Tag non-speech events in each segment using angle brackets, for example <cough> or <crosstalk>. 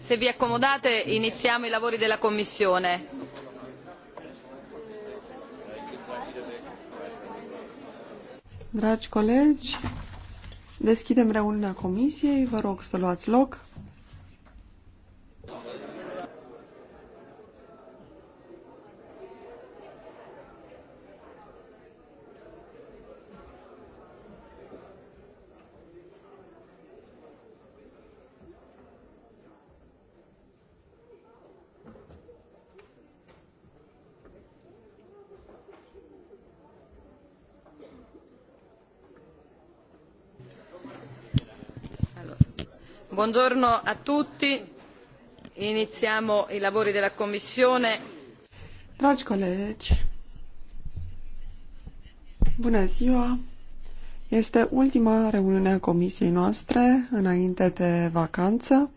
Se vi accomodate iniziamo i lavori della Commissione. Dragi colegi, deschidem reuniunea Comisiei. Vă rog să luați loc. Buongiorno a tutti. Iniziamo i lavori della Commissione. Dragi colegi, bună ziua! Este ultima reuniune a comisiei noastre înainte de vacanță.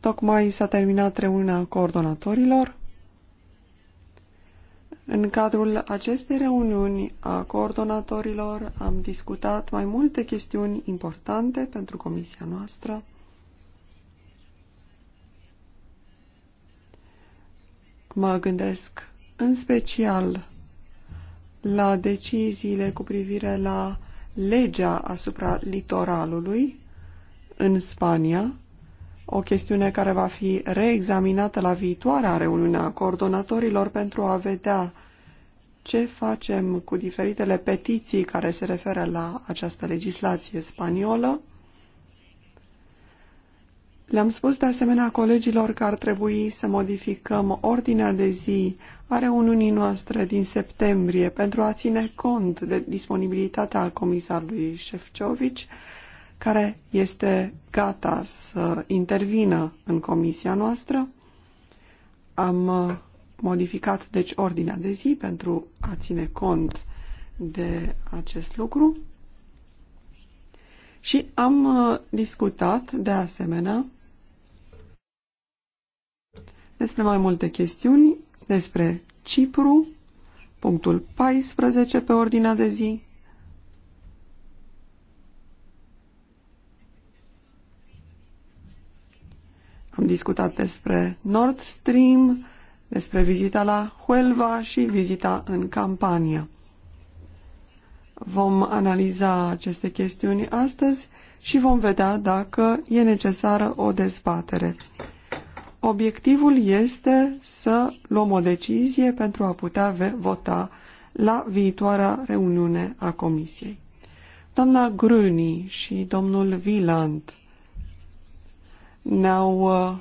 Tocmai s-a terminat reuniunea coordonatorilor. În cadrul acestei reuniuni a coordonatorilor am discutat mai multe chestiuni importante pentru comisia noastră. Mă gândesc în special la deciziile cu privire la legea asupra litoralului în Spania, o chestiune care va fi reexaminată la viitoarea reuniunea coordonatorilor pentru a vedea ce facem cu diferitele petiții care se referă la această legislație spaniolă le-am spus de asemenea colegilor că ar trebui să modificăm ordinea de zi a reuniunii noastre din septembrie pentru a ține cont de disponibilitatea comisarului Șefciovici, care este gata să intervină în comisia noastră. Am uh, modificat deci ordinea de zi pentru a ține cont de acest lucru și am uh, discutat de asemenea despre mai multe chestiuni, despre Cipru, punctul 14 pe ordinea de zi. Am discutat despre Nord Stream, despre vizita la Huelva și vizita în Campania. Vom analiza aceste chestiuni astăzi și vom vedea dacă e necesară o dezbatere. Obiectivul este să luăm o decizie pentru a putea vota la viitoarea reuniune a Comisiei. Doamna Gruni și domnul Viland ne-au uh,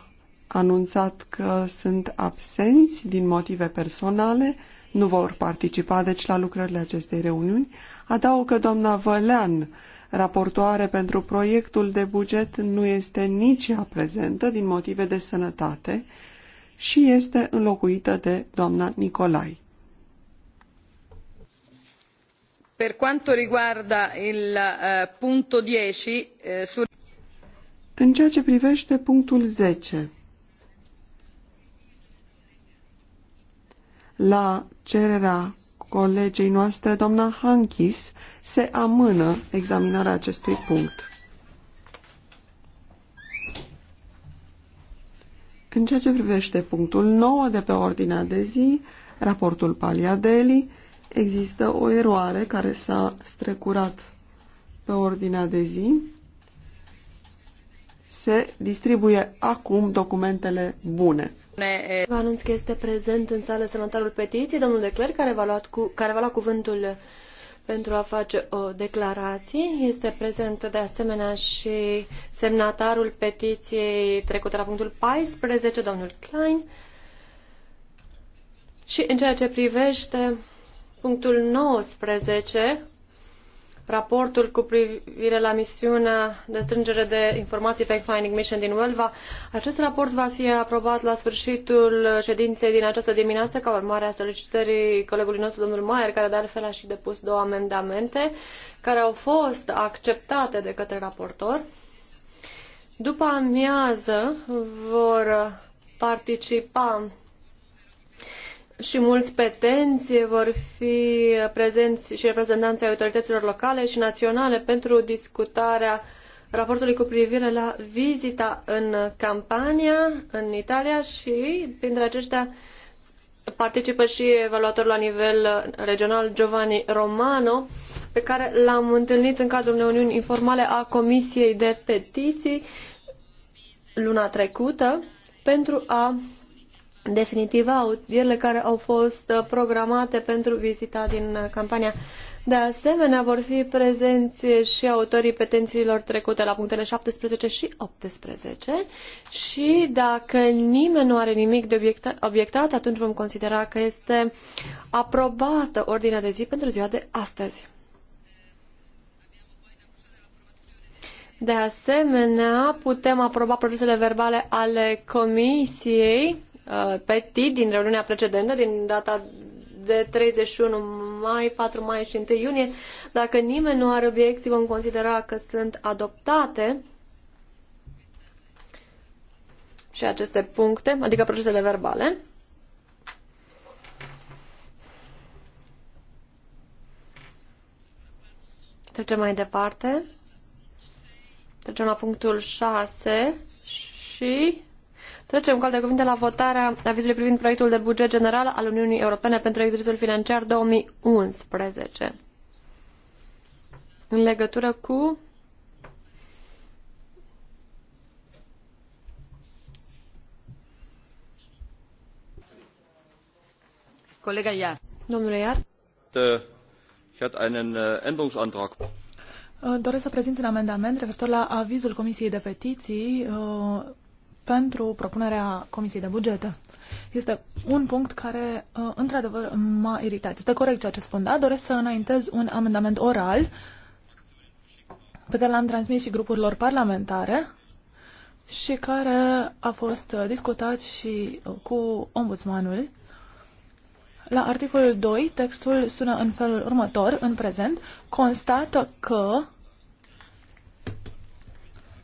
anunțat că sunt absenți din motive personale, nu vor participa deci la lucrările acestei reuniuni. Adaug că doamna Vălean raportoare pentru proiectul de buget nu este nici ea prezentă din motive de sănătate și este înlocuită de doamna Nicolai. Per quanto riguarda il uh, punto 10 uh, sur... În ceea ce privește punctul 10, la cererea colegei noastre, doamna Hankis, se amână examinarea acestui punct. În ceea ce privește punctul 9 de pe ordinea de zi, raportul Paliadeli, există o eroare care s-a strecurat pe ordinea de zi. Se distribuie acum documentele bune. Vă anunț că este prezent în sală semnatarul petiției, domnul Decler, care care va lua cuvântul pentru a face o declarație. Este prezent de asemenea și semnatarul petiției trecută la punctul 14, domnul Klein. Și în ceea ce privește punctul 19, raportul cu privire la misiunea de strângere de informații fact-finding mission din Uelva Acest raport va fi aprobat la sfârșitul ședinței din această dimineață ca urmare a solicitării colegului nostru, domnul Maier, care de altfel a și depus două amendamente care au fost acceptate de către raportor. După amiază vor participa și mulți petenți vor fi prezenți și reprezentanții autorităților locale și naționale pentru discutarea raportului cu privire la vizita în campania, în Italia și printre aceștia participă și evaluatorul la nivel regional Giovanni Romano, pe care l-am întâlnit în cadrul reuniunii informale a Comisiei de Petiții luna trecută pentru a definitivă audierile care au fost uh, programate pentru vizita din uh, campania. De asemenea, vor fi prezenți și autorii petențiilor trecute la punctele 17 și 18 și dacă nimeni nu are nimic de obiectat, atunci vom considera că este aprobată ordinea de zi pentru ziua de astăzi. De asemenea, putem aproba procesele verbale ale comisiei Uh, PETI din reuniunea precedentă, din data de 31 mai, 4 mai și 1 iunie. Dacă nimeni nu are obiecții, vom considera că sunt adoptate și aceste puncte, adică procesele verbale. Trecem mai departe. Trecem la punctul 6 și Trecem cu alte cuvinte la votarea avizului privind proiectul de buget general al Uniunii Europene pentru exercițiul financiar 2011. În legătură cu Colega Iar. Domnule Iar. Ich hatte einen eh, Änderungsantrag. Doresc să prezint un amendament referitor la avizul Comisiei de Petiții eh, pentru propunerea Comisiei de Bugete. Este un punct care, uh, într-adevăr, m-a iritat. Este corect ceea ce spun, da? Doresc să înaintez un amendament oral pe care l-am transmis și grupurilor parlamentare și care a fost uh, discutat și uh, cu ombudsmanul. La articolul 2, textul sună în felul următor, în prezent, constată că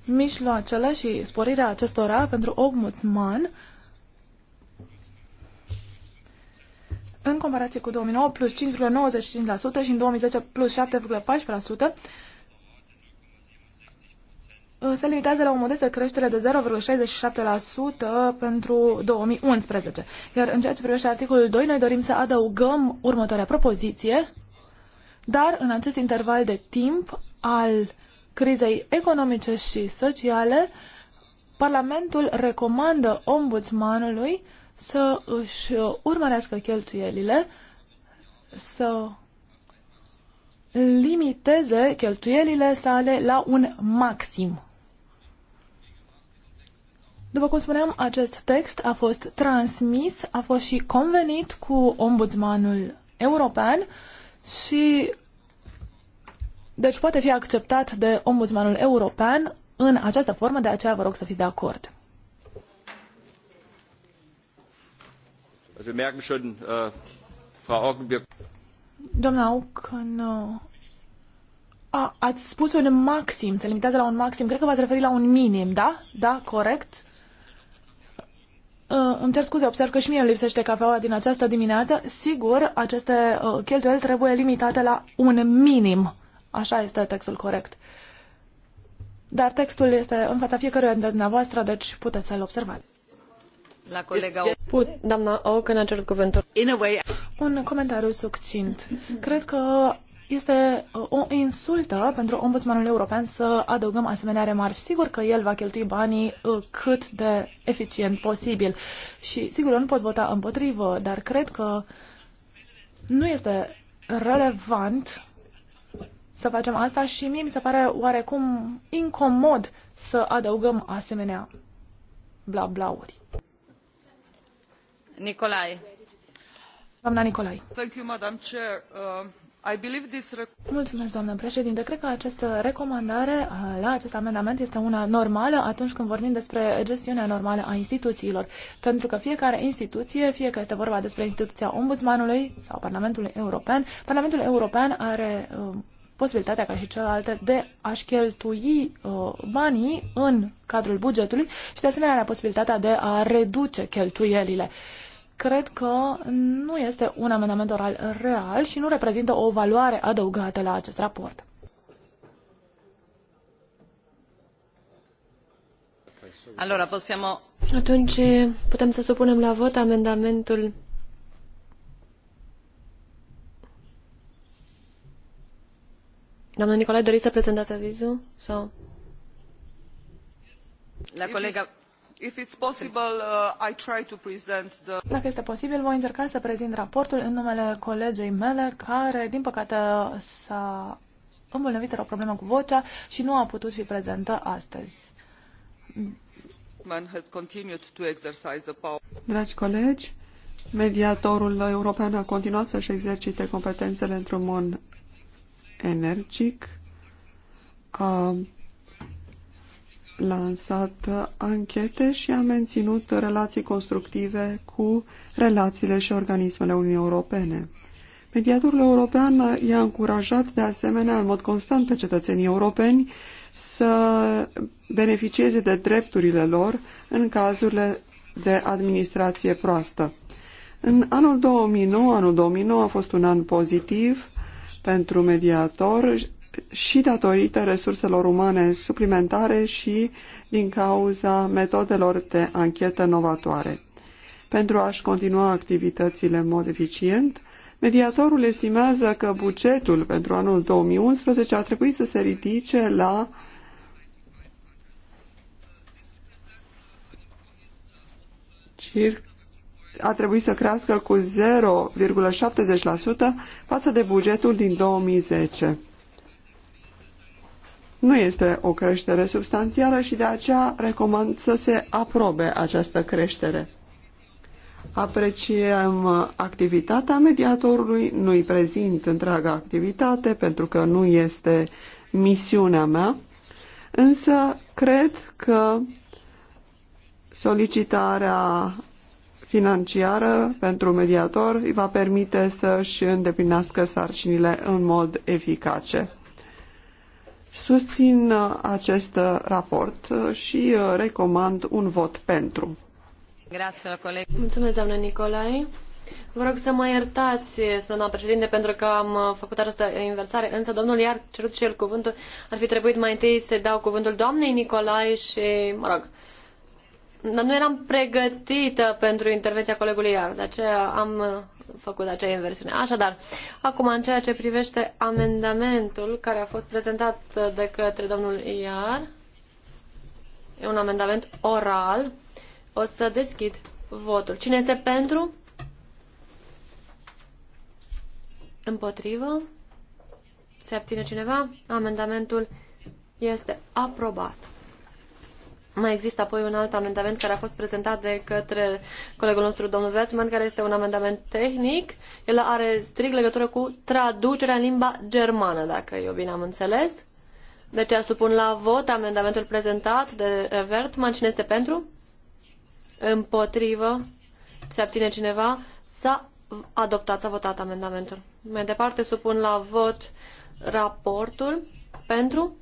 mijloacele și sporirea acestora pentru ombudsman în comparație cu 2009 plus 5,95% și în 2010 plus 7,14% uh, se limitează la o modestă creștere de 0,67% pentru 2011. Iar în ceea ce privește articolul 2, noi dorim să adăugăm următoarea propoziție, dar în acest interval de timp al crizei economice și sociale, Parlamentul recomandă ombudsmanului să își urmărească cheltuielile, să limiteze cheltuielile sale la un maxim. După cum spuneam, acest text a fost transmis, a fost și convenit cu ombudsmanul european și deci poate fi acceptat de ombudsmanul european în această formă, de aceea vă rog să fiți de acord. Äh, Doamna no. Uh, a, ați spus un maxim, se limitează la un maxim. Cred că v-ați referit la un minim, da? Da, corect? Uh, îmi cer scuze, observ că și mie îmi lipsește cafeaua din această dimineață. Sigur, aceste uh, cheltuieli trebuie limitate la un minim. Așa este textul corect. Dar textul este în fața fiecăruia dintre dumneavoastră, deci puteți să-l observați. La colega Put, doamna Ocan a cerut cuvântul. In a way... Un comentariu succint. Cred că este uh, o insultă pentru ombudsmanul european să adăugăm asemenea remarci. Sigur că el va cheltui banii uh, cât de eficient posibil și sigur eu nu pot vota împotrivă, dar cred că nu este relevant să facem asta și mie mi se pare oarecum incomod să adăugăm asemenea bla blauri. Nicolae. Doamna Nicolae. Thank you, Madam Chair. Uh... I believe this... Mulțumesc, doamnă președinte. Cred că această recomandare uh, la acest amendament este una normală atunci când vorbim despre gestiunea normală a instituțiilor, pentru că fiecare instituție, fie că este vorba despre instituția ombudsmanului sau Parlamentului European, Parlamentul European are uh, posibilitatea ca și celelalte de a-și cheltui uh, banii în cadrul bugetului și de asemenea posibilitatea de a reduce cheltuielile. Cred că nu este un amendament oral real și nu reprezintă o valoare adăugată la acest raport. Allora, possiamo... Atunci putem să supunem la vot amendamentul Doamna Nicolae, doriți să prezentați avizul? Sau? La colega... If it's possible, uh, I try to present the... Dacă este posibil, voi încerca să prezint raportul în numele colegei mele, care, din păcate, s-a îmbolnăvit, o problemă cu vocea și nu a putut fi prezentă astăzi. Dragi colegi, mediatorul european a continuat să-și exercite competențele într-un mod energic a lansat anchete și a menținut relații constructive cu relațiile și organismele Uniunii Europene. Mediatorul european i-a încurajat de asemenea în mod constant pe cetățenii europeni să beneficieze de drepturile lor în cazurile de administrație proastă. În anul 2009, anul 2009 a fost un an pozitiv, pentru mediator și datorită resurselor umane suplimentare și din cauza metodelor de anchetă novatoare. Pentru a-și continua activitățile în mod eficient, mediatorul estimează că bugetul pentru anul 2011 ar trebui să se ridice la circa a trebuit să crească cu 0,70% față de bugetul din 2010. Nu este o creștere substanțială și de aceea recomand să se aprobe această creștere. Apreciem activitatea mediatorului, nu-i prezint întreaga activitate pentru că nu este misiunea mea, însă cred că solicitarea financiară pentru mediator îi va permite să și îndeplinească sarcinile în mod eficace. Susțin uh, acest uh, raport uh, și recomand un vot pentru. Mulțumesc, doamnă Nicolae. Vă rog să mă iertați, spune doamna președinte, pentru că am făcut această inversare, însă domnul iar cerut și el cuvântul. Ar fi trebuit mai întâi să dau cuvântul doamnei Nicolae și, mă rog, nu eram pregătită pentru intervenția colegului Iar, de aceea am făcut acea inversiune. Așadar, acum în ceea ce privește amendamentul care a fost prezentat de către domnul Iar, e un amendament oral, o să deschid votul. Cine este pentru? Împotrivă? Se abține cineva? Amendamentul este aprobat. Mai există apoi un alt amendament care a fost prezentat de către colegul nostru, domnul Vertman, care este un amendament tehnic. El are strict legătură cu traducerea în limba germană, dacă eu bine am înțeles. Deci supun la vot amendamentul prezentat de Vertman. Cine este pentru? Împotrivă? Se abține cineva? S-a adoptat, s-a votat amendamentul. Mai departe supun la vot raportul. Pentru?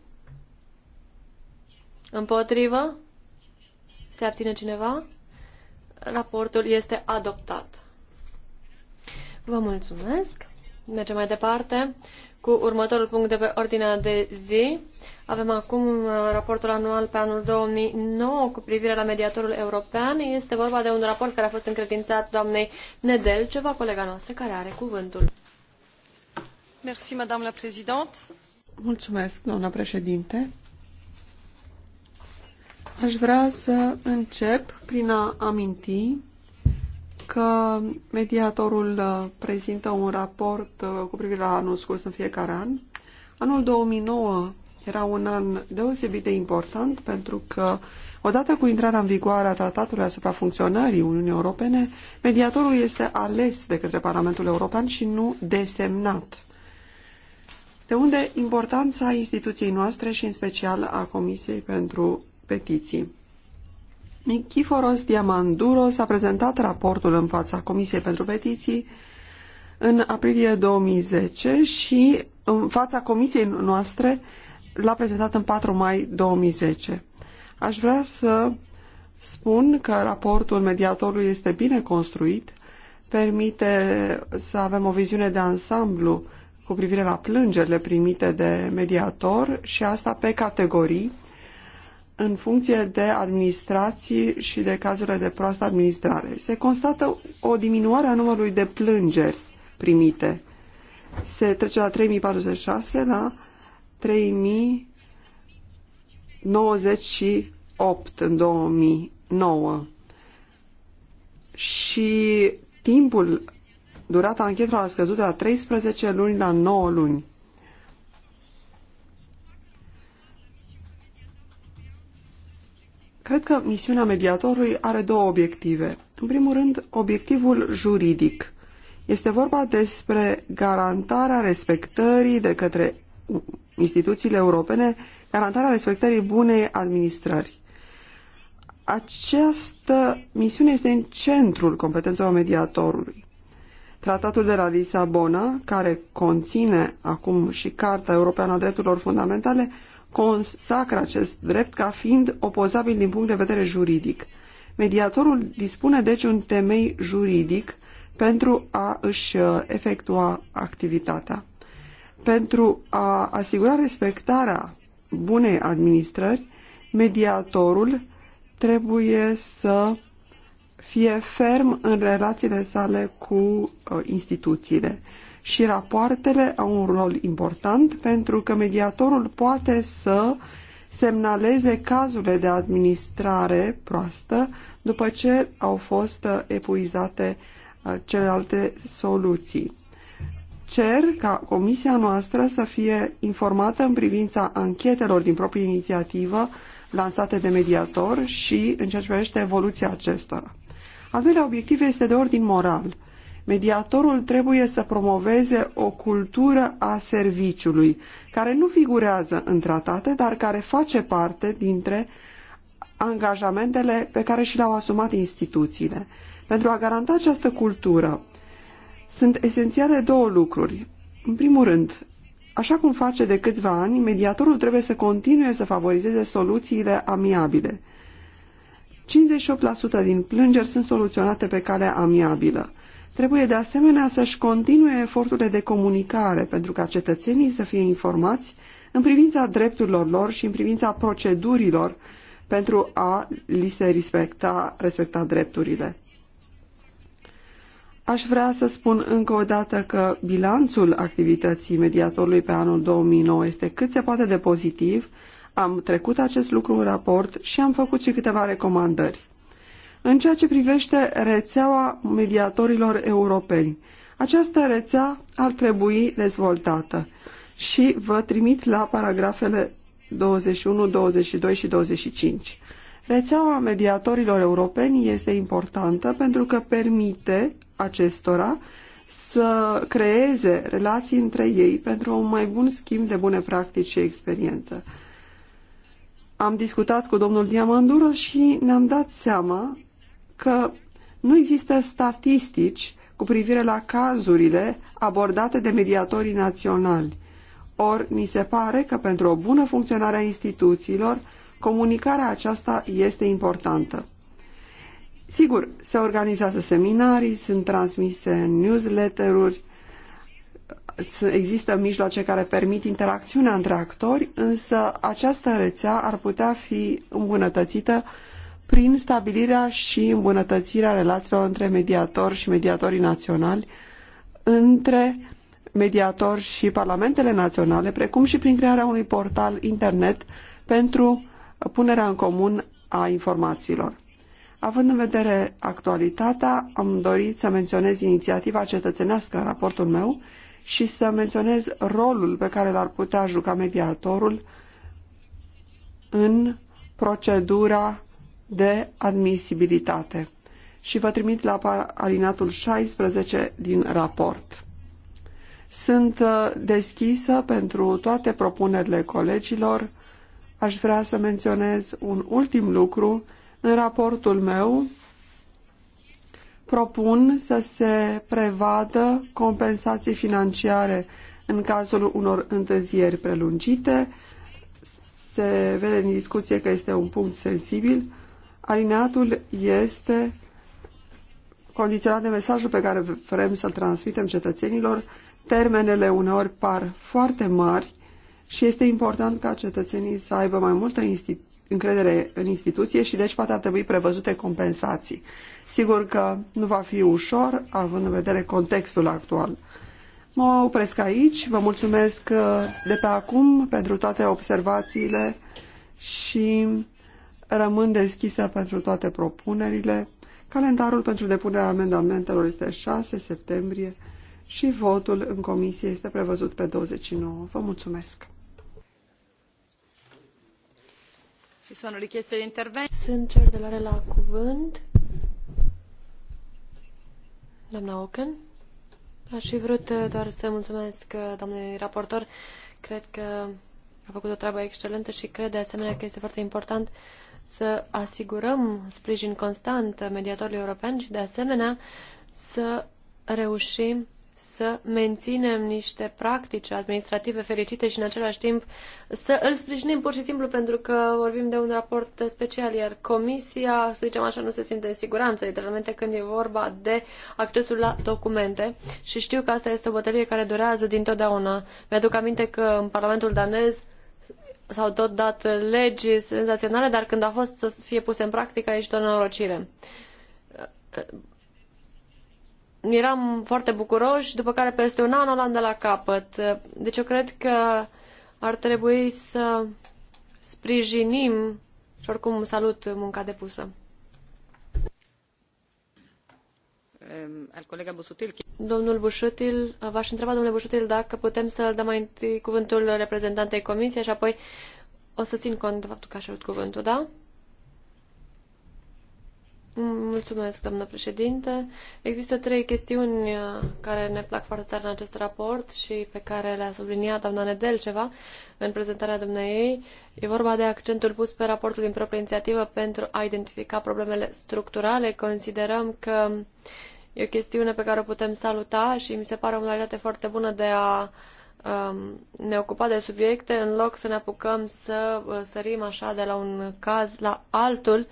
Împotrivă? Se abține cineva? Raportul este adoptat. Vă mulțumesc. Mergem mai departe cu următorul punct de pe ordinea de zi. Avem acum uh, raportul anual pe anul 2009 cu privire la mediatorul european. Este vorba de un raport care a fost încredințat doamnei Nedel, ceva colega noastră care are cuvântul. Merci, Mulțumesc, doamna președinte. Aș vrea să încep prin a aminti că mediatorul uh, prezintă un raport uh, cu privire la anul scurs în fiecare an. Anul 2009 era un an deosebit de important pentru că, odată cu intrarea în vigoare a tratatului asupra funcționării Uniunii Europene, mediatorul este ales de către Parlamentul European și nu desemnat. De unde importanța instituției noastre și în special a Comisiei pentru petiții. Nikiforos Diamanduros a prezentat raportul în fața Comisiei pentru Petiții în aprilie 2010 și în fața Comisiei noastre l-a prezentat în 4 mai 2010. Aș vrea să spun că raportul mediatorului este bine construit, permite să avem o viziune de ansamblu cu privire la plângerile primite de mediator și asta pe categorii, în funcție de administrații și de cazurile de proastă administrare. Se constată o diminuare a numărului de plângeri primite. Se trece la 3046 la 3098 în 2009. Și timpul, durata anchetelor a scăzut de la 13 luni la 9 luni. Cred că misiunea mediatorului are două obiective. În primul rând, obiectivul juridic. Este vorba despre garantarea respectării de către instituțiile europene, garantarea respectării bunei administrări. Această misiune este în centrul competențelor mediatorului. Tratatul de la Lisabona, care conține acum și Carta Europeană a Drepturilor Fundamentale, consacră acest drept ca fiind opozabil din punct de vedere juridic. Mediatorul dispune deci un temei juridic pentru a își uh, efectua activitatea. Pentru a asigura respectarea bunei administrări, mediatorul trebuie să fie ferm în relațiile sale cu uh, instituțiile și rapoartele au un rol important pentru că mediatorul poate să semnaleze cazurile de administrare proastă după ce au fost uh, epuizate uh, celelalte soluții. Cer ca comisia noastră să fie informată în privința anchetelor din proprie inițiativă lansate de mediator și în ceea ce privește evoluția acestora. Al doilea obiectiv este de ordin moral. Mediatorul trebuie să promoveze o cultură a serviciului, care nu figurează în tratate, dar care face parte dintre angajamentele pe care și le-au asumat instituțiile. Pentru a garanta această cultură, sunt esențiale două lucruri. În primul rând, așa cum face de câțiva ani, mediatorul trebuie să continue să favorizeze soluțiile amiabile. 58% din plângeri sunt soluționate pe calea amiabilă. Trebuie de asemenea să-și continue eforturile de comunicare pentru ca cetățenii să fie informați în privința drepturilor lor și în privința procedurilor pentru a li se respecta, respecta drepturile. Aș vrea să spun încă o dată că bilanțul activității mediatorului pe anul 2009 este cât se poate de pozitiv. Am trecut acest lucru în raport și am făcut și câteva recomandări în ceea ce privește rețeaua mediatorilor europeni. Această rețea ar trebui dezvoltată și vă trimit la paragrafele 21, 22 și 25. Rețeaua mediatorilor europeni este importantă pentru că permite acestora să creeze relații între ei pentru un mai bun schimb de bune practici și experiență. Am discutat cu domnul Diamandură și ne-am dat seama că nu există statistici cu privire la cazurile abordate de mediatorii naționali. Or, mi se pare că pentru o bună funcționare a instituțiilor, comunicarea aceasta este importantă. Sigur, se organizează seminarii, sunt transmise newsletteruri, există mijloace care permit interacțiunea între actori, însă această rețea ar putea fi îmbunătățită prin stabilirea și îmbunătățirea relațiilor între mediatori și mediatorii naționali, între mediator și parlamentele naționale, precum și prin crearea unui portal internet pentru punerea în comun a informațiilor. Având în vedere actualitatea, am dorit să menționez inițiativa cetățenească în raportul meu și să menționez rolul pe care l-ar putea juca mediatorul în procedura de admisibilitate și vă trimit la alinatul 16 din raport. Sunt uh, deschisă pentru toate propunerile colegilor. Aș vrea să menționez un ultim lucru. În raportul meu propun să se prevadă compensații financiare în cazul unor întârzieri prelungite. Se vede în discuție că este un punct sensibil Alineatul este condiționat de mesajul pe care vrem să-l transmitem cetățenilor. Termenele uneori par foarte mari și este important ca cetățenii să aibă mai multă încredere în instituție și deci poate ar trebui prevăzute compensații. Sigur că nu va fi ușor, având în vedere contextul actual. Mă opresc aici, vă mulțumesc uh, de pe acum pentru toate observațiile și rămân deschise pentru toate propunerile. Calendarul pentru depunerea amendamentelor este 6 septembrie și votul în comisie este prevăzut pe 29. Vă mulțumesc! Sunt cer de luare la cuvânt. Doamna Oken, aș fi vrut uh, doar să mulțumesc uh, doamnei raportor. Cred că a făcut o treabă excelentă și cred de asemenea că este foarte important uh, să asigurăm sprijin constant mediatorului european și, de asemenea, să reușim să menținem niște practici administrative fericite și în același timp să îl sprijinim pur și simplu pentru că vorbim de un raport special, iar comisia, să zicem așa, nu se simte în siguranță, literalmente când e vorba de accesul la documente și știu că asta este o bătălie care durează dintotdeauna. Mi-aduc aminte că în Parlamentul danez s-au tot dat legi senzaționale, dar când a fost să fie puse în practică, a ieșit o nenorocire. Eram foarte bucuroși, după care peste un an o luam de la capăt. Deci eu cred că ar trebui să sprijinim și oricum salut munca depusă. Domnul Busutil, v-aș întreba, domnule Busutil, dacă putem să dăm mai întâi cuvântul reprezentantei comisiei și apoi o să țin cont de faptul că aș avut cuvântul, da? Mm, mulțumesc, doamnă președinte. Există trei chestiuni uh, care ne plac foarte tare în acest raport și pe care le-a subliniat doamna Nedel ceva în prezentarea dumneei. E vorba de accentul pus pe raportul din proprie inițiativă pentru a identifica problemele structurale. Considerăm că uh, E o chestiune pe care o putem saluta și mi se pare o modalitate foarte bună de a um, ne ocupa de subiecte în loc să ne apucăm să uh, sărim așa de la un caz la altul.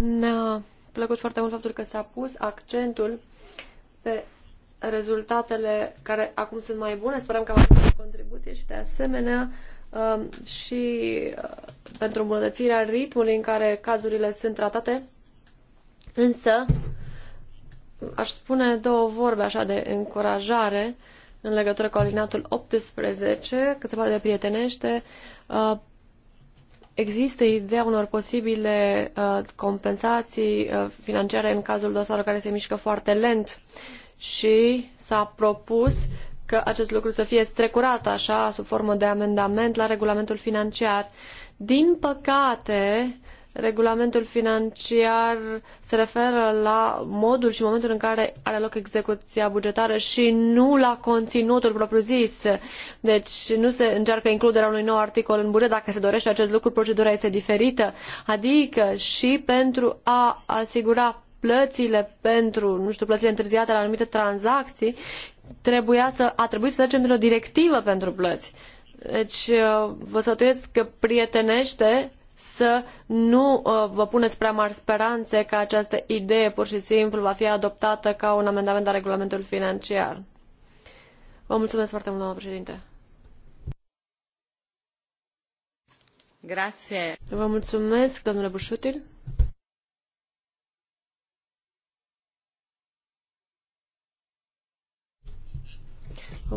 Ne-a plăcut foarte mult faptul că s-a pus accentul pe rezultatele care acum sunt mai bune. Sperăm că am avut o contribuție și de asemenea um, și uh, pentru îmbunătățirea ritmului în care cazurile sunt tratate. Însă, aș spune două vorbe așa de încurajare în legătură cu alinatul 18, cât se de prietenește. Uh, există ideea unor posibile uh, compensații uh, financiare în cazul dosarului care se mișcă foarte lent și s-a propus că acest lucru să fie strecurat așa, sub formă de amendament la regulamentul financiar. Din păcate, regulamentul financiar se referă la modul și momentul în care are loc execuția bugetară și nu la conținutul propriu-zis. Deci nu se încearcă includerea unui nou articol în buget. Dacă se dorește acest lucru, procedura este diferită. Adică și pentru a asigura plățile pentru, nu știu, plățile întârziate la anumite tranzacții, trebuia să, a trebuit să trecem într-o directivă pentru plăți. Deci vă sătuiesc că prietenește să nu uh, vă puneți prea mari speranțe că această idee pur și simplu va fi adoptată ca un amendament la regulamentul financiar. Vă mulțumesc foarte mult, doamnă președinte. Grazie. Vă mulțumesc, domnule Bușutil.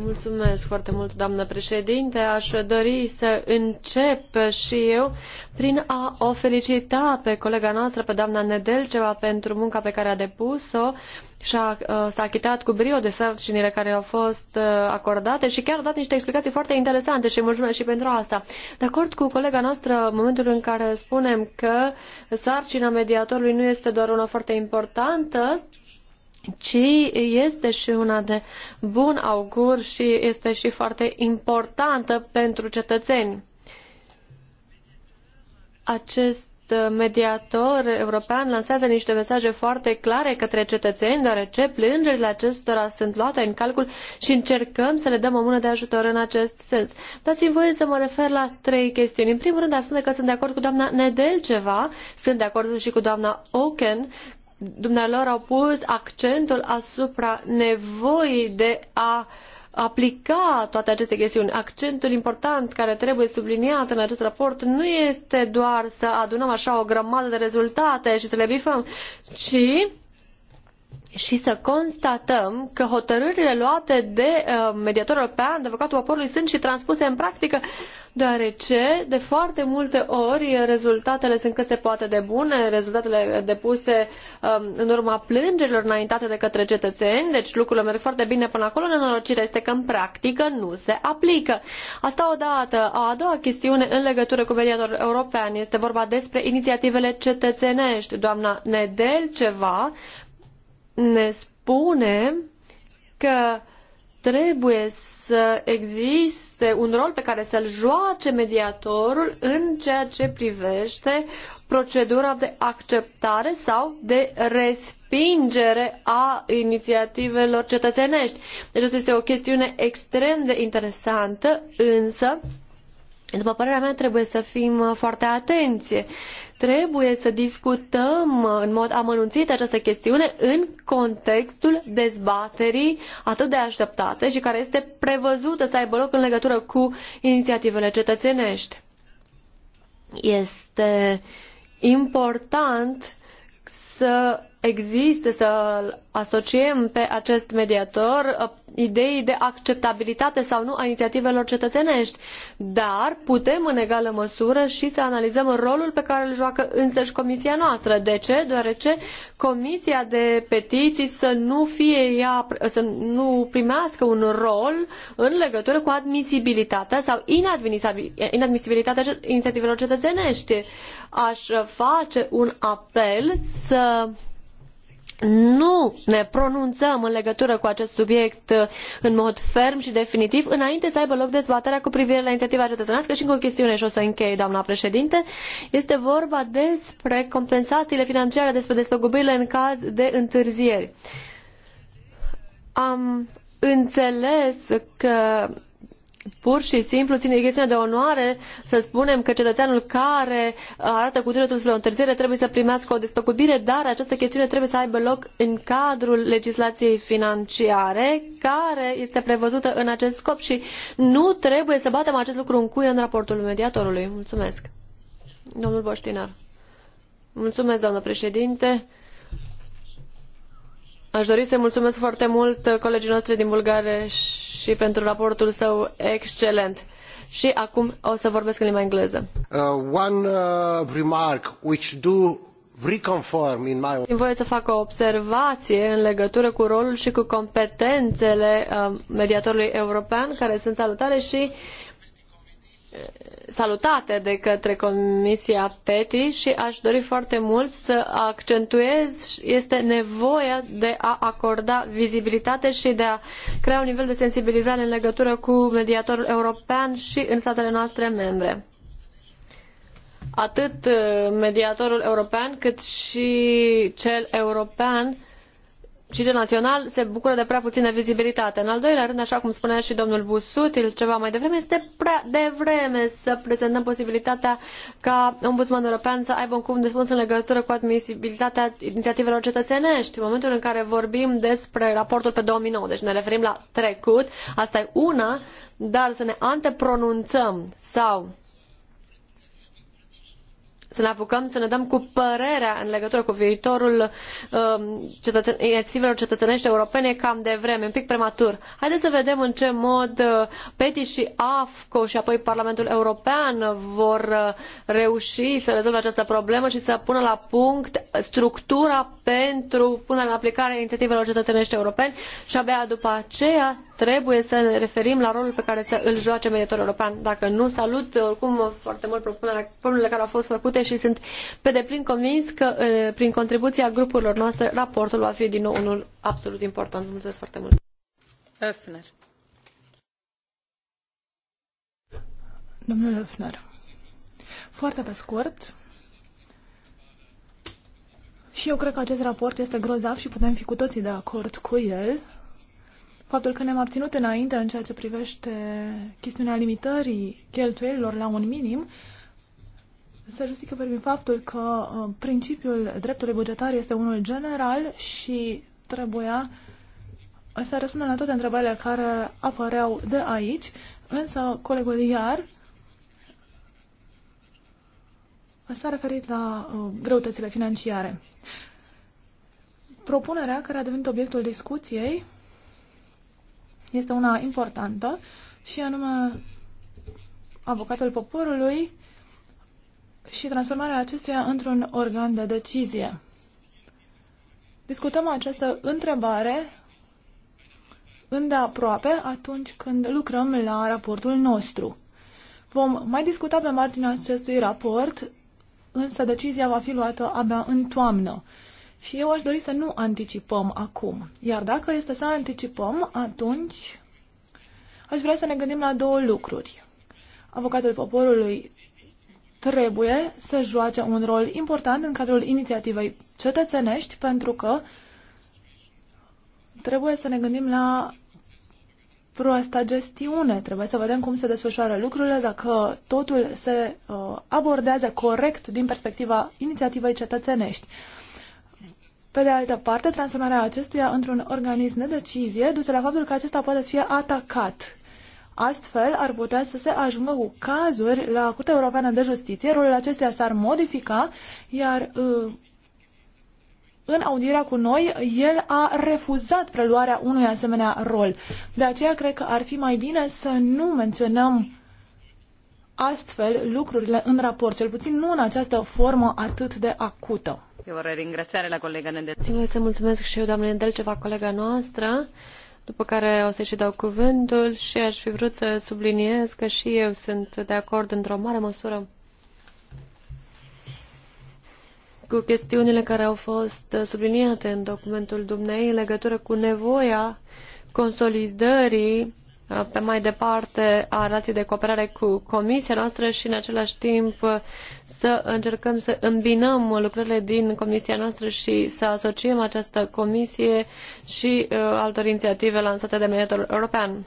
mulțumesc foarte mult, doamnă președinte. Aș dori să încep și eu prin a o felicita pe colega noastră, pe doamna Nedelceva, pentru munca pe care a depus-o și a, uh, s-a achitat cu brio de sarcinile care au fost uh, acordate și chiar a dat niște explicații foarte interesante și mulțumesc și pentru asta. De acord cu colega noastră, în momentul în care spunem că sarcina mediatorului nu este doar una foarte importantă, ci este și una de bun augur și este și foarte importantă pentru cetățeni. Acest mediator european lansează niște mesaje foarte clare către cetățeni, deoarece plângerile acestora sunt luate în calcul și încercăm să le dăm o mână de ajutor în acest sens. Dați-mi voie să mă refer la trei chestiuni. În primul rând, a spune că sunt de acord cu doamna Nedelceva, sunt de acord și cu doamna Oken, dumnealor au pus accentul asupra nevoii de a aplica toate aceste chestiuni. Accentul important care trebuie subliniat în acest raport nu este doar să adunăm așa o grămadă de rezultate și să le bifăm, ci și să constatăm că hotărârile luate de uh, mediatorul european, de avocatul poporului, sunt și transpuse în practică, deoarece de foarte multe ori rezultatele sunt cât se poate de bune, rezultatele depuse um, în urma plângerilor înaintate de către cetățeni, deci lucrurile merg foarte bine până acolo, nenorocirea este că în practică nu se aplică. Asta odată. A doua chestiune în legătură cu mediatorul european este vorba despre inițiativele cetățenești. Doamna Nedelceva, ne spune că trebuie să existe un rol pe care să-l joace mediatorul în ceea ce privește procedura de acceptare sau de respingere a inițiativelor cetățenești. Deci asta este o chestiune extrem de interesantă, însă după părerea mea, trebuie să fim uh, foarte atenți. Trebuie să discutăm uh, în mod amănunțit această chestiune în contextul dezbaterii atât de așteptate și care este prevăzută să aibă loc în legătură cu inițiativele cetățenești. Este important să existe, să asociem pe acest mediator uh, ideii de acceptabilitate sau nu a inițiativelor cetățenești, dar putem în egală măsură și să analizăm rolul pe care îl joacă însăși comisia noastră. De ce? Deoarece comisia de petiții să nu fie ea, să nu primească un rol în legătură cu admisibilitatea sau inadmisibilitatea inițiativelor cetățenești. Aș face un apel să nu ne pronunțăm în legătură cu acest subiect uh, în mod ferm și definitiv înainte să aibă loc dezbaterea cu privire la inițiativa cetățenească și încă o chestiune și o să închei, doamna președinte. Este vorba despre compensațiile financiare, despre despăgubirile în caz de întârzieri. Am înțeles că pur și simplu ține de chestiune de onoare să spunem că cetățeanul care arată cu dreptul spre o întârziere trebuie să primească o despăgubire, dar această chestiune trebuie să aibă loc în cadrul legislației financiare care este prevăzută în acest scop și nu trebuie să batem acest lucru în cuie în raportul mediatorului. Mulțumesc. Domnul Boștinar. Mulțumesc, doamnă președinte. Aș dori să mulțumesc foarte mult uh, colegii noștri din Bulgaria și pentru raportul său excelent. Și acum o să vorbesc în limba engleză. Uh, one uh, remark which do reconfirm in my... Din voie să fac o observație în legătură cu rolul și cu competențele uh, mediatorului european, care sunt salutare și uh, salutate de către Comisia PETI și aș dori foarte mult să accentuez este nevoia de a acorda vizibilitate și de a crea un nivel de sensibilizare în legătură cu mediatorul european și în statele noastre membre atât uh, mediatorul european cât și cel european și național se bucură de prea puțină vizibilitate. În al doilea rând, așa cum spunea și domnul Busutil ceva mai devreme, este prea devreme să prezentăm posibilitatea ca ombudsmanul european să aibă un cum de spus în legătură cu admisibilitatea inițiativelor cetățenești. În momentul în care vorbim despre raportul pe 2009, deci ne referim la trecut, asta e una, dar să ne antepronunțăm sau să ne apucăm să ne dăm cu părerea în legătură cu viitorul um, cetățen, inițiativelor cetățenești europene cam de vreme, un pic prematur. Haideți să vedem în ce mod uh, PETI și AFCO și apoi Parlamentul European vor uh, reuși să rezolve această problemă și să pună la punct structura pentru punerea în aplicare a inițiativelor cetățenești europeni și abia după aceea trebuie să ne referim la rolul pe care să îl joace mediatorul european. Dacă nu, salut oricum foarte mult propunerile care au fost făcute și sunt pe deplin convins că prin contribuția grupurilor noastre raportul va fi din nou unul absolut important. Mulțumesc foarte mult! Öfner. Domnule Öfner, foarte pe scurt, și eu cred că acest raport este grozav și putem fi cu toții de acord cu el. Faptul că ne-am abținut înainte în ceea ce privește chestiunea limitării cheltuielilor la un minim se justifică prin faptul că uh, principiul dreptului bugetar este unul general și trebuia să răspundă la toate întrebările care apăreau de aici, însă colegul Iar s-a referit la uh, greutățile financiare. Propunerea care a devenit obiectul discuției este una importantă și anume avocatul poporului și transformarea acestuia într-un organ de decizie. Discutăm această întrebare îndeaproape atunci când lucrăm la raportul nostru. Vom mai discuta pe marginea acestui raport, însă decizia va fi luată abia în toamnă. Și eu aș dori să nu anticipăm acum. Iar dacă este să anticipăm, atunci aș vrea să ne gândim la două lucruri. Avocatul poporului trebuie să joace un rol important în cadrul inițiativei cetățenești pentru că trebuie să ne gândim la proasta gestiune. Trebuie să vedem cum se desfășoară lucrurile, dacă totul se uh, abordează corect din perspectiva inițiativei cetățenești. Uh, pe de altă parte, transformarea acestuia într-un organism de decizie duce la faptul că acesta poate să fie atacat. Astfel, ar putea să se ajungă cu cazuri la Curtea Europeană de Justiție, rolul acestuia s-ar modifica, iar uh, în audierea cu noi, el a refuzat preluarea unui asemenea rol. De aceea, cred că ar fi mai bine să nu menționăm astfel lucrurile în raport, cel puțin nu în această formă atât de acută. Eu vorrei ringraziare la colega Nedelceva. Mulțumesc, să mulțumesc și eu, doamna Nedelceva, colega noastră, după care o să-și dau cuvântul și aș fi vrut să subliniez că și eu sunt de acord într-o mare măsură cu chestiunile care au fost subliniate în documentul dumnei în legătură cu nevoia consolidării pe mai departe a relației de cooperare cu comisia noastră și în același timp să încercăm să îmbinăm lucrările din comisia noastră și să asociem această comisie și uh, altor inițiative lansate de mediatorul european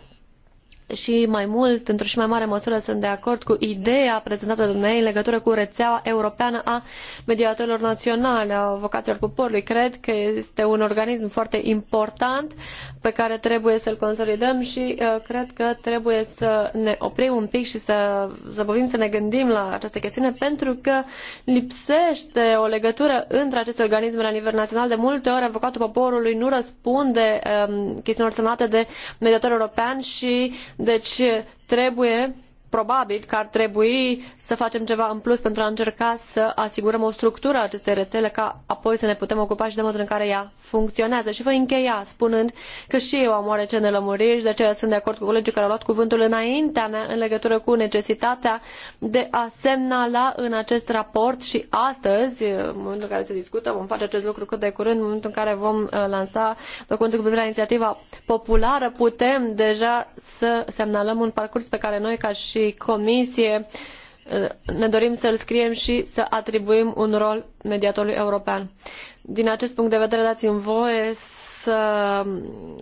și mai mult, într-o și mai mare măsură, sunt de acord cu ideea prezentată de noi în legătură cu rețeaua europeană a mediatorilor naționale, a avocaților poporului. Cred că este un organism foarte important pe care trebuie să-l consolidăm și uh, cred că trebuie să ne oprim un pic și să zăbovim să ne gândim la această chestiune pentru că lipsește o legătură între aceste organisme la nivel național. De multe ori avocatul poporului nu răspunde um, chestiunilor semnate de mediator european și deci trebuie probabil că ar trebui să facem ceva în plus pentru a încerca să asigurăm o structură a acestei rețele ca apoi să ne putem ocupa și de modul în care ea funcționează. Și voi încheia spunând că și eu am oarece nelămuriri de aceea sunt de acord cu colegii care au luat cuvântul înaintea mea în legătură cu necesitatea de a semnala în acest raport și astăzi, în momentul în care se discută, vom face acest lucru cât de curând, în momentul în care vom uh, lansa documentul cu privire la inițiativa populară, putem deja să semnalăm un parcurs pe care noi ca și și comisie ne dorim să-l scriem și să atribuim un rol mediatorului european. Din acest punct de vedere, dați-mi voie să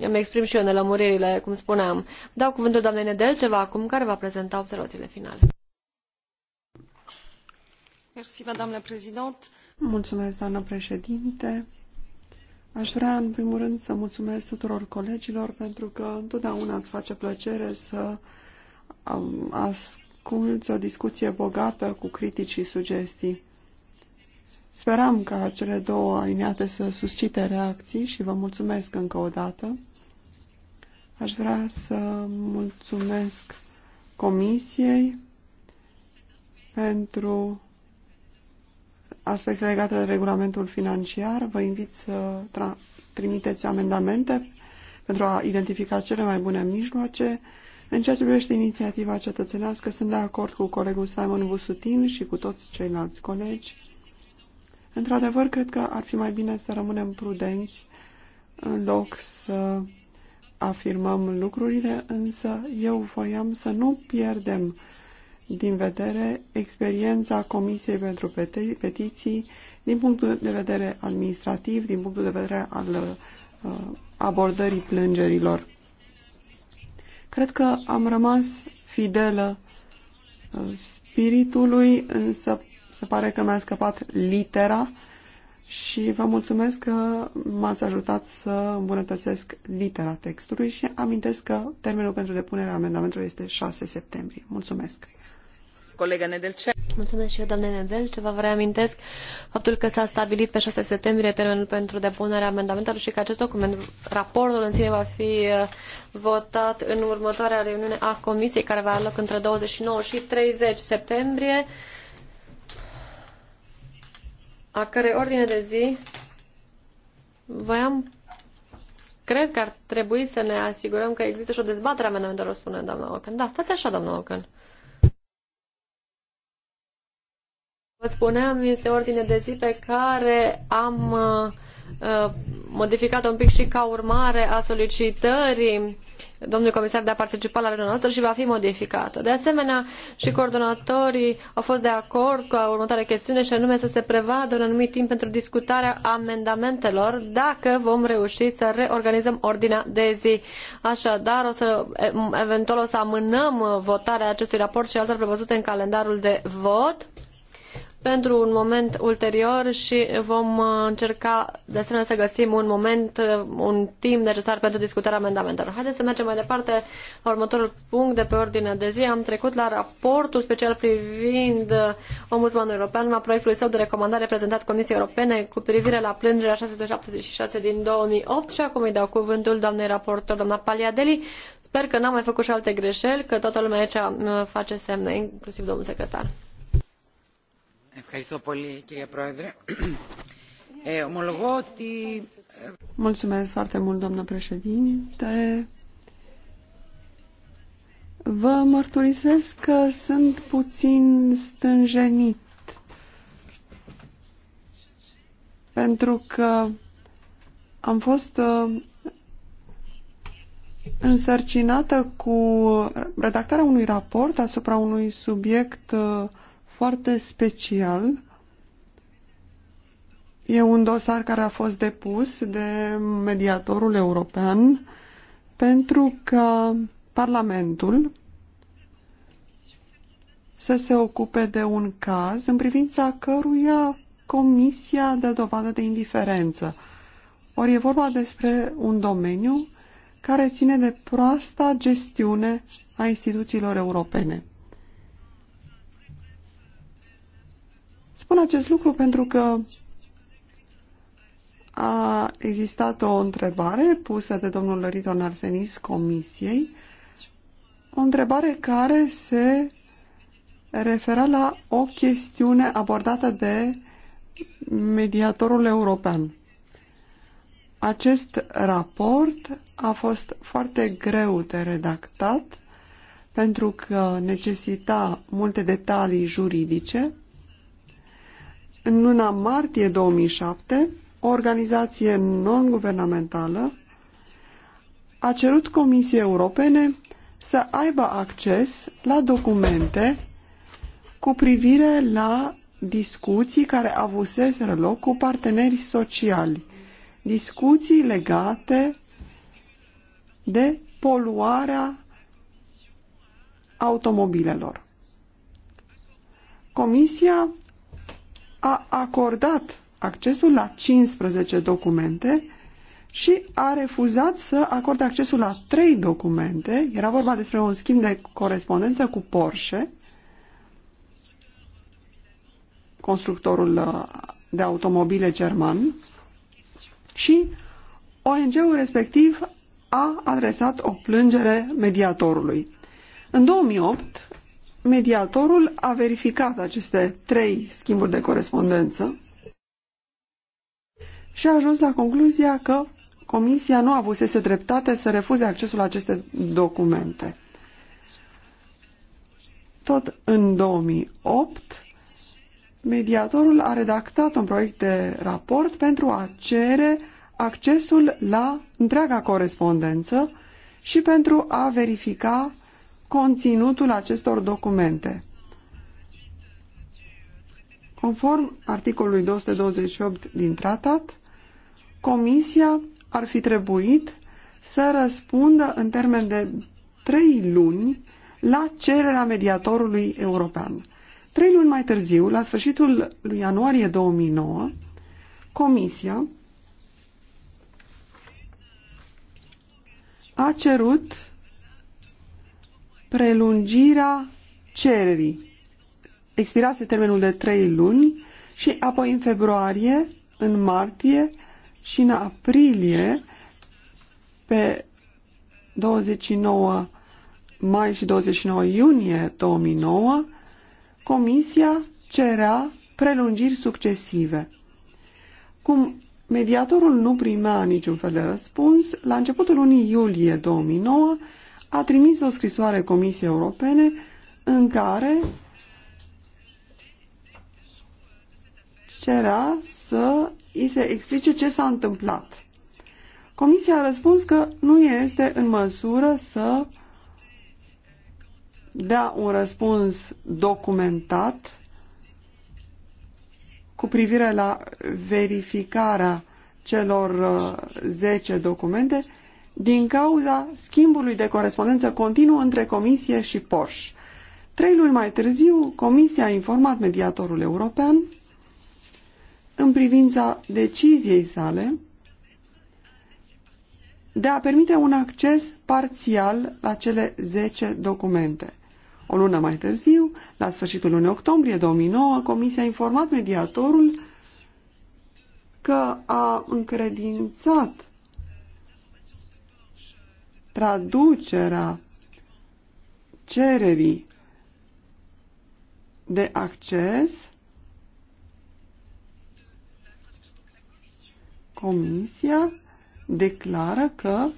îmi exprim și eu nelămuririle, cum spuneam. Dau cuvântul doamnei Nedelceva acum, care va prezenta observațiile finale. Mulțumesc, doamnă președinte. Aș vrea, în primul rând, să mulțumesc tuturor colegilor pentru că întotdeauna îți face plăcere să asculți o discuție bogată cu critici și sugestii. Sperăm ca cele două alineate să suscite reacții și vă mulțumesc încă o dată. Aș vrea să mulțumesc Comisiei pentru aspecte legate de regulamentul financiar. Vă invit să trimiteți amendamente pentru a identifica cele mai bune mijloace în ceea ce privește inițiativa cetățenească, sunt de acord cu colegul Simon Busutin și cu toți ceilalți colegi. Într-adevăr, cred că ar fi mai bine să rămânem prudenți în loc să afirmăm lucrurile, însă eu voiam să nu pierdem din vedere experiența Comisiei pentru Petiții din punctul de vedere administrativ, din punctul de vedere al uh, abordării plângerilor. Cred că am rămas fidelă uh, spiritului, însă se pare că mi-a scăpat litera și vă mulțumesc că m-ați ajutat să îmbunătățesc litera textului și amintesc că termenul pentru depunerea amendamentului este 6 septembrie. Mulțumesc! Colega Nedelcea. Mulțumesc și eu, doamne Nedel, ce vă reamintesc faptul că s-a stabilit pe 6 septembrie termenul pentru depunerea amendamentelor și că acest document, raportul în sine, va fi uh, votat în următoarea reuniune a Comisiei, care va avea loc între 29 și 30 septembrie, a cărei ordine de zi voiam cred că ar trebui să ne asigurăm că există și o dezbatere a amendamentelor, spune doamna Ocan. Da, stați așa, doamna Ocan. Vă spuneam, este ordine de zi pe care am uh, modificat un pic și ca urmare a solicitării domnului comisar de a participa la reuniunea noastră și va fi modificată. De asemenea, și coordonatorii au fost de acord cu următoarea chestiune și anume să se prevadă un anumit timp pentru discutarea amendamentelor dacă vom reuși să reorganizăm ordinea de zi. Așadar, o să, eventual o să amânăm votarea acestui raport și altor prevăzute în calendarul de vot pentru un moment ulterior și vom uh, încerca de asemenea să găsim un moment, uh, un timp necesar pentru discutarea amendamentelor. Haideți să mergem mai departe la următorul punct de pe ordinea de zi. Am trecut la raportul special privind Ombudsmanul European la proiectul său de recomandare prezentat Comisiei Europene cu privire la plângerea 676 din 2008 și acum îi dau cuvântul doamnei raportor, doamna Paliadeli. Sper că n-am mai făcut și alte greșeli, că toată lumea aici uh, face semne, inclusiv domnul secretar. Mulțumesc foarte mult, președinte. Vă mărturisesc că sunt puțin stânjenit pentru că am fost uh, însărcinată cu redactarea unui raport asupra unui subiect uh, foarte special. E un dosar care a fost depus de mediatorul european pentru că Parlamentul să se ocupe de un caz în privința căruia Comisia dă dovadă de indiferență. Ori e vorba despre un domeniu care ține de proasta gestiune a instituțiilor europene. Spun acest lucru pentru că a existat o întrebare pusă de domnul Riton Arsenis Comisiei, o întrebare care se refera la o chestiune abordată de mediatorul european. Acest raport a fost foarte greu de redactat pentru că necesita multe detalii juridice în luna martie 2007, o organizație non-guvernamentală a cerut Comisiei Europene să aibă acces la documente cu privire la discuții care avuseseră loc cu partenerii sociali, discuții legate de poluarea automobilelor. Comisia a acordat accesul la 15 documente și a refuzat să acorde accesul la trei documente. Era vorba despre un schimb de corespondență cu Porsche, constructorul uh, de automobile german, și ONG-ul respectiv a adresat o plângere mediatorului. În 2008, mediatorul a verificat aceste trei schimburi de corespondență și a ajuns la concluzia că Comisia nu avusese dreptate să refuze accesul la aceste documente. Tot în 2008, mediatorul a redactat un proiect de raport pentru a cere accesul la întreaga corespondență și pentru a verifica conținutul acestor documente. Conform articolului 228 din tratat, Comisia ar fi trebuit să răspundă în termen de trei luni la cererea mediatorului european. Trei luni mai târziu, la sfârșitul lui ianuarie 2009, Comisia a cerut prelungirea cererii. Expirase termenul de 3 luni și apoi în februarie, în martie și în aprilie, pe 29 mai și 29 iunie 2009, Comisia cerea prelungiri succesive. Cum mediatorul nu primea niciun fel de răspuns, la începutul lunii iulie 2009, a trimis o scrisoare Comisiei Europene în care cerea să îi se explice ce s-a întâmplat. Comisia a răspuns că nu este în măsură să dea un răspuns documentat cu privire la verificarea celor 10 uh, documente din cauza schimbului de corespondență continuu între Comisie și Porsche. Trei luni mai târziu, Comisia a informat mediatorul european în privința deciziei sale de a permite un acces parțial la cele 10 documente. O lună mai târziu, la sfârșitul lunii octombrie 2009, Comisia a informat mediatorul că a încredințat traducerea cererii de acces Comisia declară că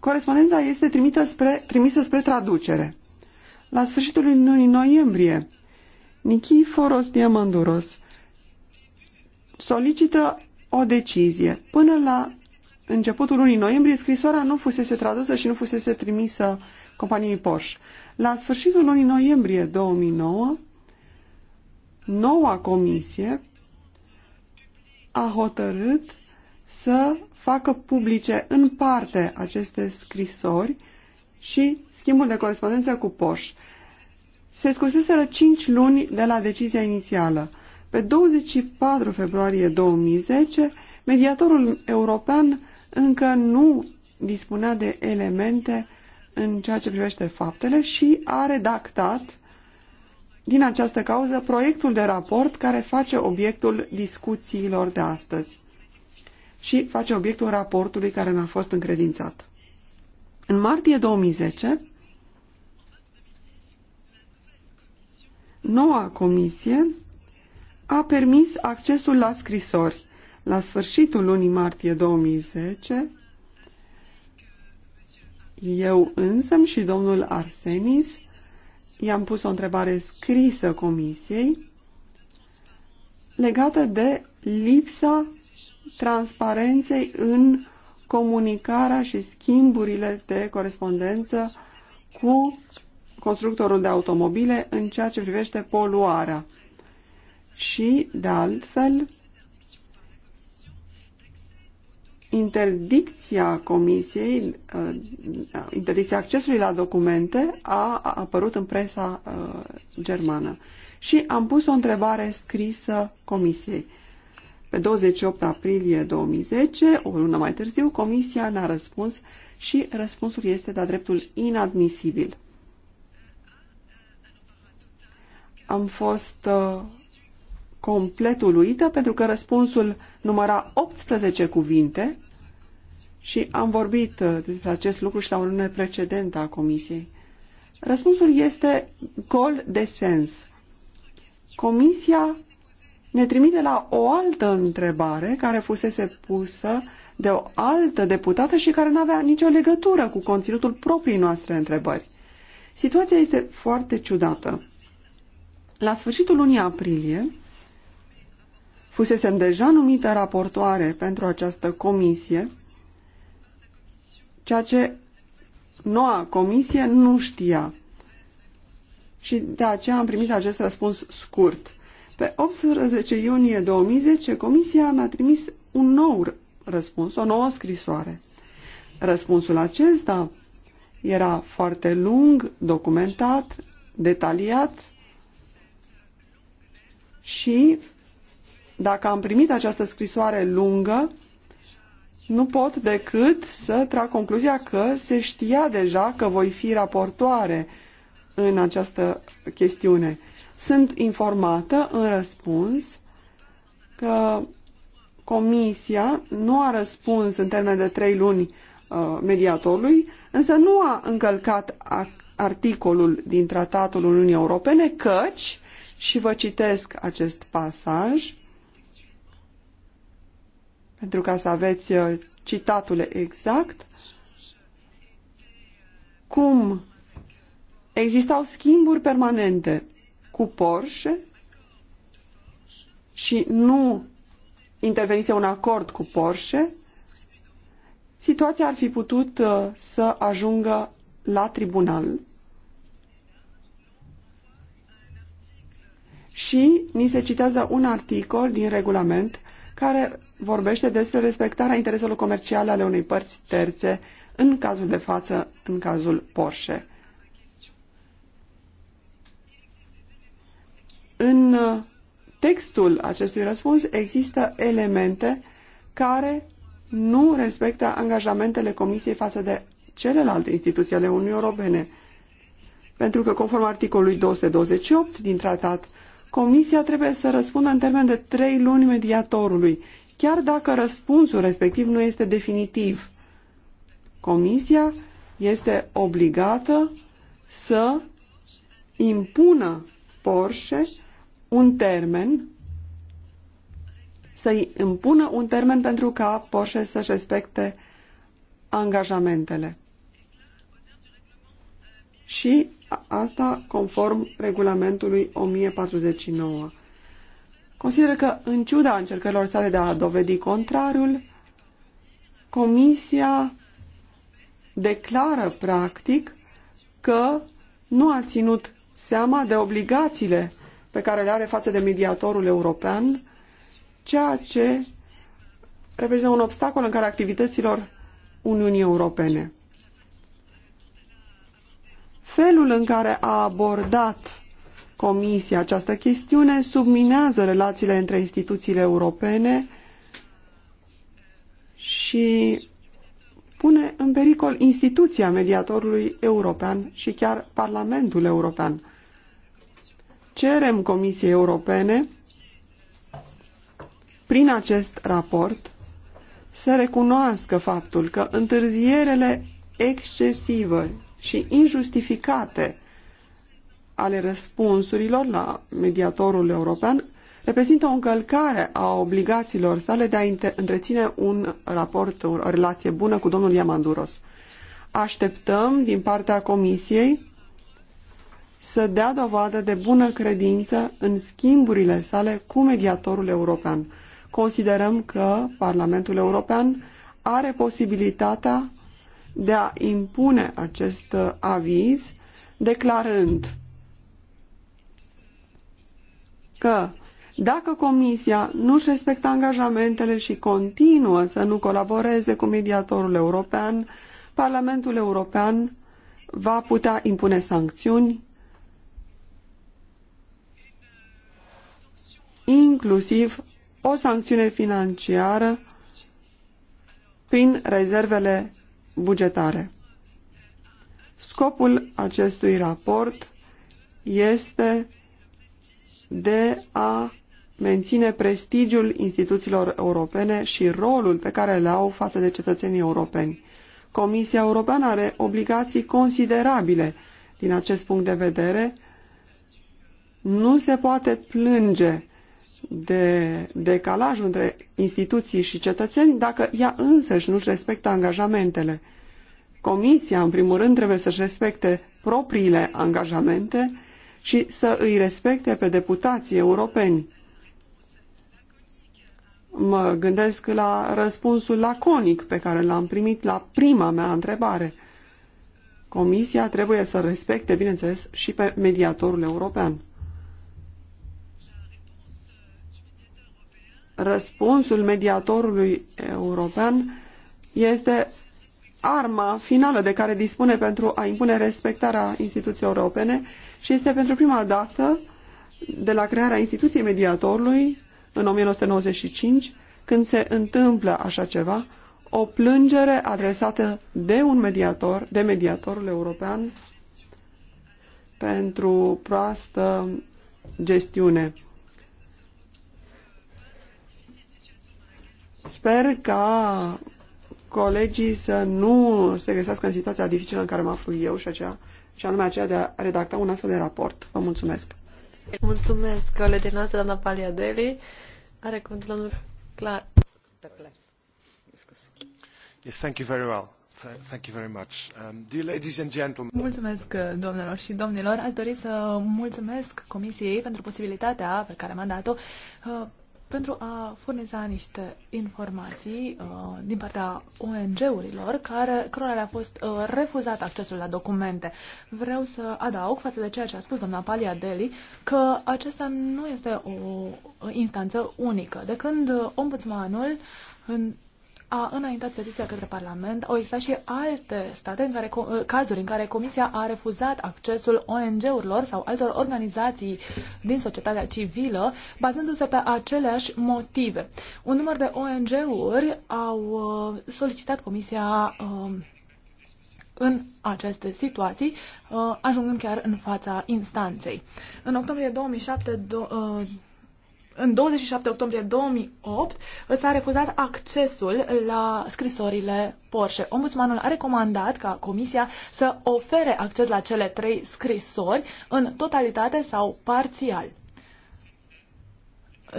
corespondența este trimisă spre, trimisă spre traducere. La sfârșitul lunii noiembrie, Nikiforos Diamanduros solicită o decizie. Până la începutul lunii noiembrie, scrisoarea nu fusese tradusă și nu fusese trimisă companiei Porsche. La sfârșitul lunii noiembrie 2009, noua comisie a hotărât să facă publice în parte aceste scrisori și schimbul de corespondență cu Porsche. Se scuseseră 5 luni de la decizia inițială. Pe 24 februarie 2010, Mediatorul european încă nu dispunea de elemente în ceea ce privește faptele și a redactat din această cauză proiectul de raport care face obiectul discuțiilor de astăzi și face obiectul raportului care mi-a fost încredințat. În martie 2010, noua comisie a permis accesul la scrisori la sfârșitul lunii martie 2010, eu însăm și domnul Arsenis i-am pus o întrebare scrisă comisiei legată de lipsa transparenței în comunicarea și schimburile de corespondență cu constructorul de automobile în ceea ce privește poluarea. Și, de altfel, interdicția comisiei, uh, da, interdicția accesului la documente a apărut în presa uh, germană. Și am pus o întrebare scrisă comisiei. Pe 28 aprilie 2010, o lună mai târziu, comisia ne-a răspuns și răspunsul este de-a dreptul inadmisibil. Am fost uh, complet uluită pentru că răspunsul număra 18 cuvinte și am vorbit uh, despre acest lucru și la o lună precedentă a Comisiei. Răspunsul este gol de sens. Comisia ne trimite la o altă întrebare care fusese pusă de o altă deputată și care nu avea nicio legătură cu conținutul proprii noastre întrebări. Situația este foarte ciudată. La sfârșitul lunii aprilie, fusesem deja numită raportoare pentru această comisie ceea ce noua comisie nu știa. Și de aceea am primit acest răspuns scurt. Pe 18 iunie 2010, comisia mi-a trimis un nou răspuns, o nouă scrisoare. Răspunsul acesta era foarte lung, documentat, detaliat și dacă am primit această scrisoare lungă, nu pot decât să trag concluzia că se știa deja că voi fi raportoare în această chestiune. Sunt informată în răspuns că comisia nu a răspuns în termen de trei luni uh, mediatorului, însă nu a încălcat articolul din Tratatul Uniunii Europene, căci, și vă citesc acest pasaj, pentru ca să aveți uh, citatul exact, cum existau schimburi permanente cu Porsche și nu intervenise un acord cu Porsche, situația ar fi putut uh, să ajungă la tribunal și ni se citează un articol din regulament care vorbește despre respectarea intereselor comerciale ale unei părți terțe, în cazul de față, în cazul Porsche. În uh, textul acestui răspuns există elemente care nu respectă angajamentele Comisiei față de celelalte instituții ale Uniunii Europene. Pentru că, conform articolului 228 din tratat, Comisia trebuie să răspundă în termen de trei luni mediatorului, chiar dacă răspunsul respectiv nu este definitiv. Comisia este obligată să impună Porsche un termen să-i impună un termen pentru ca Porsche să-și respecte angajamentele și asta conform regulamentului 1049. Consider că, în ciuda încercărilor sale de a dovedi contrariul, Comisia declară practic că nu a ținut seama de obligațiile pe care le are față de mediatorul european, ceea ce reprezintă un obstacol în care activităților Uniunii Europene. Felul în care a abordat Comisia această chestiune subminează relațiile între instituțiile europene și pune în pericol instituția mediatorului european și chiar Parlamentul European. Cerem Comisiei Europene, prin acest raport, să recunoască faptul că întârzierele excesivă și injustificate ale răspunsurilor la mediatorul european reprezintă o încălcare a obligațiilor sale de a întreține un raport, o relație bună cu domnul Iamanduros. Așteptăm din partea Comisiei să dea dovadă de bună credință în schimburile sale cu mediatorul european. Considerăm că Parlamentul European are posibilitatea de a impune acest uh, aviz declarând că dacă Comisia nu își respectă angajamentele și continuă să nu colaboreze cu mediatorul european, Parlamentul European va putea impune sancțiuni, inclusiv o sancțiune financiară prin rezervele bugetare. Scopul acestui raport este de a menține prestigiul instituțiilor europene și rolul pe care le au față de cetățenii europeni. Comisia Europeană are obligații considerabile din acest punct de vedere. Nu se poate plânge de decalaj între instituții și cetățeni dacă ea însăși nu-și respectă angajamentele. Comisia, în primul rând, trebuie să-și respecte propriile angajamente și să îi respecte pe deputații europeni. Mă gândesc la răspunsul laconic pe care l-am primit la prima mea întrebare. Comisia trebuie să respecte, bineînțeles, și pe mediatorul european. răspunsul mediatorului european este arma finală de care dispune pentru a impune respectarea instituției europene și este pentru prima dată de la crearea instituției mediatorului în 1995 când se întâmplă așa ceva, o plângere adresată de un mediator, de mediatorul european pentru proastă gestiune. Sper ca colegii să nu se găsească în situația dificilă în care mă aflu eu și, aceea, și anume aceea de a redacta un astfel de raport. Vă mulțumesc! Mulțumesc, colegii noastre, doamna Paliadeli. Are cuvântul domnul Clar. Yes, thank you very well. Thank you very much. Um, dear ladies and gentlemen. Mulțumesc, domnilor și domnilor. Aș dori să mulțumesc Comisiei pentru posibilitatea pe care m-a dat-o uh, pentru a furniza niște informații uh, din partea ONG-urilor care cărora le-a fost uh, refuzat accesul la documente. Vreau să adaug față de ceea ce a spus doamna Paliadeli că acesta nu este o instanță unică. De când uh, ombudsmanul în a înaintat petiția către Parlament, au existat și alte state în care, ă, cazuri în care Comisia a refuzat accesul ONG-urilor sau altor organizații din societatea civilă, bazându-se pe aceleași motive. Un număr de ONG-uri au ă, solicitat Comisia ă, în aceste situații, ajungând chiar în fața instanței. În octombrie 2007, în 27 octombrie 2008 s-a refuzat accesul la scrisorile Porsche. Ombudsmanul a recomandat ca Comisia să ofere acces la cele trei scrisori în totalitate sau parțial.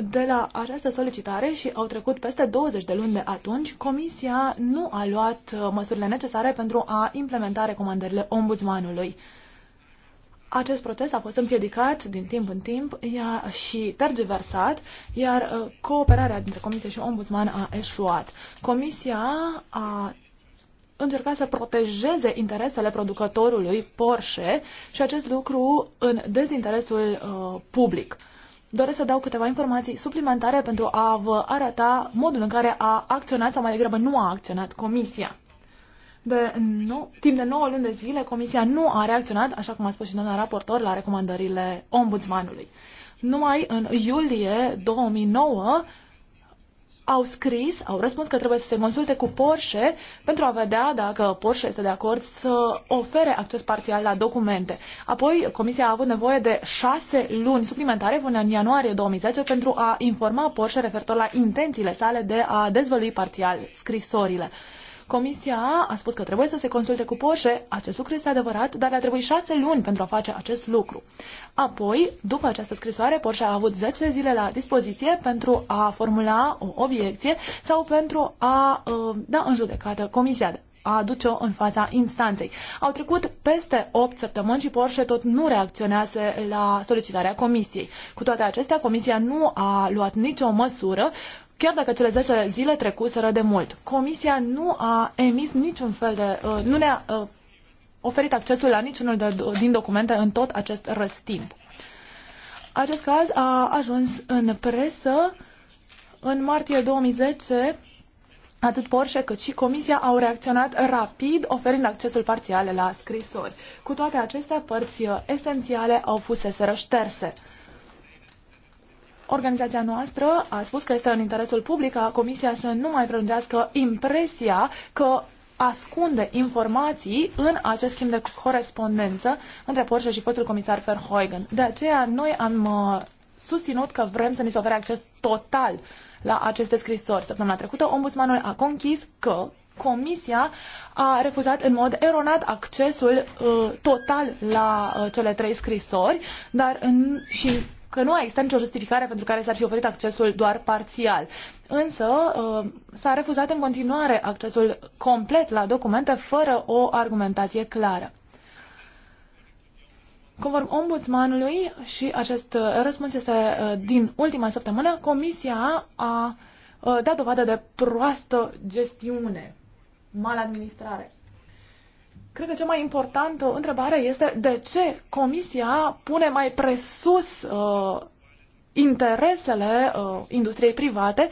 De la această solicitare și au trecut peste 20 de luni de atunci, Comisia nu a luat uh, măsurile necesare pentru a implementa recomandările ombudsmanului. Acest proces a fost împiedicat din timp în timp iar, și tergiversat, iar uh, cooperarea dintre Comisie și Ombudsman a eșuat. Comisia a încerca să protejeze interesele producătorului Porsche și acest lucru în dezinteresul uh, public. Doresc să dau câteva informații suplimentare pentru a vă arăta modul în care a acționat sau mai degrabă nu a acționat Comisia de nou, timp de 9 luni de zile, Comisia nu a reacționat, așa cum a spus și doamna raportor, la recomandările ombudsmanului. Numai în iulie 2009 au scris, au răspuns că trebuie să se consulte cu Porsche pentru a vedea dacă Porsche este de acord să ofere acces parțial la documente. Apoi, Comisia a avut nevoie de șase luni suplimentare până în ianuarie 2010 pentru a informa Porsche referitor la intențiile sale de a dezvălui parțial scrisorile. Comisia a spus că trebuie să se consulte cu Porsche, acest lucru este adevărat, dar a trebuit șase luni pentru a face acest lucru. Apoi, după această scrisoare, Porsche a avut 10 zile la dispoziție pentru a formula o obiecție sau pentru a uh, da în judecată Comisia a aduce-o în fața instanței. Au trecut peste 8 săptămâni și Porsche tot nu reacționase la solicitarea comisiei. Cu toate acestea, comisia nu a luat nicio măsură chiar dacă cele 10 zile trecuseră de mult. Comisia nu a emis niciun fel de... Uh, nu ne-a uh, oferit accesul la niciunul de, din documente în tot acest răstimp. Acest caz a ajuns în presă în martie 2010 Atât Porsche cât și Comisia au reacționat rapid, oferind accesul parțial la scrisori. Cu toate acestea, părți uh, esențiale au fost șterse. Organizația noastră a spus că este în interesul public ca Comisia să nu mai prelungească impresia că ascunde informații în acest schimb de corespondență între Porsche și fostul comisar Verheugen. De aceea noi am uh, susținut că vrem să ni se ofere acces total la aceste scrisori. Săptămâna trecută, ombudsmanul a conchis că Comisia a refuzat în mod eronat accesul uh, total la uh, cele trei scrisori, dar în, și că nu a existat nicio justificare pentru care s-ar fi oferit accesul doar parțial. Însă uh, s-a refuzat în continuare accesul complet la documente fără o argumentație clară. Conform ombudsmanului, și acest uh, răspuns este uh, din ultima săptămână, Comisia a dat dovadă de proastă gestiune, maladministrare. Cred că cea mai importantă întrebare este de ce Comisia pune mai presus uh, interesele uh, industriei private,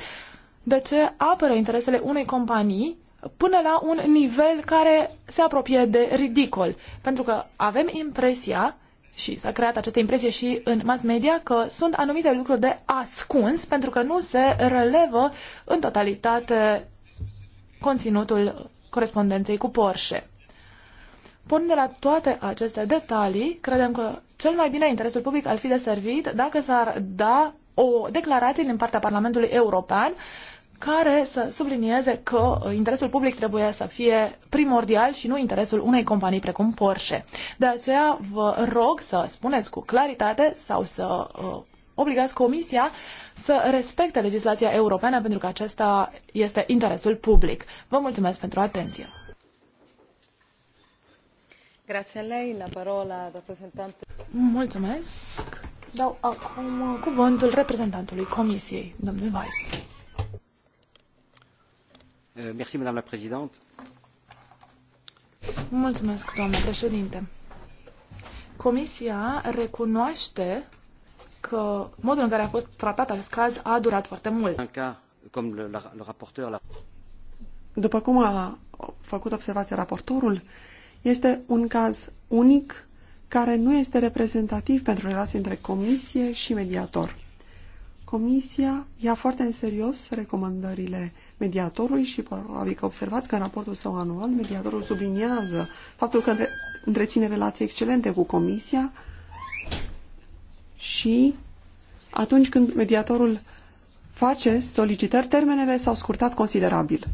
de ce apără interesele unei companii până la un nivel care se apropie de ridicol. Pentru că avem impresia și s-a creat această impresie și în mass media că sunt anumite lucruri de ascuns pentru că nu se relevă în totalitate conținutul corespondenței cu Porsche. Pornind de la toate aceste detalii, credem că cel mai bine interesul public ar fi de servit dacă s-ar da o declarație din partea Parlamentului European care să sublinieze că uh, interesul public trebuie să fie primordial și nu interesul unei companii precum Porsche. De aceea vă rog să spuneți cu claritate sau să uh, obligați Comisia să respecte legislația europeană pentru că acesta este interesul public. Vă mulțumesc pentru atenție. Mulțumesc. Dau acum cuvântul reprezentantului Comisiei, domnul Weiss. Euh, merci, Madame la Présidente. Mulțumesc, doamnă președinte. Comisia recunoaște că modul în care a fost tratat acest caz a durat foarte mult. După cum a făcut observația raportorul, este un caz unic care nu este reprezentativ pentru relații între comisie și mediator. Comisia ia foarte în serios recomandările mediatorului și probabil că observați că în raportul său anual mediatorul subliniază faptul că între, întreține relații excelente cu Comisia și atunci când mediatorul face solicitări, termenele s-au scurtat considerabil.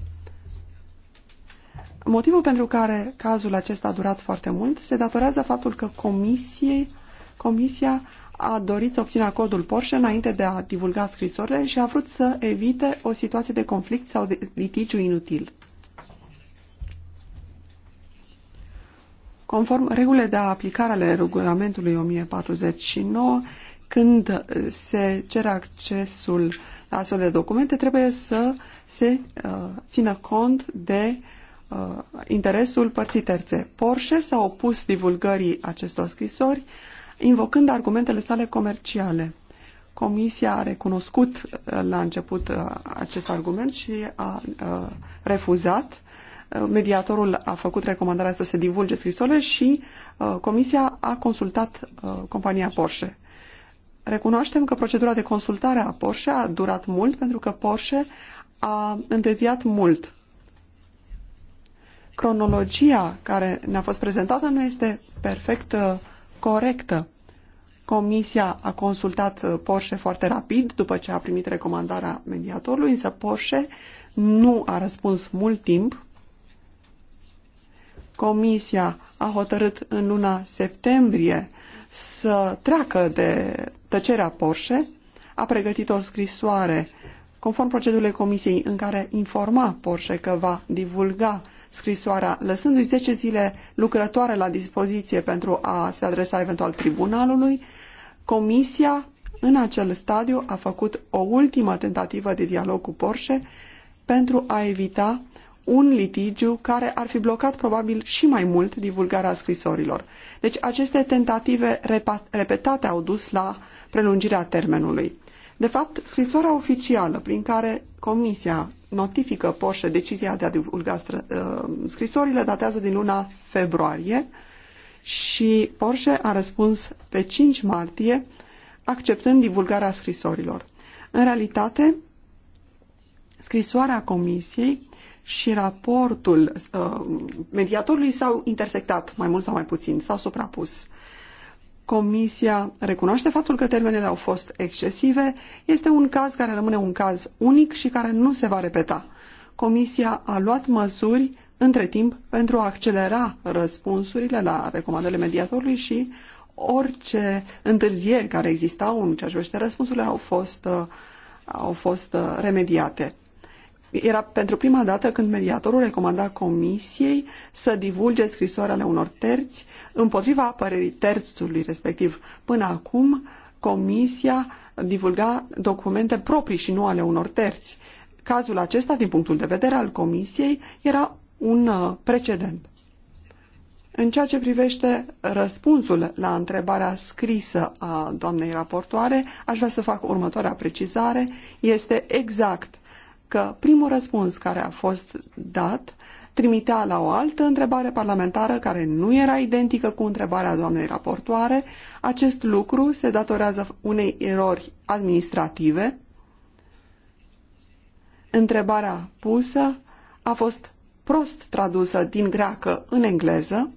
Motivul pentru care cazul acesta a durat foarte mult se datorează faptul că comisiei, comisia a dorit să obțină codul Porsche înainte de a divulga scrisorile și a vrut să evite o situație de conflict sau de litigiu inutil. Conform regulile de aplicare ale regulamentului 1049, când se cere accesul la astfel de documente, trebuie să se uh, țină cont de uh, uh, interesul părții terțe. Porsche s-a opus divulgării acestor scrisori, invocând argumentele sale comerciale. Comisia a recunoscut uh, la început uh, acest argument și a uh, refuzat. Mediatorul a făcut recomandarea să se divulge scrisorile și comisia a consultat compania Porsche. Recunoaștem că procedura de consultare a Porsche a durat mult pentru că Porsche a întârziat mult cronologia care ne-a fost prezentată nu este perfect uh, corectă. Comisia a consultat uh, Porsche foarte rapid după ce a primit recomandarea mediatorului, însă Porsche nu a răspuns mult timp. Comisia a hotărât în luna septembrie să treacă de tăcerea Porsche, a pregătit o scrisoare conform procedurile Comisiei în care informa Porsche că va divulga scrisoarea, lăsându-i 10 zile lucrătoare la dispoziție pentru a se adresa eventual tribunalului, comisia în acel stadiu a făcut o ultimă tentativă de dialog cu Porsche pentru a evita un litigiu care ar fi blocat probabil și mai mult divulgarea scrisorilor. Deci aceste tentative repetate au dus la prelungirea termenului. De fapt, scrisoarea oficială prin care Comisia notifică Porsche decizia de a divulga uh, scrisorile datează din luna februarie și Porsche a răspuns pe 5 martie acceptând divulgarea scrisorilor. În realitate, scrisoarea Comisiei și raportul uh, mediatorului s-au intersectat mai mult sau mai puțin, s-au suprapus. Comisia recunoaște faptul că termenele au fost excesive. Este un caz care rămâne un caz unic și care nu se va repeta. Comisia a luat măsuri între timp pentru a accelera răspunsurile la recomandările mediatorului și orice întârzieri care existau în ceea ce privește răspunsurile au fost, uh, au fost uh, remediate era pentru prima dată când mediatorul recomanda comisiei să divulge scrisoarea ale unor terți împotriva apărării terțului respectiv. Până acum, comisia divulga documente proprii și nu ale unor terți. Cazul acesta, din punctul de vedere al comisiei, era un uh, precedent. În ceea ce privește răspunsul la întrebarea scrisă a doamnei raportoare, aș vrea să fac următoarea precizare. Este exact că primul răspuns care a fost dat trimitea la o altă întrebare parlamentară care nu era identică cu întrebarea doamnei raportoare. Acest lucru se datorează unei erori administrative. Întrebarea pusă a fost prost tradusă din greacă în engleză.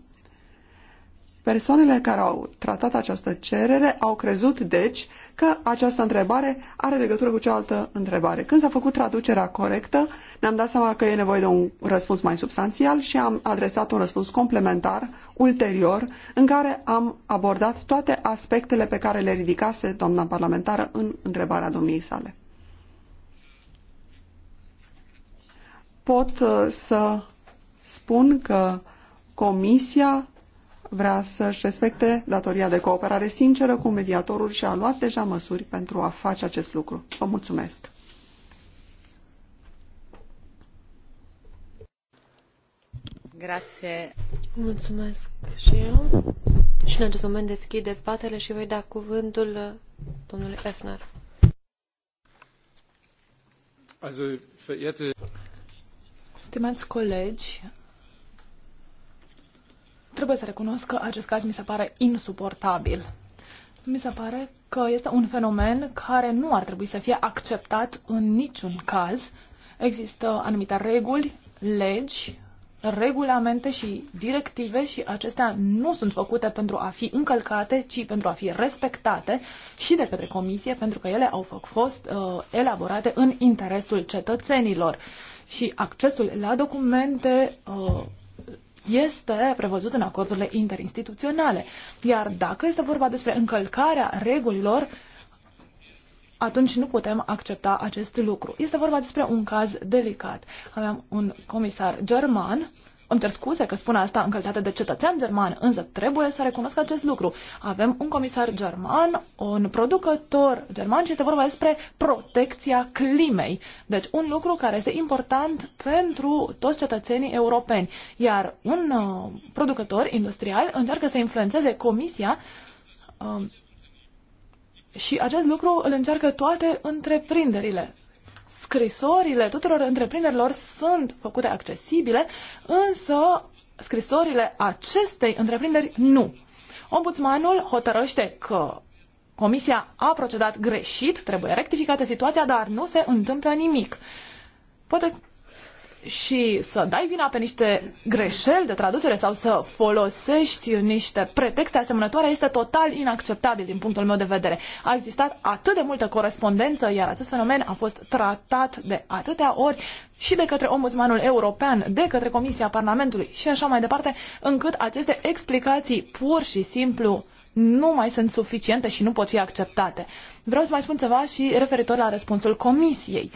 Persoanele care au tratat această cerere au crezut, deci, că această întrebare are legătură cu cealaltă întrebare. Când s-a făcut traducerea corectă, ne-am dat seama că e nevoie de un răspuns mai substanțial și am adresat un răspuns complementar, ulterior, în care am abordat toate aspectele pe care le ridicase doamna parlamentară în întrebarea domniei sale. Pot uh, să spun că Comisia vrea să-și respecte datoria de cooperare sinceră cu mediatorul și a luat deja măsuri pentru a face acest lucru. Vă mulțumesc! Grație! Mulțumesc și eu. Și în acest moment deschid dezbatele și voi da cuvântul uh, domnului Efner. Stimați colegi, Trebuie să recunosc că acest caz mi se pare insuportabil. Mi se pare că este un fenomen care nu ar trebui să fie acceptat în niciun caz. Există anumite reguli, legi, regulamente și directive și acestea nu sunt făcute pentru a fi încălcate, ci pentru a fi respectate și de către comisie, pentru că ele au fost uh, elaborate în interesul cetățenilor. Și accesul la documente uh, este prevăzut în acordurile interinstituționale. Iar dacă este vorba despre încălcarea regulilor, atunci nu putem accepta acest lucru. Este vorba despre un caz delicat. Aveam un comisar german îmi cer scuze că spun asta în calitate de cetățean german, însă trebuie să recunosc acest lucru. Avem un comisar german, un producător german și este vorba despre protecția climei. Deci un lucru care este important pentru toți cetățenii europeni. Iar un uh, producător industrial încearcă să influențeze comisia uh, și acest lucru îl încearcă toate întreprinderile scrisorile tuturor întreprinderilor sunt făcute accesibile, însă scrisorile acestei întreprinderi nu. Ombudsmanul hotărăște că Comisia a procedat greșit, trebuie rectificată situația, dar nu se întâmplă nimic. Poate și să dai vina pe niște greșeli de traducere sau să folosești niște pretexte asemănătoare este total inacceptabil din punctul meu de vedere. A existat atât de multă corespondență, iar acest fenomen a fost tratat de atâtea ori și de către Ombudsmanul European, de către Comisia Parlamentului și așa mai departe, încât aceste explicații pur și simplu nu mai sunt suficiente și nu pot fi acceptate. Vreau să mai spun ceva și referitor la răspunsul Comisiei.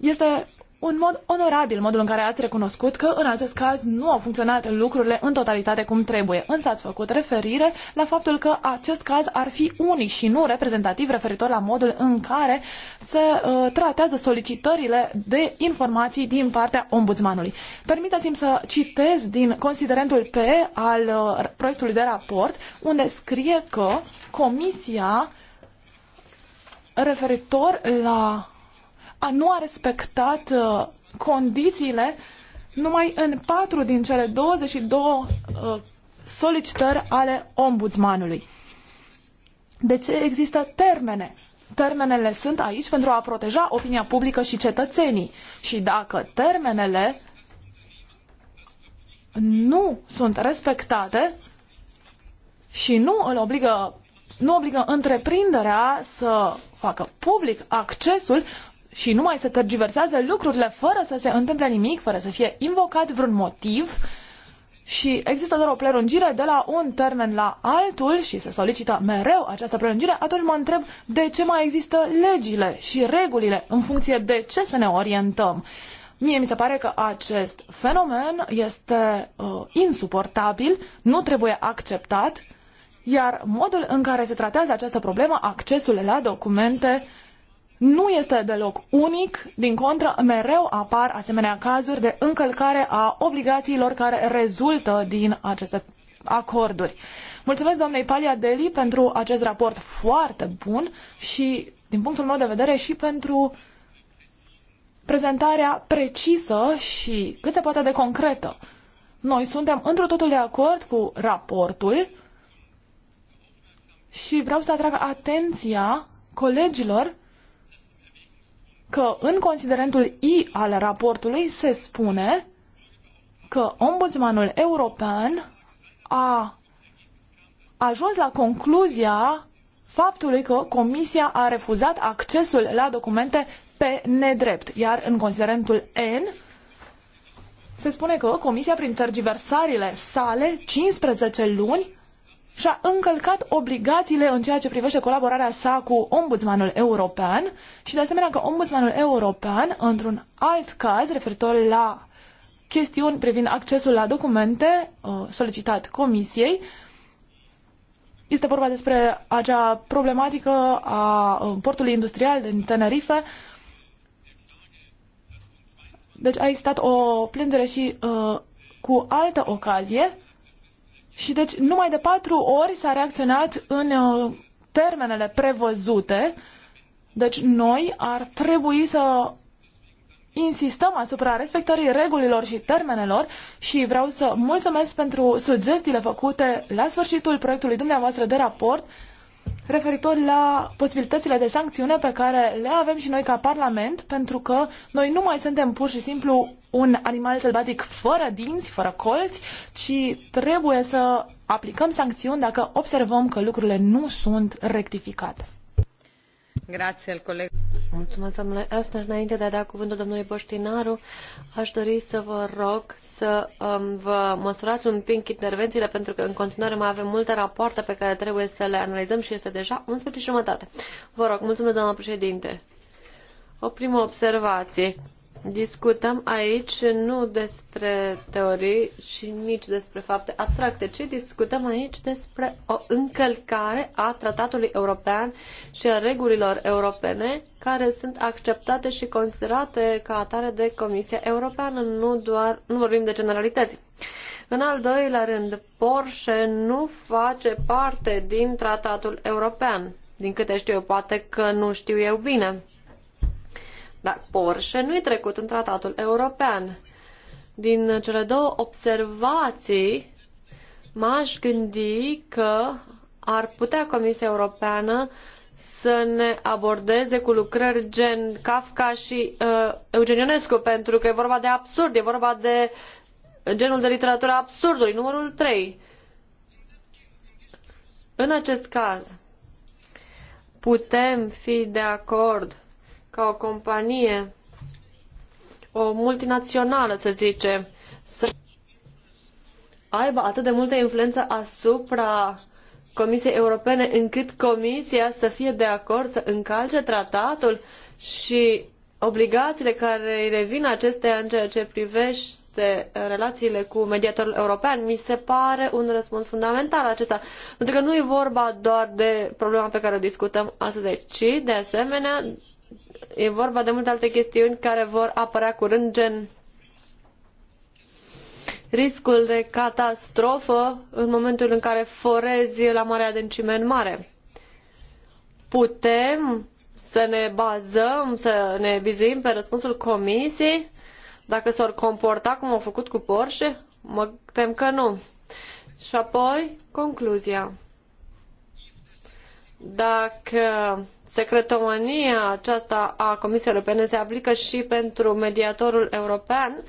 Este un mod onorabil modul în care ați recunoscut că în acest caz nu au funcționat lucrurile în totalitate cum trebuie. Însă ați făcut referire la faptul că acest caz ar fi unic și nu reprezentativ referitor la modul în care se uh, tratează solicitările de informații din partea ombudsmanului. Permiteți-mi să citez din considerentul P al uh, proiectului de raport unde scrie că Comisia referitor la a nu a respectat uh, condițiile numai în patru din cele 22 uh, solicitări ale ombudsmanului. De ce există termene? Termenele sunt aici pentru a proteja opinia publică și cetățenii. Și dacă termenele nu sunt respectate și nu îl obligă nu obligă întreprinderea să facă public accesul, și nu mai se tergiversează lucrurile fără să se întâmple nimic, fără să fie invocat vreun motiv și există doar o prelungire de la un termen la altul și se solicită mereu această prelungire, atunci mă întreb de ce mai există legile și regulile în funcție de ce să ne orientăm. Mie mi se pare că acest fenomen este uh, insuportabil, nu trebuie acceptat, iar modul în care se tratează această problemă, accesul la documente, uh, nu este deloc unic, din contră, mereu apar asemenea cazuri de încălcare a obligațiilor care rezultă din aceste acorduri. Mulțumesc doamnei Paliadeli pentru acest raport foarte bun și, din punctul meu de vedere, și pentru prezentarea precisă și cât se poate de concretă. Noi suntem într totul de acord cu raportul și vreau să atrag atenția colegilor că în considerentul I al raportului se spune că ombudsmanul european a ajuns la concluzia faptului că Comisia a refuzat accesul la documente pe nedrept. Iar în considerentul N se spune că Comisia, prin tergiversările sale, 15 luni și-a încălcat obligațiile în ceea ce privește colaborarea sa cu ombudsmanul european și de asemenea că ombudsmanul european, într-un alt caz referitor la chestiuni privind accesul la documente uh, solicitat comisiei, este vorba despre acea problematică a uh, portului industrial din Tenerife. Deci a existat o plângere și uh, cu altă ocazie și deci numai de patru ori s-a reacționat în uh, termenele prevăzute. Deci noi ar trebui să insistăm asupra respectării regulilor și termenelor și vreau să mulțumesc pentru sugestiile făcute la sfârșitul proiectului dumneavoastră de raport referitor la posibilitățile de sancțiune pe care le avem și noi ca Parlament, pentru că noi nu mai suntem pur și simplu un animal sălbatic fără dinți, fără colți, ci trebuie să aplicăm sancțiuni dacă observăm că lucrurile nu sunt rectificate. Mulțumesc, Înainte de a da cuvântul domnului Poștinaru, aș dori să vă rog să um, vă măsurați un pic intervențiile, pentru că în continuare mai avem multe rapoarte pe care trebuie să le analizăm și este deja 11 jumătate. Vă rog, mulțumesc, doamna președinte. O primă observație. Discutăm aici nu despre teorii și nici despre fapte abstracte, ci discutăm aici despre o încălcare a tratatului european și a regulilor europene care sunt acceptate și considerate ca atare de Comisia Europeană, nu doar, nu vorbim de generalități. În al doilea rând, Porsche nu face parte din tratatul european. Din câte știu eu, poate că nu știu eu bine. Dar Porsche nu e trecut în tratatul european. Din cele două observații, m-aș gândi că ar putea Comisia Europeană să ne abordeze cu lucrări gen Kafka și uh, Eugen Ionescu, pentru că e vorba de absurd, e vorba de genul de literatură absurdului, numărul 3. În acest caz, putem fi de acord ca o companie, o multinațională, să zicem, să aibă atât de multă influență asupra Comisiei Europene încât Comisia să fie de acord să încalce tratatul și obligațiile care îi revin acesteia în ceea ce privește relațiile cu mediatorul european, mi se pare un răspuns fundamental acesta. Pentru că nu e vorba doar de problema pe care o discutăm astăzi, ci de asemenea E vorba de multe alte chestiuni care vor apărea curând, gen riscul de catastrofă în momentul în care forezi la mare adâncime în mare. Putem să ne bazăm, să ne bizuim pe răspunsul comisiei dacă s-or comporta cum au făcut cu Porsche? Mă tem că nu. Și apoi, concluzia. Dacă Secretomania aceasta a Comisiei Europene se aplică și pentru mediatorul european,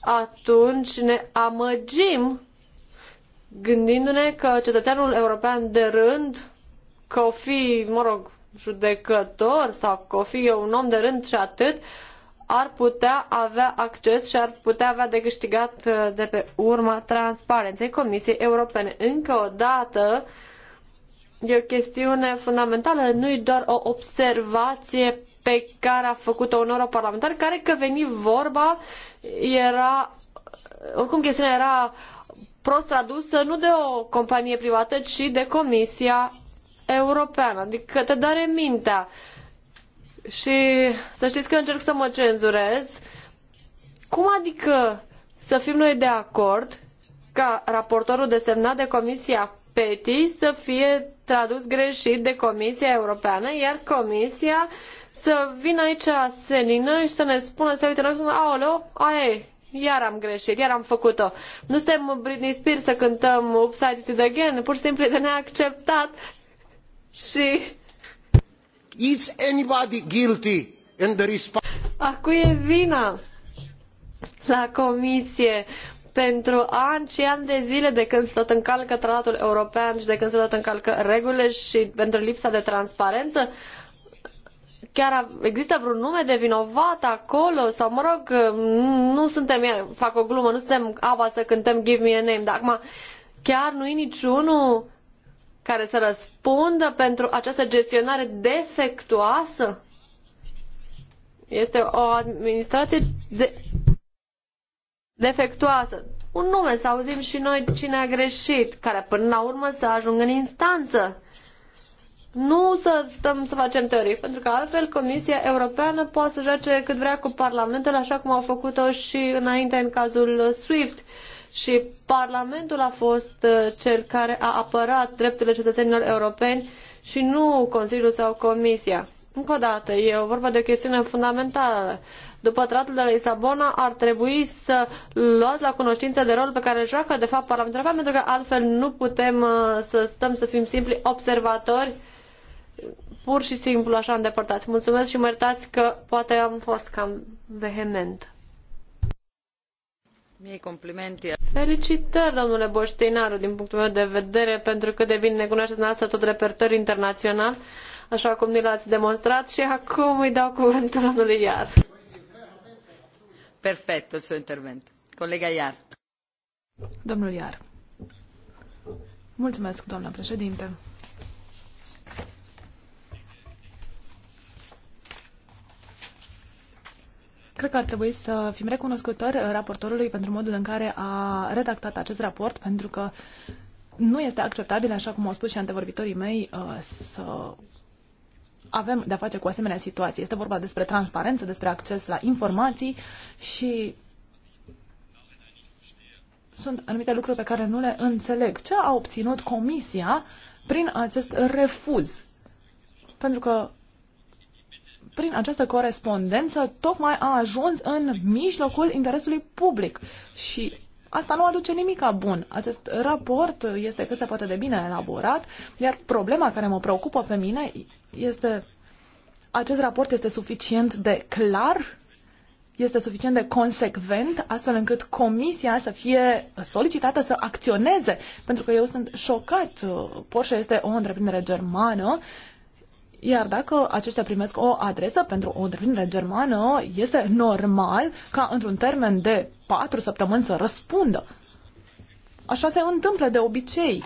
atunci ne amăgim gândindu-ne că cetățeanul european de rând, că o fi, mă rog, judecător sau că o fi un om de rând și atât, ar putea avea acces și ar putea avea de câștigat uh, de pe urma transparenței Comisiei Europene. Încă o dată, uh, E o chestiune fundamentală, nu e doar o observație pe care a făcut-o un europarlamentar, care că veni vorba era, oricum chestiunea era prost tradusă nu de o companie privată, ci de Comisia Europeană. Adică te doare mintea. Și să știți că încerc să mă cenzurez. Cum adică să fim noi de acord ca raportorul desemnat de Comisia PETI să fie tradus greșit de Comisia Europeană, iar Comisia să vină aici senină și să ne spună, să uite, noi spunem, aoleo, aia e, iar am greșit, iar am făcut-o. Nu suntem Britney Spears să cântăm Upside It Again, pur și simplu e de neacceptat. Și... Is anybody guilty in the response? A cui e vina? La comisie pentru ani și ani de zile de când se tot încalcă tratatul european și de când se tot încalcă regulile și pentru lipsa de transparență. Chiar există vreun nume de vinovat acolo? Sau, mă rog, nu suntem, fac o glumă, nu suntem aba să cântăm Give Me a Name, dar acum chiar nu e niciunul care să răspundă pentru această gestionare defectuoasă? Este o administrație de defectuoasă. Un nume, să auzim și noi cine a greșit, care până la urmă să ajungă în instanță. Nu să stăm să facem teorii, pentru că altfel Comisia Europeană poate să joace cât vrea cu Parlamentul, așa cum au făcut-o și înainte în cazul SWIFT. Și Parlamentul a fost uh, cel care a apărat drepturile cetățenilor europeni și nu Consiliul sau Comisia. Încă o dată, e o vorba de o chestiune fundamentală după tratul de la Lisabona, ar trebui să luați la cunoștință de rolul pe care îl joacă, de fapt, Parlamentul European, pentru că altfel nu putem uh, să stăm să fim simpli observatori pur și simplu așa îndepărtați. Mulțumesc și mă iertați că poate am fost cam vehement. Mie complimente. Felicitări, domnule Boștinaru, din punctul meu de vedere, pentru că de bine ne cunoașteți dumneavoastră tot repertoriul internațional, așa cum ni l-ați demonstrat și acum îi dau cuvântul domnului Iar perfetto il suo intervento. Colega Iar. Domnul Iar. Mulțumesc, doamna președinte. Cred că ar trebui să fim recunoscători raportorului pentru modul în care a redactat acest raport, pentru că nu este acceptabil, așa cum au spus și antevorbitorii mei, să avem de-a face cu asemenea situații. Este vorba despre transparență, despre acces la informații și sunt anumite lucruri pe care nu le înțeleg. Ce a obținut Comisia prin acest refuz? Pentru că prin această corespondență tocmai a ajuns în mijlocul interesului public și Asta nu aduce nimic bun. Acest raport este cât se poate de bine elaborat, iar problema care mă preocupă pe mine este, acest raport este suficient de clar? Este suficient de consecvent astfel încât comisia să fie solicitată să acționeze? Pentru că eu sunt șocat. Porsche este o întreprindere germană iar dacă aceștia primesc o adresă pentru o întreprindere germană, este normal ca într-un termen de patru săptămâni să răspundă. Așa se întâmplă de obicei.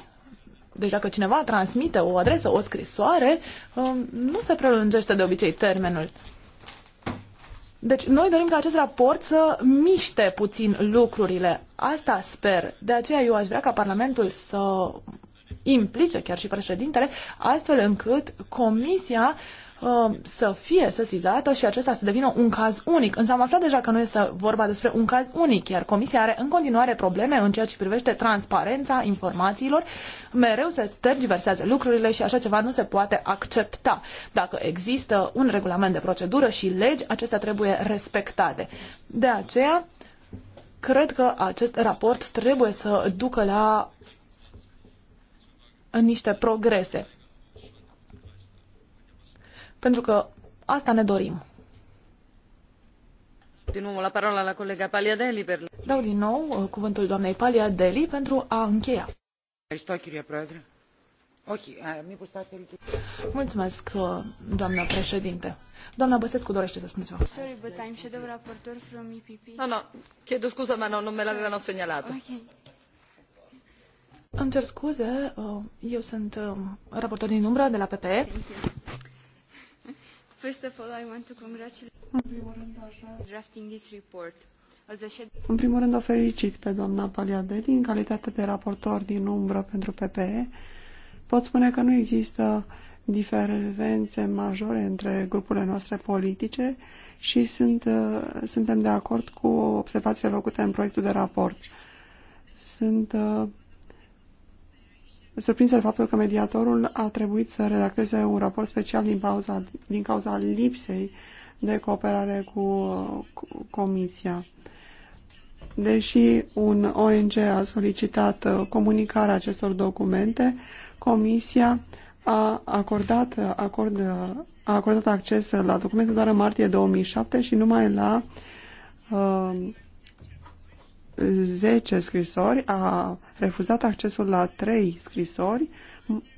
Deci dacă cineva transmite o adresă, o scrisoare, um, nu se prelungește de obicei termenul. Deci noi dorim ca acest raport să miște puțin lucrurile. Asta sper. De aceea eu aș vrea ca Parlamentul să implice chiar și președintele, astfel încât Comisia uh, Um, să fie sesizată și acesta să devină un caz unic. Însă am aflat deja că nu este vorba despre un caz unic, iar Comisia are în continuare probleme în ceea ce privește transparența informațiilor. Mereu se tergiversează lucrurile și așa ceva nu se poate accepta. Dacă există un regulament de procedură și legi, acestea trebuie respectate. De aceea, cred că acest raport trebuie să ducă la niște progrese pentru că asta ne dorim. Din la parola la colega Deli. Per... Dau din nou uh, cuvântul doamnei Palia Deli pentru a încheia. Mulțumesc, uh, doamna președinte. Doamna Băsescu dorește să spun ceva. Sorry, but I'm shadow rapporteur from EPP. No, no, chiedo scuza, ma no, non me l'avevano segnalato. Ok. Îmi cer scuze, uh, eu sunt raportor din umbra de la PPE. Thank you. First of all, I want to congratulate În primul rând o felicit pe doamna Paliadeli în calitate de raportor din umbră pentru PPE. Pot spune că nu există diferențe majore între grupurile noastre politice și sunt, uh, suntem de acord cu observațiile făcute în proiectul de raport. Sunt uh, surprinsă de faptul că mediatorul a trebuit să redacteze un raport special din, pauza, din cauza lipsei de cooperare cu, cu Comisia. Deși un ONG a solicitat uh, comunicarea acestor documente, Comisia a acordat, uh, acord, uh, a acordat acces la documente doar în martie 2007 și numai la uh, 10 scrisori, a refuzat accesul la 3 scrisori,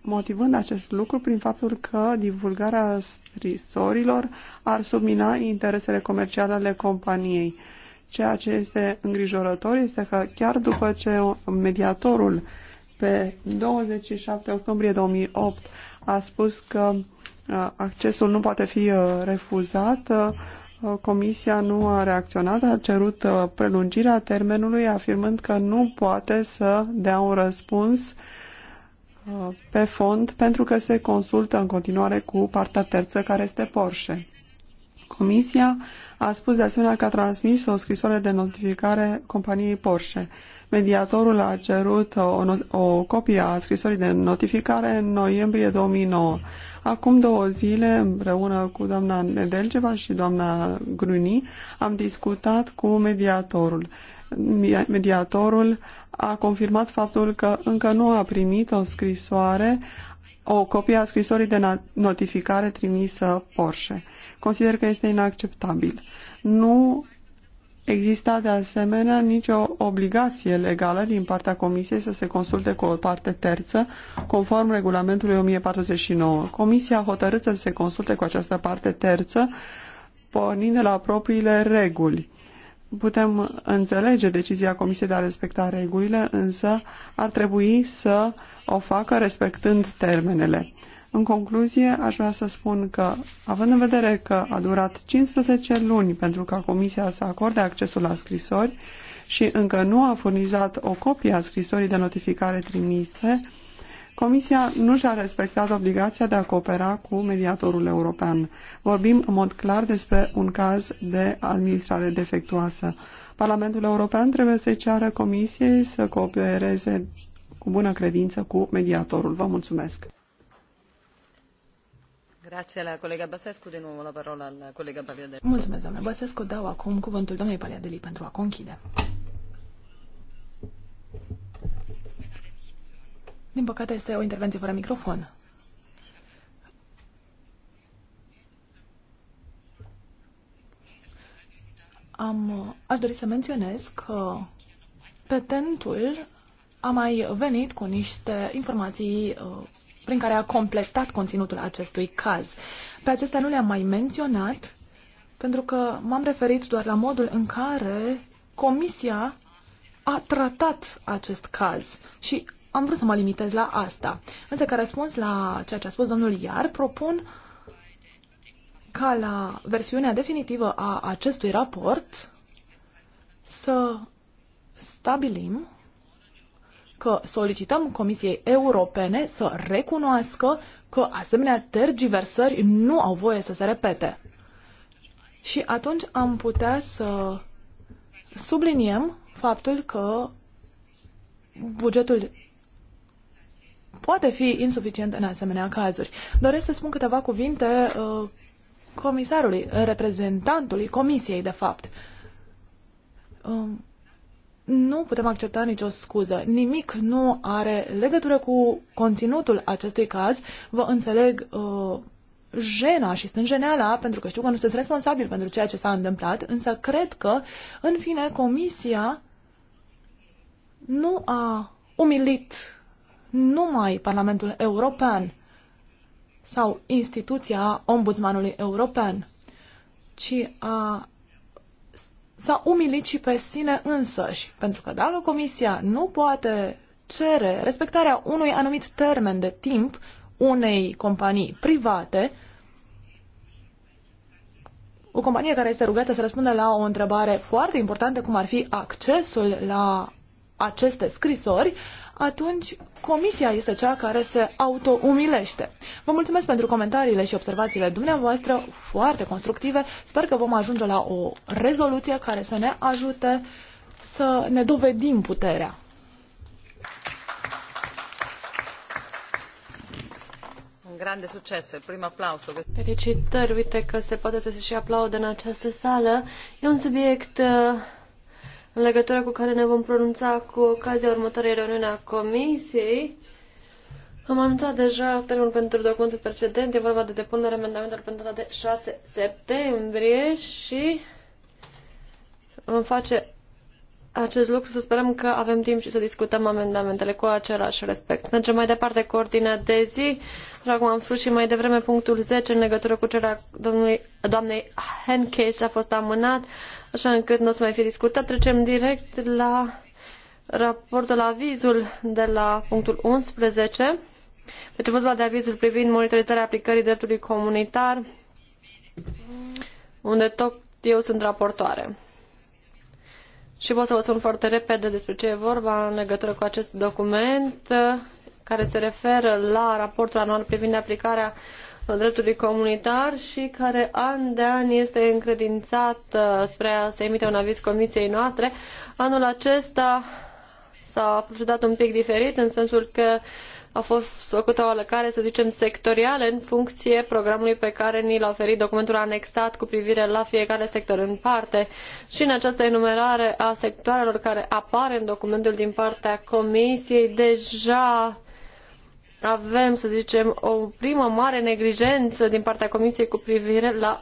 motivând acest lucru prin faptul că divulgarea scrisorilor ar submina interesele comerciale ale companiei. Ceea ce este îngrijorător este că chiar după ce mediatorul pe 27 octombrie 2008 a spus că uh, accesul nu poate fi uh, refuzat, uh, Uh, comisia nu a reacționat, a cerut uh, prelungirea termenului, afirmând că nu poate să dea un răspuns uh, pe fond pentru că se consultă în continuare cu partea terță care este Porsche. Comisia a spus de asemenea că a transmis o scrisoare de notificare companiei Porsche. Mediatorul a cerut o, o copie a scrisorii de notificare în noiembrie 2009. Acum două zile, împreună cu doamna Nedelceva și doamna Gruni, am discutat cu mediatorul. Mediatorul a confirmat faptul că încă nu a primit o scrisoare o copie a scrisorii de notificare trimisă Porsche. Consider că este inacceptabil. Nu exista de asemenea nicio obligație legală din partea Comisiei să se consulte cu o parte terță, conform regulamentului 1049. Comisia a hotărât să se consulte cu această parte terță, pornind de la propriile reguli. Putem înțelege decizia Comisiei de a respecta regulile, însă ar trebui să o facă respectând termenele. În concluzie, aș vrea să spun că, având în vedere că a durat 15 luni pentru ca Comisia să acorde accesul la scrisori și încă nu a furnizat o copie a scrisorii de notificare trimise, Comisia nu și-a respectat obligația de a coopera cu mediatorul european. Vorbim în mod clar despre un caz de administrare defectuoasă. Parlamentul European trebuie să-i ceară Comisiei să coopereze cu bună credință cu mediatorul. Vă mulțumesc! Mulțumesc, doamne Băsescu. Dau acum cuvântul doamnei Paliadeli pentru a conchide. Din păcate este o intervenție fără microfon. Am, aș dori să menționez că petentul a mai venit cu niște informații uh, prin care a completat conținutul acestui caz. Pe acestea nu le-am mai menționat, pentru că m-am referit doar la modul în care Comisia a tratat acest caz și am vrut să mă limitez la asta. Însă, ca răspuns la ceea ce a spus domnul Iar, propun ca la versiunea definitivă a acestui raport să stabilim că solicităm Comisiei Europene să recunoască că asemenea tergiversări nu au voie să se repete. Și atunci am putea să subliniem faptul că bugetul poate fi insuficient în asemenea cazuri. Doresc să spun câteva cuvinte uh, comisarului, reprezentantului comisiei, de fapt. Um, nu putem accepta nicio scuză. Nimic nu are legătură cu conținutul acestui caz. Vă înțeleg uh, jena și stânjeneala, pentru că știu că nu sunteți responsabil pentru ceea ce s-a întâmplat, însă cred că, în fine, comisia nu a umilit numai Parlamentul European sau instituția Ombudsmanului European, ci a s-a umilit și pe sine însăși, pentru că dacă Comisia nu poate cere respectarea unui anumit termen de timp unei companii private, o companie care este rugată să răspundă la o întrebare foarte importantă, cum ar fi accesul la aceste scrisori, atunci comisia este cea care se autoumilește. Vă mulțumesc pentru comentariile și observațiile dumneavoastră foarte constructive. Sper că vom ajunge la o rezoluție care să ne ajute să ne dovedim puterea. Un grande de succes, primo aplauz. Felicitări, uite că se poate să se și aplaudă în această sală. E un subiect uh, în legătură cu care ne vom pronunța cu ocazia următoarei reuniuni a Comisiei. Am anunțat deja termenul pentru documentul precedent, e vorba de depunerea amendamentelor pentru data de 6 septembrie și vom face acest lucru, să sperăm că avem timp și să discutăm amendamentele cu același respect. Mergem mai departe cu ordinea de zi, așa cum am spus și mai devreme, punctul 10 în legătură cu cererea domnului, doamnei Henkes a fost amânat, așa încât nu o să mai fie discutat. Trecem direct la raportul, la avizul de la punctul 11. Deci vorba de avizul privind monitorizarea aplicării dreptului comunitar, unde tot eu sunt raportoare. Și pot să vă spun foarte repede despre ce e vorba în legătură cu acest document uh, care se referă la raportul anual privind aplicarea dreptului comunitar și care an de an este încredințat uh, spre a se emite un aviz comisiei noastre. Anul acesta s-a procedat un pic diferit în sensul că au fost făcute o alocare, să zicem, sectorială în funcție programului pe care ni l-a oferit documentul anexat cu privire la fiecare sector în parte. Și în această enumerare a sectoarelor care apare în documentul din partea Comisiei, deja avem, să zicem, o primă mare neglijență din partea Comisiei cu privire la,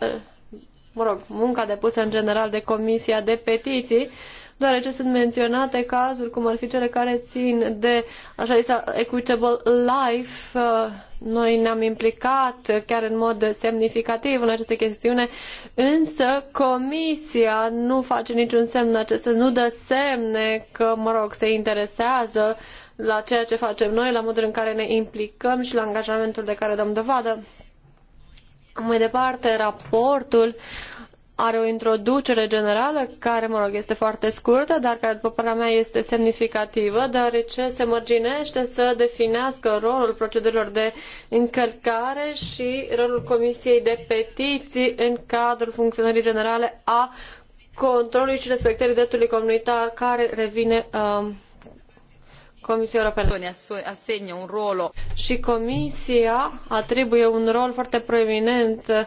mă rog, munca depusă în general de Comisia de Petiții, deoarece sunt menționate cazuri cum ar fi cele care țin de așa zisa equitable life. Uh, noi ne-am implicat chiar în mod semnificativ în această chestiune, însă Comisia nu face niciun semn în acest sens, nu dă semne că, mă rog, se interesează la ceea ce facem noi, la modul în care ne implicăm și la angajamentul de care dăm dovadă. Mai departe, raportul are o introducere generală care, mă rog, este foarte scurtă, dar care, după părerea mea, este semnificativă, deoarece se mărginește să definească rolul procedurilor de încălcare și rolul Comisiei de Petiții în cadrul funcționării generale a controlului și respectării dreptului comunitar care revine uh, um, Comisia Europeană. un rol. Și Comisia atribuie un rol foarte proeminent uh,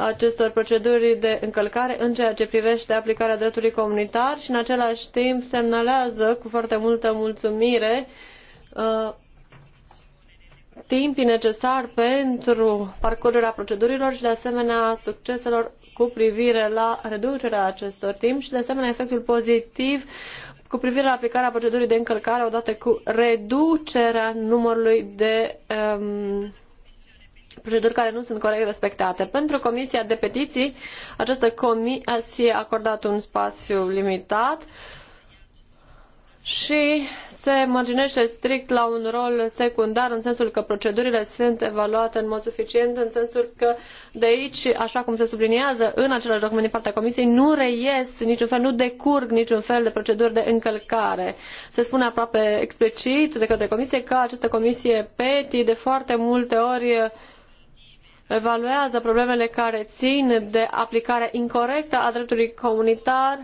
acestor proceduri de încălcare în ceea ce privește aplicarea dreptului comunitar și în același timp semnalează cu foarte multă mulțumire uh, timpii necesari pentru parcurgerea procedurilor și de asemenea succeselor cu privire la reducerea acestor timp și de asemenea efectul pozitiv cu privire la aplicarea procedurii de încălcare odată cu reducerea numărului de um, proceduri care nu sunt corect respectate. Pentru Comisia de Petiții, această comisie a acordat un spațiu limitat și se marginește strict la un rol secundar în sensul că procedurile sunt evaluate în mod suficient, în sensul că de aici, așa cum se subliniază în același document din partea Comisiei, nu reies niciun fel, nu decurg niciun fel de proceduri de încălcare. Se spune aproape explicit de către Comisie că această Comisie PETI de foarte multe ori evaluează problemele care in de aplicarea incorectă a dreptului comunitar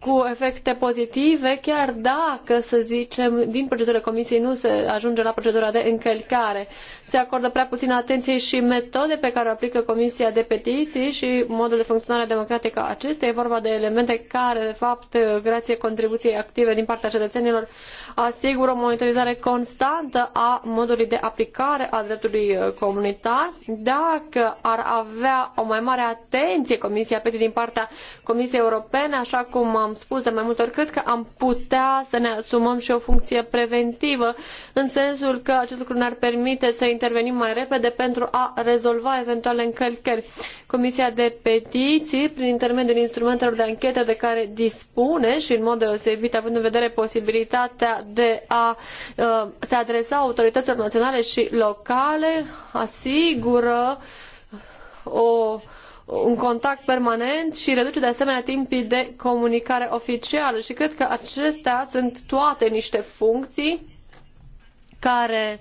cu efecte pozitive, chiar dacă, să zicem, din procedura comisiei nu se ajunge la procedura de încălcare. Se acordă prea puțină atenție și metode pe care o aplică Comisia de Petiții și modul de funcționare democratică a acesteia. E vorba de elemente care, de fapt, grație contribuției active din partea cetățenilor, asigură o monitorizare constantă a modului de aplicare a dreptului uh, comunitar. Dacă ar avea o mai mare atenție Comisia Petiții din partea Comisiei Europene, așa cum am am spus de mai multe ori, cred că am putea să ne asumăm și o funcție preventivă, în sensul că acest lucru ne-ar permite să intervenim mai repede pentru a rezolva eventuale încălcări. Comisia de petiții, prin intermediul instrumentelor de anchetă de care dispune și în mod deosebit având în vedere posibilitatea de a uh, se adresa autorităților naționale și locale, asigură o un contact permanent și reduce de asemenea timpii de comunicare oficială. Și cred că acestea sunt toate niște funcții care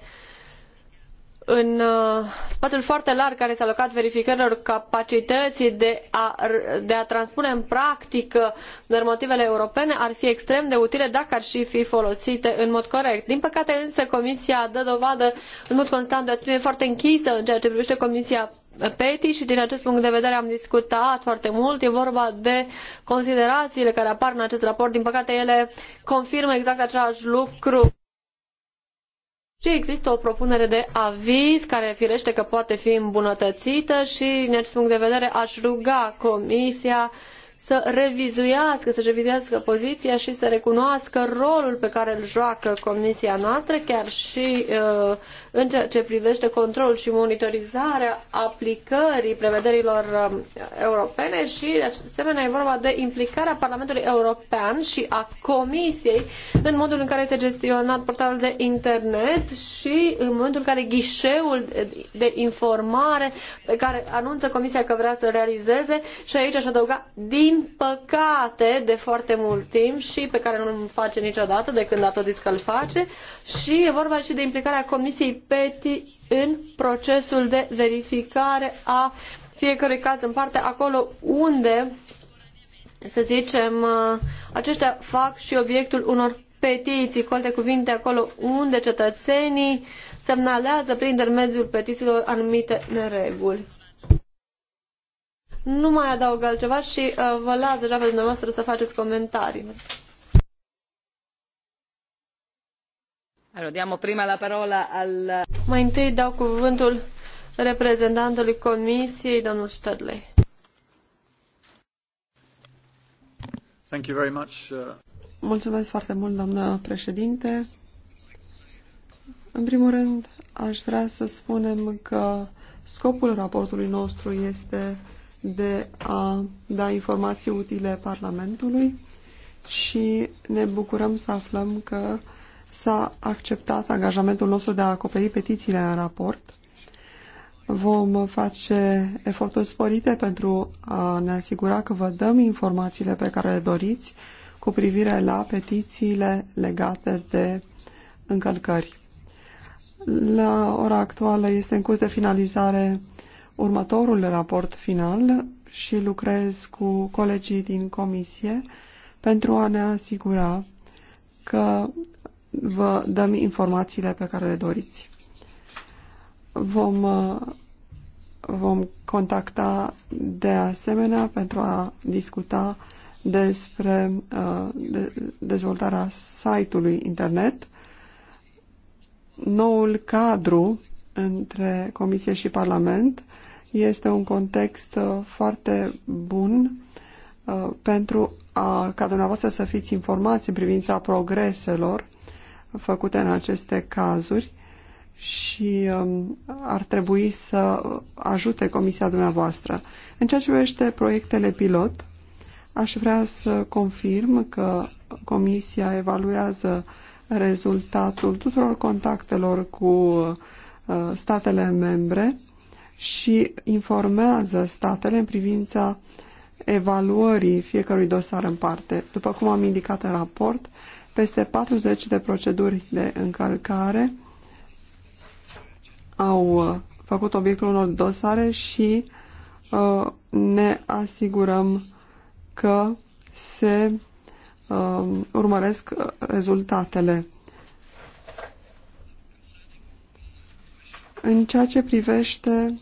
în uh, spațiul foarte larg care s-a alocat verificărilor capacității de a, de a transpune în practică normativele europene ar fi extrem de utile dacă ar și fi folosite în mod corect. Din păcate însă Comisia dă dovadă în mod constant de o foarte închisă în ceea ce privește Comisia PETI și din acest punct de vedere am discutat foarte mult. E vorba de considerațiile care apar în acest raport. Din păcate, ele confirmă exact același lucru. Și există o propunere de aviz care firește că poate fi îmbunătățită și din acest punct de vedere aș ruga Comisia să revizuiască, să revizuiască poziția și să recunoască rolul pe care îl joacă comisia noastră, chiar și uh, în ceea ce privește controlul și monitorizarea aplicării prevederilor uh, europene și, de asemenea, e vorba de implicarea Parlamentului European și a Comisiei în modul în care este gestionat portalul de internet și în momentul în care ghișeul de informare pe care anunță Comisia că vrea să realizeze și aici aș adăuga din din păcate, de foarte mult timp și pe care nu-l face niciodată de când a tot zis că îl face și e vorba și de implicarea Comisiei PETI în procesul de verificare a fiecărui caz în parte, acolo unde, să zicem, aceștia fac și obiectul unor petiții, cu alte cuvinte, acolo unde cetățenii semnalează prin intermediul petițiilor anumite nereguli. Nu mai adaug altceva și uh, vă las deja pe dumneavoastră să faceți comentarii. Allora, diamo prima la parola al... Mai întâi dau cuvântul reprezentantului Comisiei, domnul Stadley. Thank you very much. Uh, Mulțumesc foarte mult, doamnă președinte. În primul rând, aș vrea să spunem că scopul raportului nostru este de a da informații utile Parlamentului și ne bucurăm să aflăm că s-a acceptat angajamentul nostru de a acoperi petițiile în raport. Vom face eforturi sporite pentru a ne asigura că vă dăm informațiile pe care le doriți cu privire la petițiile legate de încălcări. La ora actuală este în curs de finalizare următorul raport final și lucrez cu colegii din comisie pentru a ne asigura că vă dăm informațiile pe care le doriți. Vom, uh, vom contacta de asemenea pentru a discuta despre uh, de, dezvoltarea site-ului internet, noul cadru între Comisie și Parlament este un context uh, foarte bun uh, pentru a, ca dumneavoastră să fiți informați în privința progreselor făcute în aceste cazuri și um, ar trebui să ajute comisia dumneavoastră. În ceea ce privește proiectele pilot, aș vrea să confirm că comisia evaluează rezultatul tuturor contactelor cu uh, statele membre și informează statele în privința evaluării fiecărui dosar în parte. După cum am indicat în raport, peste 40 de proceduri de încălcare au uh, făcut obiectul unor dosare și uh, ne asigurăm că se uh, urmăresc uh, rezultatele. În ceea ce privește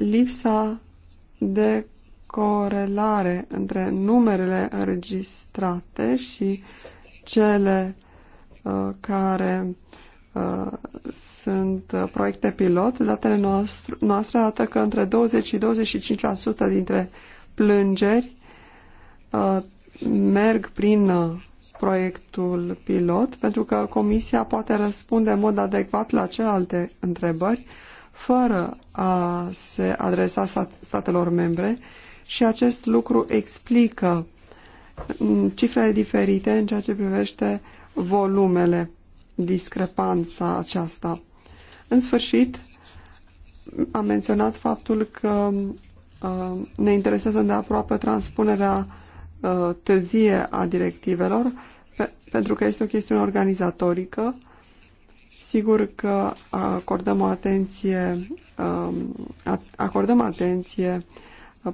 lipsa de corelare între numerele înregistrate și cele uh, care uh, sunt uh, proiecte pilot. Datele noastre, noastre arată că între 20 și 25% dintre plângeri uh, merg prin uh, proiectul pilot, pentru că comisia poate răspunde în mod adecvat la celelalte întrebări, fără a se adresa statelor membre și acest lucru explică mm, cifrele diferite în ceea ce privește volumele, discrepanța aceasta. În sfârșit, am menționat faptul că uh, ne interesează de aproape transpunerea uh, târzie a directivelor, pentru că este o chestiune organizatorică Sigur că acordăm o atenție, um, acordăm atenție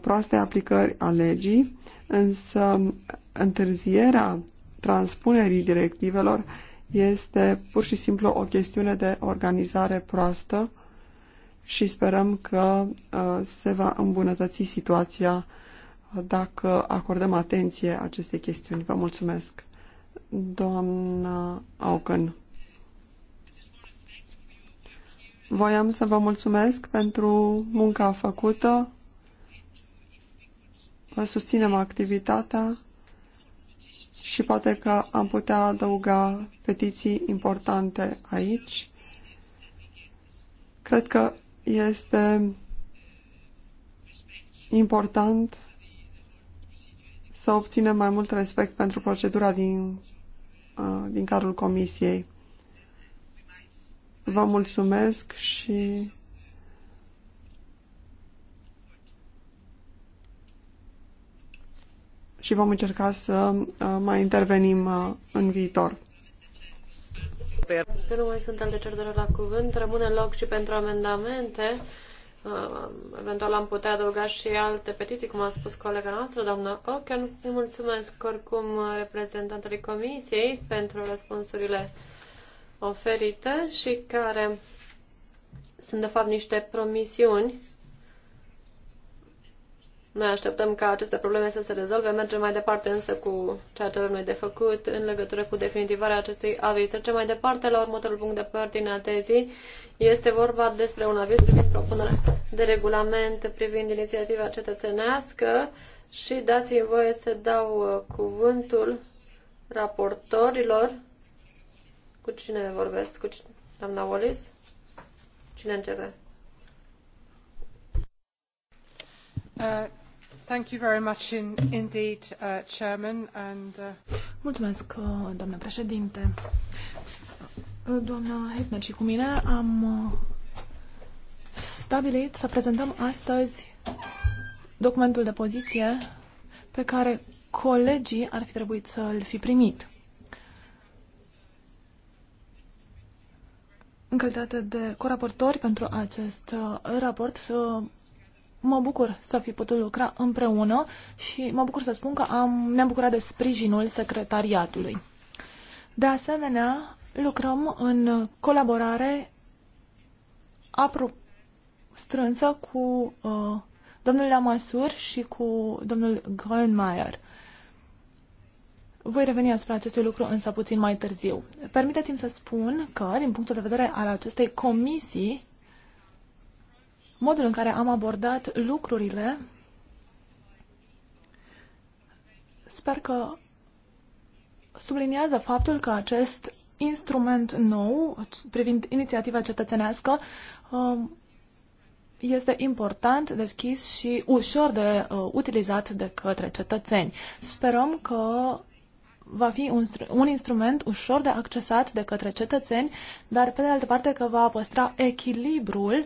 proaste aplicări a legii, însă întârzierea transpunerii directivelor este pur și simplu o chestiune de organizare proastă și sperăm că uh, se va îmbunătăți situația dacă acordăm atenție acestei chestiuni. Vă mulțumesc, doamna Aucan. Voiam să vă mulțumesc pentru munca făcută. Vă susținem activitatea și poate că am putea adăuga petiții importante aici. Cred că este important să obținem mai mult respect pentru procedura din, uh, din cadrul comisiei. Vă mulțumesc și și vom încerca să uh, mai intervenim uh, în viitor. Că nu mai sunt alte cereri la cuvânt, rămâne loc și pentru amendamente. Uh, eventual am putea adăuga și alte petiții, cum a spus colega noastră, doamna Ocken. Îi mulțumesc oricum reprezentantului Comisiei pentru răspunsurile oferite și care sunt de fapt niște promisiuni. Noi așteptăm ca aceste probleme să se rezolve, mergem mai departe însă cu ceea ce avem noi de făcut în legătură cu definitivarea acestui aviz. Trecem mai departe la următorul punct de pe ordine a tezii. Este vorba despre un aviz privind propunerea de regulament privind inițiativa cetățenească și dați-mi voie să dau uh, cuvântul raportorilor cu cine vorbesc? Cu cine? doamna Wallis? Cine începe? Uh, thank you very much in, indeed, uh, Chairman, and, uh... Mulțumesc, uh, doamnă președinte. Uh, doamna Hefner și cu mine am uh, stabilit să prezentăm astăzi documentul de poziție pe care colegii ar fi trebuit să-l fi primit. În calitate de coraportori pentru acest uh, raport, mă bucur să fi putut lucra împreună și mă bucur să spun că am, ne-am bucurat de sprijinul secretariatului. De asemenea, lucrăm în colaborare apro strânsă cu uh, domnul Lamasur și cu domnul Grönmeier. Voi reveni asupra acestui lucru însă puțin mai târziu. Permiteți-mi să spun că, din punctul de vedere al acestei comisii, modul în care am abordat lucrurile, sper că subliniază faptul că acest instrument nou privind inițiativa cetățenească um, este important, deschis și ușor de uh, utilizat de către cetățeni. Sperăm că va fi un, un instrument ușor de accesat de către cetățeni, dar pe de altă parte că va păstra echilibrul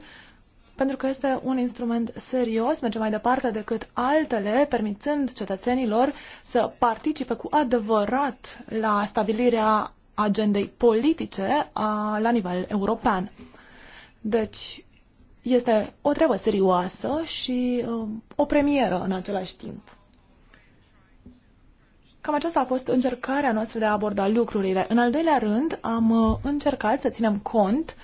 pentru că este un instrument serios, merge mai departe decât altele, permițând cetățenilor să participe cu adevărat la stabilirea agendei politice a, la nivel european. Deci, este o treabă serioasă și um, o premieră în același timp. Cam aceasta a fost încercarea noastră de a aborda lucrurile. În al doilea rând, am uh, încercat să ținem cont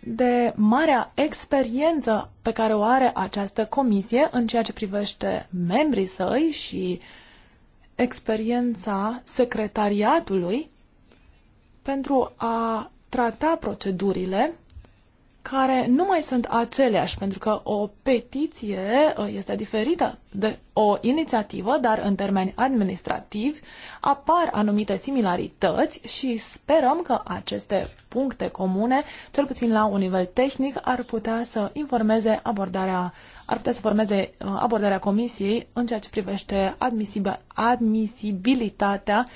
de marea experiență pe care o are această comisie în ceea ce privește membrii săi și experiența secretariatului pentru a trata procedurile care nu mai sunt aceleași, pentru că o petiție uh, este diferită de o inițiativă, dar în termeni administrativi apar anumite similarități și sperăm că aceste puncte comune, cel puțin la un nivel tehnic, ar putea să informeze abordarea ar putea să formeze uh, abordarea comisiei în ceea ce privește admisibilitatea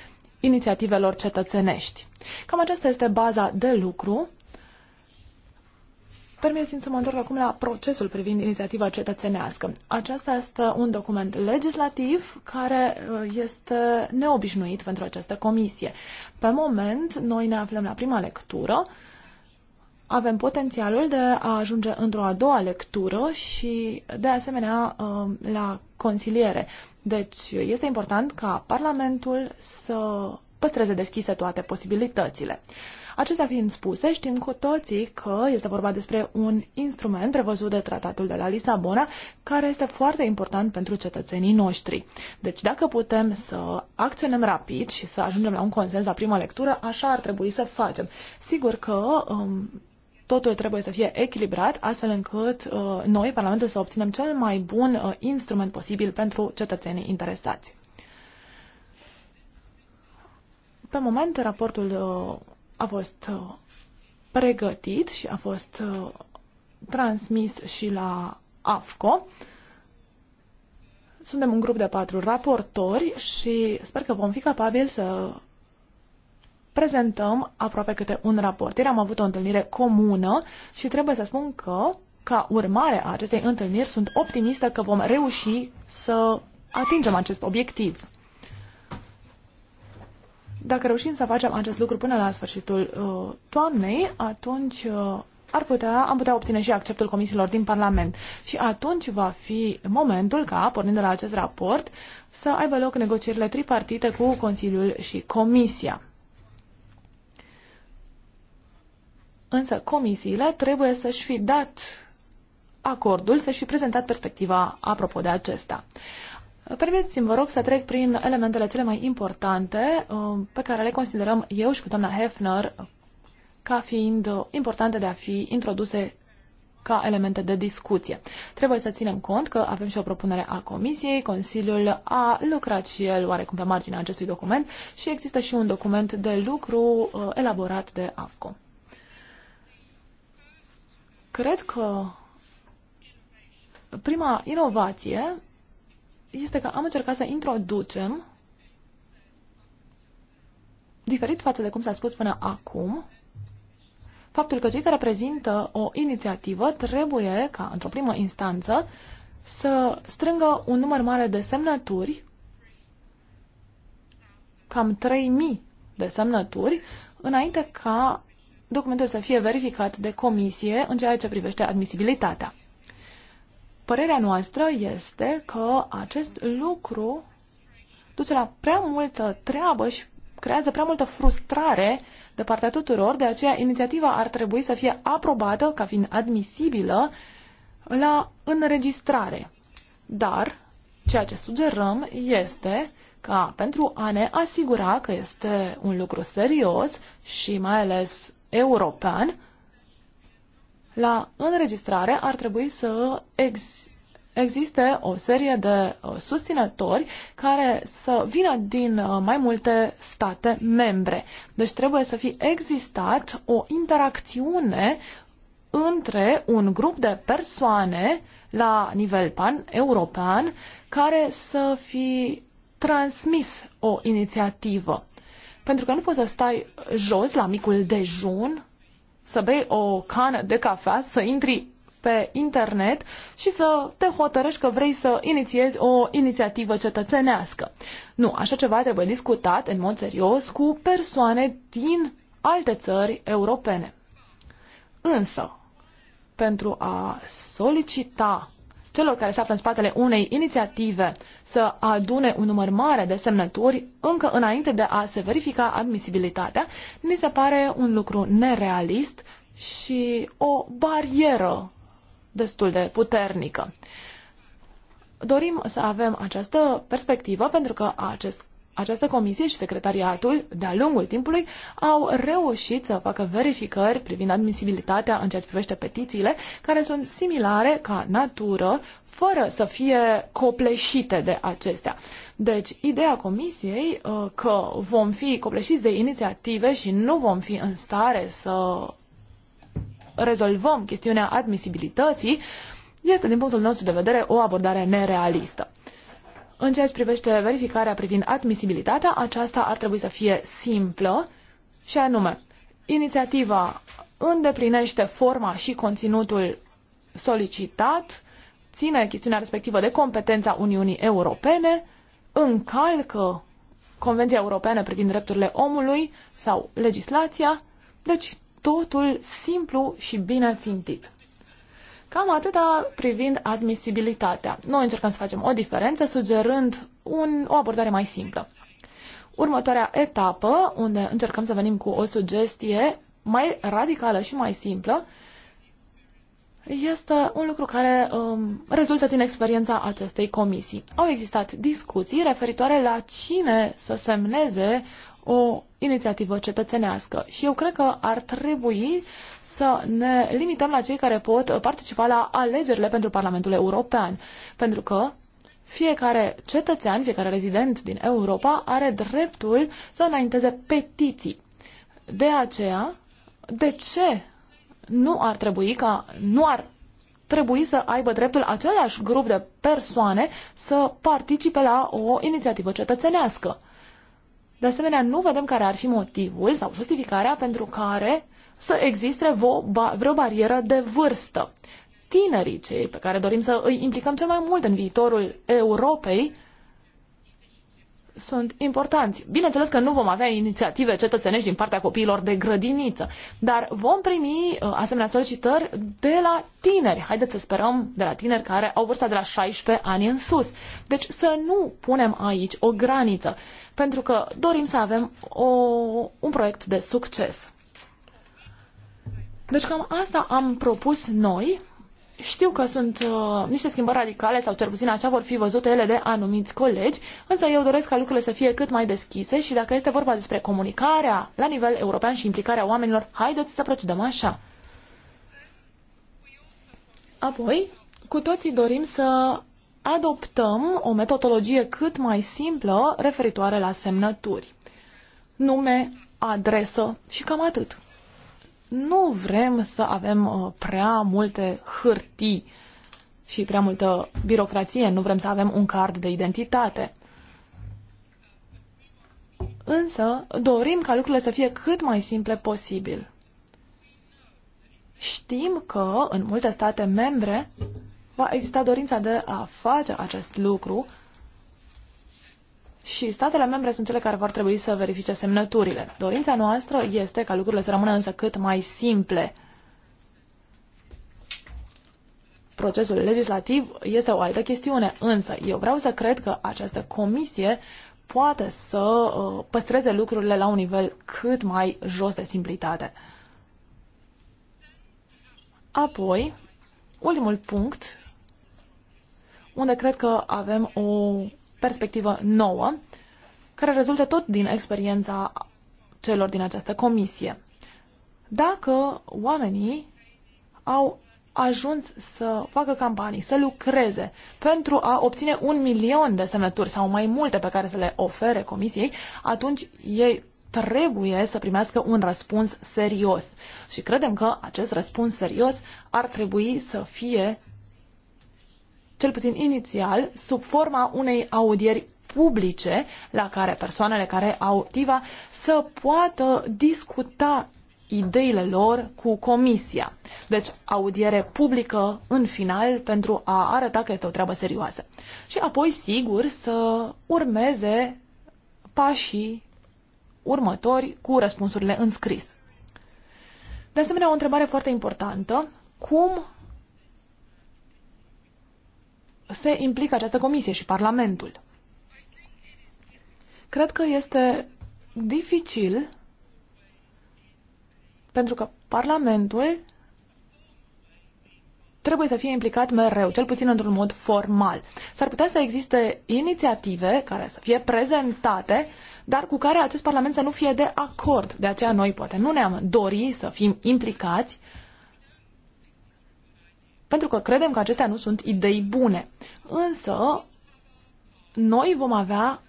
inițiativelor cetățenești. Cam aceasta este baza de lucru Permiteți-mi să mă întorc acum la procesul privind inițiativa cetățenească. Aceasta este un document legislativ care uh, este neobișnuit pentru această comisie. Pe moment, noi ne aflăm la prima lectură, avem potențialul de a ajunge într-o a doua lectură și, de asemenea, uh, la consiliere. Deci, este important ca Parlamentul să păstreze deschise toate posibilitățile. Acestea fiind spuse, știm cu toții că este vorba despre un instrument prevăzut de tratatul de la Lisabona, care este foarte important pentru cetățenii noștri. Deci dacă putem să acționăm rapid și să ajungem la un consens la prima lectură, așa ar trebui să facem. Sigur că um, totul trebuie să fie echilibrat, astfel încât uh, noi, Parlamentul, să obținem cel mai bun uh, instrument posibil pentru cetățenii interesați. Pe moment, raportul uh, a fost uh, pregătit și a fost uh, transmis și la AFCO. Suntem un grup de patru raportori și sper că vom fi capabili să prezentăm aproape câte un raport. Ieri am avut o întâlnire comună și trebuie să spun că, ca urmare a acestei întâlniri, sunt optimistă că vom reuși să atingem acest obiectiv. Dacă reușim să facem acest lucru până la sfârșitul uh, toamnei, atunci uh, ar putea, am putea obține și acceptul comisiilor din Parlament. Și atunci va fi momentul ca, pornind de la acest raport, să aibă loc negocierile tripartite cu Consiliul și Comisia. Însă comisiile trebuie să-și fi dat acordul, să-și fi prezentat perspectiva apropo de acesta. Permiteți-mi, vă rog, să trec prin elementele cele mai importante uh, pe care le considerăm eu și cu doamna Hefner ca fiind uh, importante de a fi introduse ca elemente de discuție. Trebuie să ținem cont că avem și o propunere a Comisiei, Consiliul a lucrat și el oarecum pe marginea acestui document și există și un document de lucru uh, elaborat de AFCO. Cred că prima inovație este că am încercat să introducem, diferit față de cum s-a spus până acum, faptul că cei care prezintă o inițiativă trebuie, ca într-o primă instanță, să strângă un număr mare de semnături, cam 3000 de semnături, înainte ca documentul să fie verificat de comisie în ceea ce privește admisibilitatea. Părerea noastră este că acest lucru duce la prea multă treabă și creează prea multă frustrare de partea tuturor, de aceea inițiativa ar trebui să fie aprobată ca fiind admisibilă la înregistrare. Dar ceea ce sugerăm este ca pentru a ne asigura că este un lucru serios și mai ales european, la înregistrare ar trebui să ex- existe o serie de uh, susținători care să vină din uh, mai multe state membre. Deci trebuie să fie existat o interacțiune între un grup de persoane la nivel pan-european care să fi transmis o inițiativă. Pentru că nu poți să stai jos la micul dejun să bei o cană de cafea, să intri pe internet și să te hotărăști că vrei să inițiezi o inițiativă cetățenească. Nu, așa ceva trebuie discutat în mod serios cu persoane din alte țări europene. Însă, pentru a solicita celor care se află în spatele unei inițiative să adune un număr mare de semnături încă înainte de a se verifica admisibilitatea, mi se pare un lucru nerealist și o barieră destul de puternică. Dorim să avem această perspectivă pentru că acest această comisie și secretariatul, de-a lungul timpului, au reușit să facă verificări privind admisibilitatea în ceea ce privește petițiile, care sunt similare ca natură, fără să fie copleșite de acestea. Deci, ideea comisiei uh, că vom fi copleșiți de inițiative și nu vom fi în stare să rezolvăm chestiunea admisibilității, este, din punctul nostru de vedere, o abordare nerealistă. În ceea ce privește verificarea privind admisibilitatea, aceasta ar trebui să fie simplă și anume, inițiativa îndeplinește forma și conținutul solicitat, ține chestiunea respectivă de competența Uniunii Europene, încalcă Convenția Europeană privind drepturile omului sau legislația, deci totul simplu și bine țintit. Cam atâta privind admisibilitatea. Noi încercăm să facem o diferență sugerând un, o abordare mai simplă. Următoarea etapă, unde încercăm să venim cu o sugestie mai radicală și mai simplă, este un lucru care um, rezultă din experiența acestei comisii. Au existat discuții referitoare la cine să semneze o inițiativă cetățenească. Și eu cred că ar trebui să ne limităm la cei care pot participa la alegerile pentru Parlamentul European, pentru că fiecare cetățean, fiecare rezident din Europa are dreptul să înainteze petiții. De aceea, de ce nu ar trebui ca nu ar trebui să aibă dreptul același grup de persoane să participe la o inițiativă cetățenească? De asemenea, nu vedem care ar fi motivul sau justificarea pentru care să existe vreo barieră de vârstă. Tinerii cei pe care dorim să îi implicăm cel mai mult în viitorul Europei sunt importanți. Bineînțeles că nu vom avea inițiative cetățenești din partea copiilor de grădiniță, dar vom primi uh, asemenea solicitări de la tineri. Haideți să sperăm de la tineri care au vârsta de la 16 ani în sus. Deci să nu punem aici o graniță, pentru că dorim să avem o, un proiect de succes. Deci cam asta am propus noi știu că sunt uh, niște schimbări radicale sau cel puțin așa vor fi văzute ele de anumiți colegi, însă eu doresc ca lucrurile să fie cât mai deschise și dacă este vorba despre comunicarea la nivel european și implicarea oamenilor, haideți să procedăm așa. Apoi, cu toții dorim să adoptăm o metodologie cât mai simplă referitoare la semnături. Nume, adresă și cam atât. Nu vrem să avem uh, prea multe hârtii și prea multă birocrație, nu vrem să avem un card de identitate. Însă dorim ca lucrurile să fie cât mai simple posibil. Știm că în multe state membre va exista dorința de a face acest lucru, și statele membre sunt cele care vor trebui să verifice semnăturile. Dorința noastră este ca lucrurile să rămână însă cât mai simple. Procesul legislativ este o altă chestiune, însă eu vreau să cred că această comisie poate să uh, păstreze lucrurile la un nivel cât mai jos de simplitate. Apoi, ultimul punct, unde cred că avem o perspectivă nouă, care rezultă tot din experiența celor din această comisie. Dacă oamenii au ajuns să facă campanii, să lucreze pentru a obține un milion de semnături sau mai multe pe care să le ofere comisiei, atunci ei trebuie să primească un răspuns serios. Și credem că acest răspuns serios ar trebui să fie cel puțin inițial, sub forma unei audieri publice la care persoanele care au TIVA să poată discuta ideile lor cu comisia. Deci audiere publică în final pentru a arăta că este o treabă serioasă. Și apoi, sigur, să urmeze pașii următori cu răspunsurile în scris. De asemenea, o întrebare foarte importantă, cum se implică această comisie și Parlamentul. Cred că este dificil pentru că Parlamentul trebuie să fie implicat mereu, cel puțin într-un mod formal. S-ar putea să existe inițiative care să fie prezentate, dar cu care acest Parlament să nu fie de acord. De aceea noi poate nu ne-am dori să fim implicați, pentru că credem că acestea nu sunt idei bune. Însă, noi vom avea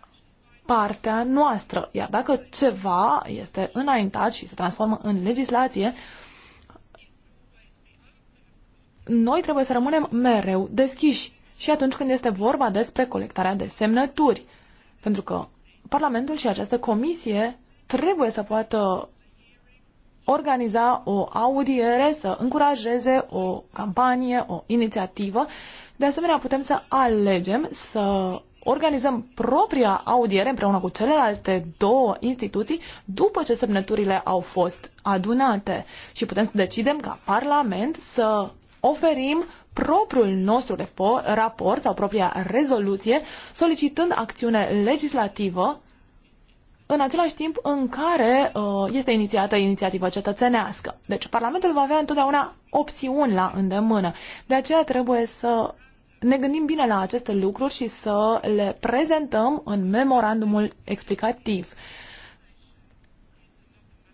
partea noastră, iar dacă ceva este înaintat și se transformă în legislație, noi trebuie să rămânem mereu deschiși și atunci când este vorba despre colectarea de semnături. Pentru că Parlamentul și această comisie trebuie să poată organiza o audiere, să încurajeze o campanie, o inițiativă. De asemenea, putem să alegem să organizăm propria audiere împreună cu celelalte două instituții după ce semnăturile au fost adunate și putem să decidem ca Parlament să oferim propriul nostru raport sau propria rezoluție solicitând acțiune legislativă în același timp în care uh, este inițiată inițiativa cetățenească. Deci Parlamentul va avea întotdeauna opțiuni la îndemână. De aceea trebuie să ne gândim bine la aceste lucruri și să le prezentăm în memorandumul explicativ.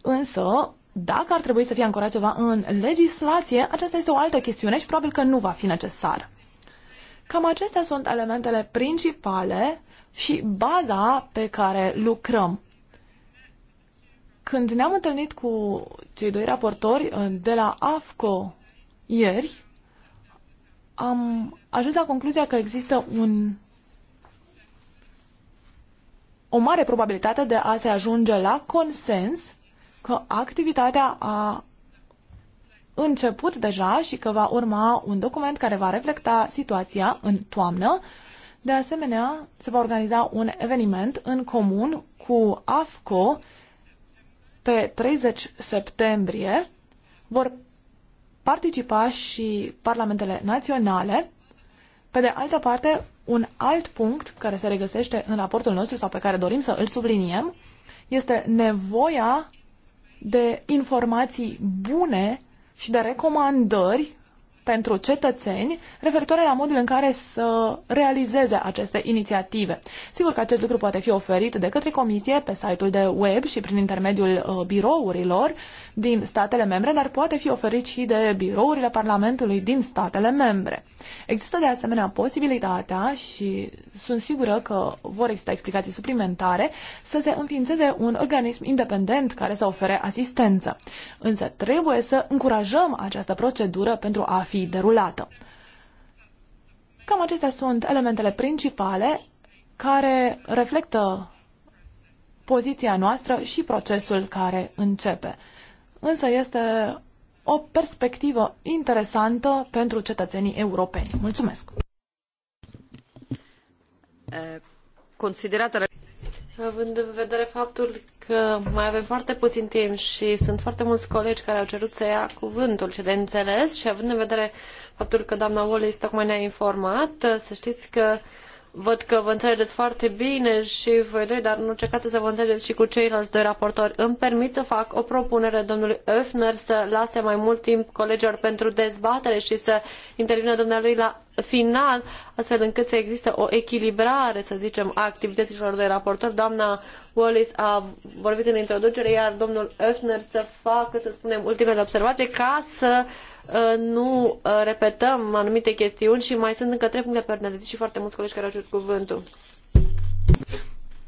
Însă, dacă ar trebui să fie ancorat ceva în legislație, aceasta este o altă chestiune și probabil că nu va fi necesar. Cam acestea sunt elementele principale și baza pe care lucrăm. Când ne-am întâlnit cu cei doi raportori uh, de la AFCO ieri, am ajuns la concluzia că există un, o mare probabilitate de a se ajunge la consens că activitatea a început deja și că va urma un document care va reflecta situația în toamnă. De asemenea, se va organiza un eveniment în comun cu AFCO pe 30 septembrie vor participa și parlamentele naționale. Pe de altă parte, un alt punct care se regăsește în raportul nostru sau pe care dorim să îl subliniem este nevoia de informații bune și de recomandări pentru cetățeni referitoare la modul în care să realizeze aceste inițiative. Sigur că acest lucru poate fi oferit de către comisie pe site-ul de web și prin intermediul uh, birourilor din statele membre, dar poate fi oferit și de birourile Parlamentului din statele membre. Există de asemenea posibilitatea și sunt sigură că vor exista explicații suplimentare să se înființeze un organism independent care să ofere asistență. Însă trebuie să încurajăm această procedură pentru a fi fi derulată. Cam acestea sunt elementele principale care reflectă poziția noastră și procesul care începe. Însă este o perspectivă interesantă pentru cetățenii europeni. Mulțumesc! Eh, considerată Având în vedere faptul că mai avem foarte puțin timp și sunt foarte mulți colegi care au cerut să ia cuvântul și de înțeles și având în vedere faptul că doamna Wallace tocmai ne-a informat, să știți că Văd că vă înțelegeți foarte bine și voi doi, dar în orice caz să vă înțelegeți și cu ceilalți doi raportori. Îmi permit să fac o propunere domnului Öfner să lase mai mult timp colegilor pentru dezbatere și să intervină dumnealui la final, astfel încât să existe o echilibrare, să zicem, a activităților de raportori. Doamna Wallis a vorbit în introducere, iar domnul Öfner să facă, să spunem, ultimele observații ca să Uh, nu uh, repetăm anumite chestiuni și mai sunt încă trei puncte pe ordine de zi și foarte mulți colegi care au cerut cuvântul.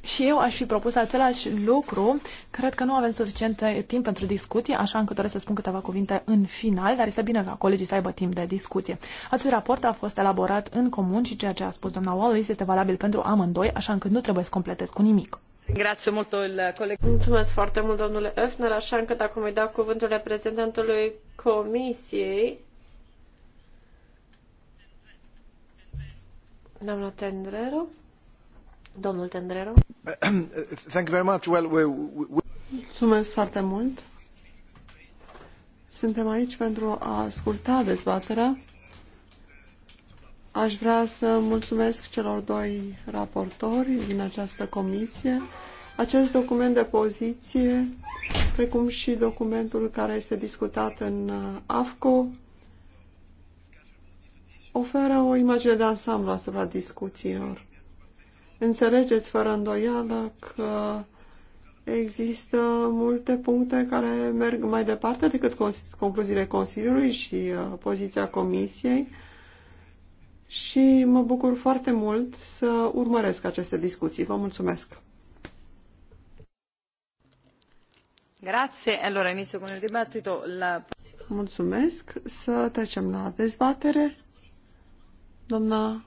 Și eu aș fi propus același lucru. Cred că nu avem suficient timp pentru discuții, așa încât doresc să spun câteva cuvinte în final, dar este bine ca colegii să aibă timp de discuție. Acest raport a fost elaborat în comun și ceea ce a spus doamna Wallis este valabil pentru amândoi, așa încât nu trebuie să completez cu nimic. Mulțumesc foarte mult, domnule Öfner, așa încât acum îi dau cuvântul reprezentantului Comisiei. Doamna Tendrero? Domnul Tendrero? Thank you very much. Well, we, we... Mulțumesc foarte mult. Suntem aici pentru a asculta dezbaterea Aș vrea să mulțumesc celor doi raportori din această comisie. Acest document de poziție, precum și documentul care este discutat în uh, AFCO, oferă o imagine de ansamblu asupra discuțiilor. Înțelegeți fără îndoială că există multe puncte care merg mai departe decât concluziile Consiliului și uh, poziția Comisiei, și mă bucur foarte mult să urmăresc aceste discuții. Vă mulțumesc! Grazie. Allora inizio con il dibattito. La... Mulțumesc. Să trecem la dezbatere. Doamna...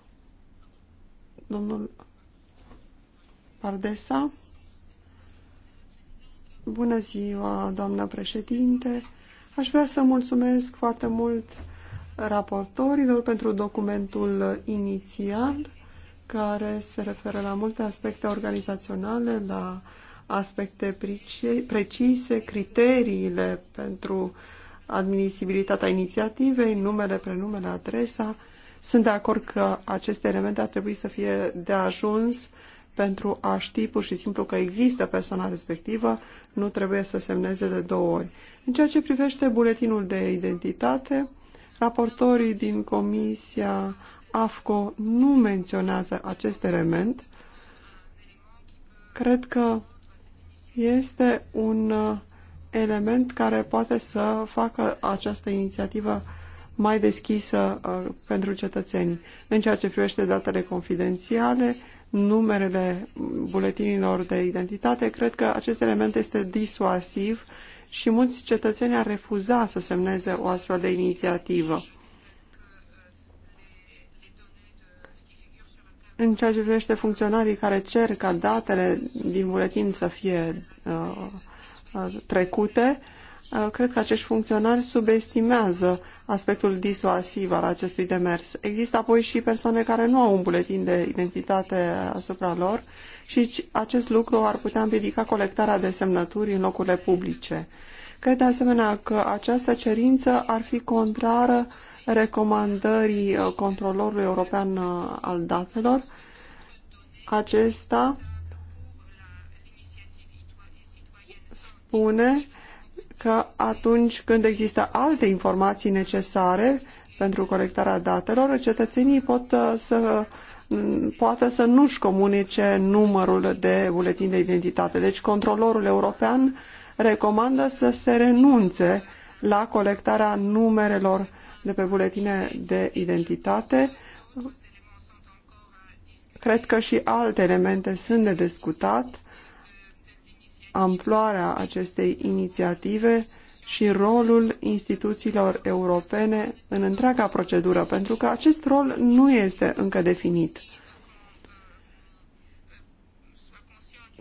Domnul Pardesa. Bună ziua, doamna președinte. Aș vrea să mulțumesc foarte mult raportorilor pentru documentul inițial care se referă la multe aspecte organizaționale, la aspecte precise, criteriile pentru admisibilitatea inițiativei, numele, prenumele, adresa. Sunt de acord că aceste elemente ar trebui să fie de ajuns pentru a ști pur și simplu că există persoana respectivă, nu trebuie să semneze de două ori. În ceea ce privește buletinul de identitate, Raportorii din Comisia AFCO nu menționează acest element. Cred că este un uh, element care poate să facă această inițiativă mai deschisă uh, pentru cetățenii. În ceea ce privește datele confidențiale, numerele buletinilor de identitate, cred că acest element este disuasiv și mulți cetățeni ar refuza să semneze o astfel de inițiativă. În ceea ce privește funcționarii care cer ca datele din buletin să fie uh, uh trecute, uh, Uh, cred că acești funcționari subestimează aspectul disuasiv al acestui demers. Există apoi și persoane care nu au un buletin de identitate asupra lor și acest lucru ar putea împiedica colectarea de semnături în locurile publice. Cred de asemenea că această cerință ar fi contrară recomandării uh, controlorului european uh, al datelor. Acesta spune că atunci când există alte informații necesare pentru colectarea datelor, cetățenii pot uh, să mm, poate să nu-și comunice numărul de buletin de identitate. Deci controlorul european recomandă să se renunțe la colectarea numerelor de pe buletine de identitate. Cred că și alte elemente sunt de discutat amploarea acestei inițiative și rolul instituțiilor europene în întreaga procedură, pentru că acest rol nu este încă definit.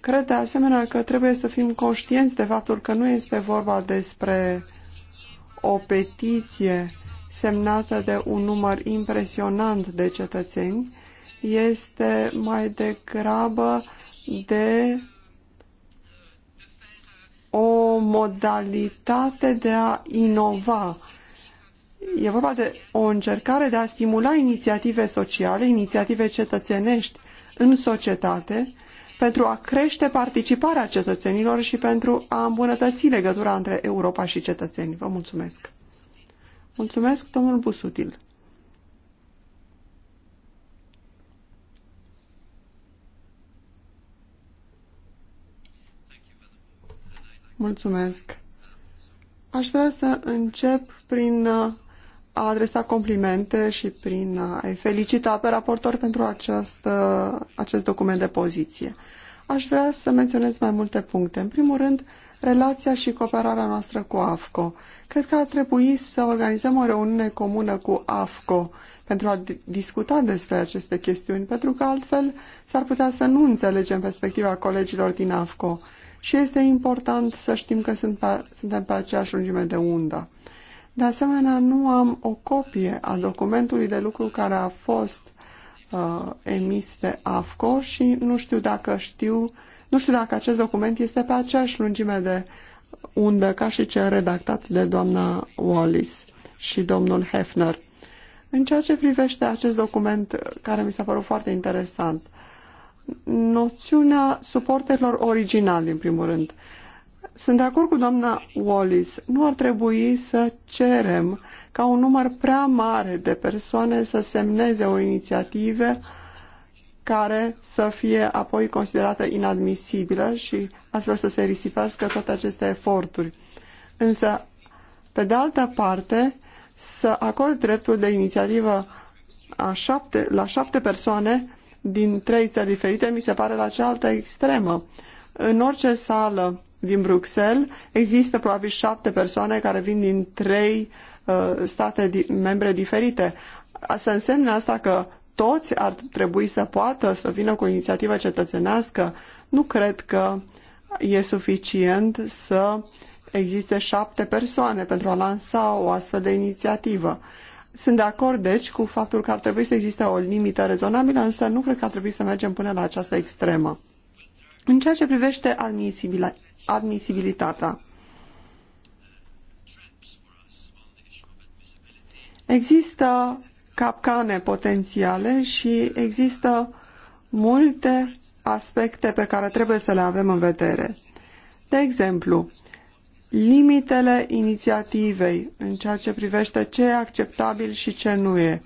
Cred de asemenea că trebuie să fim conștienți de faptul că nu este vorba despre o petiție semnată de un număr impresionant de cetățeni, este mai degrabă de o modalitate de a inova. E vorba de o încercare de a stimula inițiative sociale, inițiative cetățenești în societate, pentru a crește participarea cetățenilor și pentru a îmbunătăți legătura între Europa și cetățeni. Vă mulțumesc! Mulțumesc, domnul Busutil! Mulțumesc. Aș vrea să încep prin uh, a adresa complimente și prin uh, a-i felicita pe raportor pentru acest acest document de poziție. Aș vrea să menționez mai multe puncte. În primul rând, relația și cooperarea noastră cu AFCO. Cred că ar trebui să organizăm o reuniune comună cu AFCO pentru a discuta despre aceste chestiuni, pentru că altfel s-ar putea să nu înțelegem perspectiva colegilor din AFCO și este important să știm că sunt pe, suntem pe aceeași lungime de undă. De asemenea, nu am o copie a documentului de lucru care a fost uh, emis de AFCO și nu știu dacă știu, nu știu dacă acest document este pe aceeași lungime de undă ca și cel redactat de doamna Wallis și domnul Hefner. În ceea ce privește acest document care mi s-a părut foarte interesant, uh, noțiunea suporterilor originali, în primul rând. Sunt de acord cu doamna Wallis. Nu ar trebui să cerem ca un număr prea mare de persoane să semneze o inițiativă care să fie apoi considerată inadmisibilă și astfel să se risipească toate aceste eforturi. Însă, pe de altă parte, să acord dreptul de inițiativă a șapte, la șapte persoane din trei țări diferite mi se pare la cealaltă extremă. În orice sală din Bruxelles există probabil șapte persoane care vin din trei uh, state di membre diferite. Să însemne asta că toți ar trebui să poată să vină cu o inițiativă cetățenească. Nu cred că e suficient să existe șapte persoane pentru a lansa o astfel de inițiativă. Sunt de acord, deci, cu faptul că ar trebui să existe o limită rezonabilă, însă nu cred că ar trebui să mergem până la această extremă. În ceea ce privește admisibilitatea, există capcane potențiale și există multe aspecte pe care trebuie să le avem în vedere. De exemplu, limitele inițiativei în ceea ce privește ce e acceptabil și ce nu e.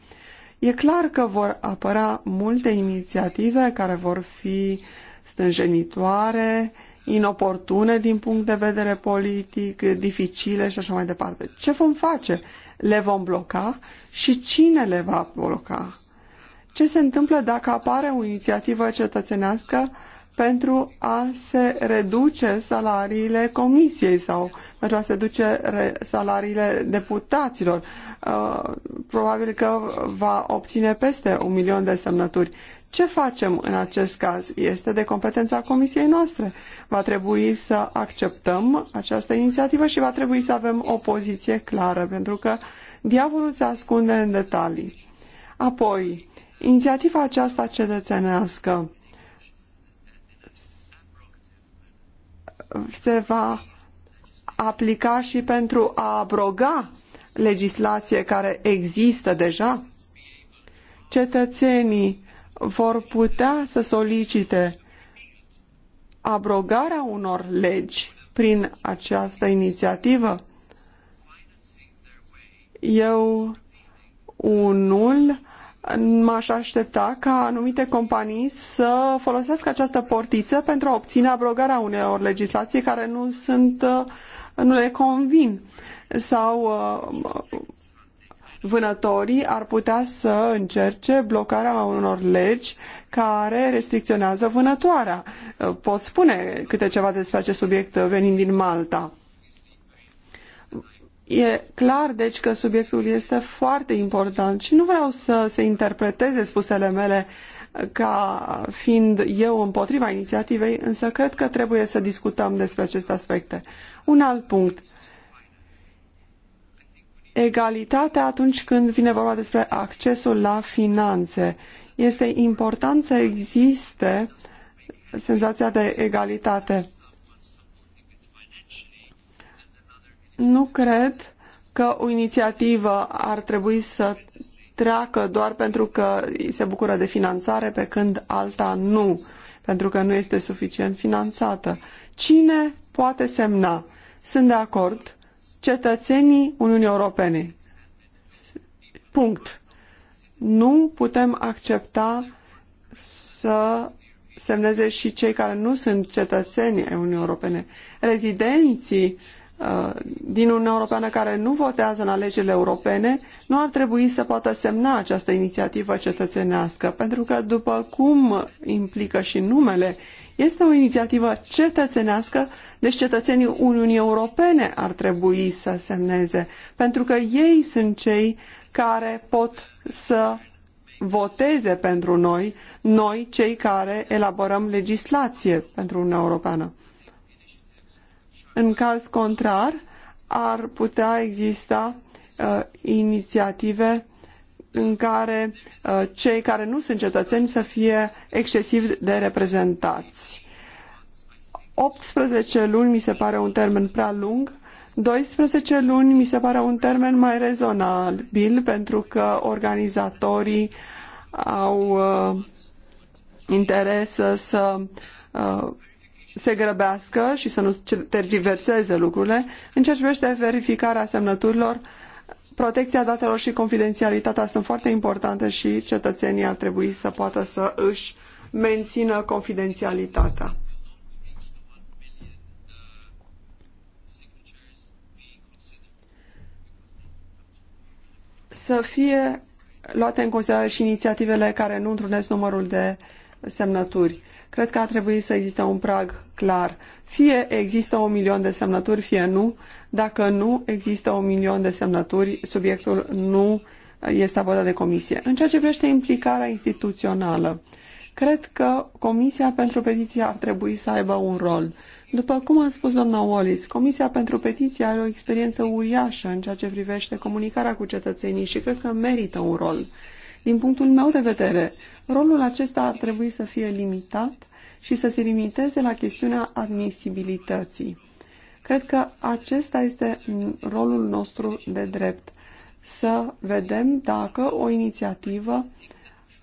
E clar că vor apăra multe inițiative care vor fi stânjenitoare, inoportune din punct de vedere politic, dificile și așa mai departe. Ce vom face? Le vom bloca și cine le va bloca? Ce se întâmplă dacă apare o inițiativă cetățenească pentru a se reduce salariile comisiei sau pentru a se reduce salariile deputaților. Uh, probabil că va obține peste un milion de semnături. Ce facem în acest caz? Este de competența comisiei noastre. Va trebui să acceptăm această inițiativă și va trebui să avem o poziție clară, pentru că diavolul se ascunde în detalii. Apoi, inițiativa aceasta cetățenească se va aplica și pentru a abroga legislație care există deja? Cetățenii vor putea să solicite abrogarea unor legi prin această inițiativă? Eu unul m-aș aștepta ca anumite companii să folosească această portiță pentru a obține abrogarea unor legislații care nu sunt, uh, nu le convin sau uh, vânătorii ar putea să încerce blocarea unor legi care restricționează vânătoarea. Uh, pot spune câte ceva despre acest subiect venind din Malta. E clar, deci, că subiectul este foarte important și nu vreau să se interpreteze spusele mele ca fiind eu împotriva inițiativei, însă cred că trebuie să discutăm despre aceste aspecte. Un alt punct. Egalitatea atunci când vine vorba despre accesul la finanțe. Este important să existe senzația de egalitate. Nu cred că o inițiativă ar trebui să treacă doar pentru că se bucură de finanțare, pe când alta nu, pentru că nu este suficient finanțată. Cine poate semna? Sunt de acord. Cetățenii Uniunii Europene. Punct. Nu putem accepta să semneze și cei care nu sunt cetățeni ai Uniunii Europene. Rezidenții Uh, din Uniunea Europeană care nu votează în alegerile europene nu ar trebui să poată semna această inițiativă cetățenească, pentru că, după cum implică și numele, este o inițiativă cetățenească, deci cetățenii Uniunii Europene ar trebui să semneze, pentru că ei sunt cei care pot să voteze pentru noi, noi cei care elaborăm legislație pentru Uniunea Europeană. În caz contrar, ar putea exista uh, inițiative în care uh, cei care nu sunt cetățeni să fie excesiv de reprezentați. 18 luni mi se pare un termen prea lung, 12 luni mi se pare un termen mai rezonabil pentru că organizatorii au uh, interes să uh, se grăbească și să nu tergiverseze lucrurile în ceea ce privește verificarea semnăturilor. Protecția datelor și confidențialitatea sunt foarte importante și cetățenii ar trebui să poată să își mențină confidențialitatea. Să fie luate în considerare și inițiativele care nu întrunesc numărul de semnături. Cred că ar trebui să existe un prag clar. Fie există un milion de semnături, fie nu. Dacă nu există un milion de semnături, subiectul nu este abordat de comisie. În ceea ce privește implicarea instituțională, cred că Comisia pentru Petiție ar trebui să aibă un rol. După cum a spus doamna Wallis, Comisia pentru Petiție are o experiență uriașă în ceea ce privește comunicarea cu cetățenii și cred că merită un rol. Din punctul meu de vedere, rolul acesta ar trebui să fie limitat și să se limiteze la chestiunea admisibilității. Cred că acesta este rolul nostru de drept, să vedem dacă o inițiativă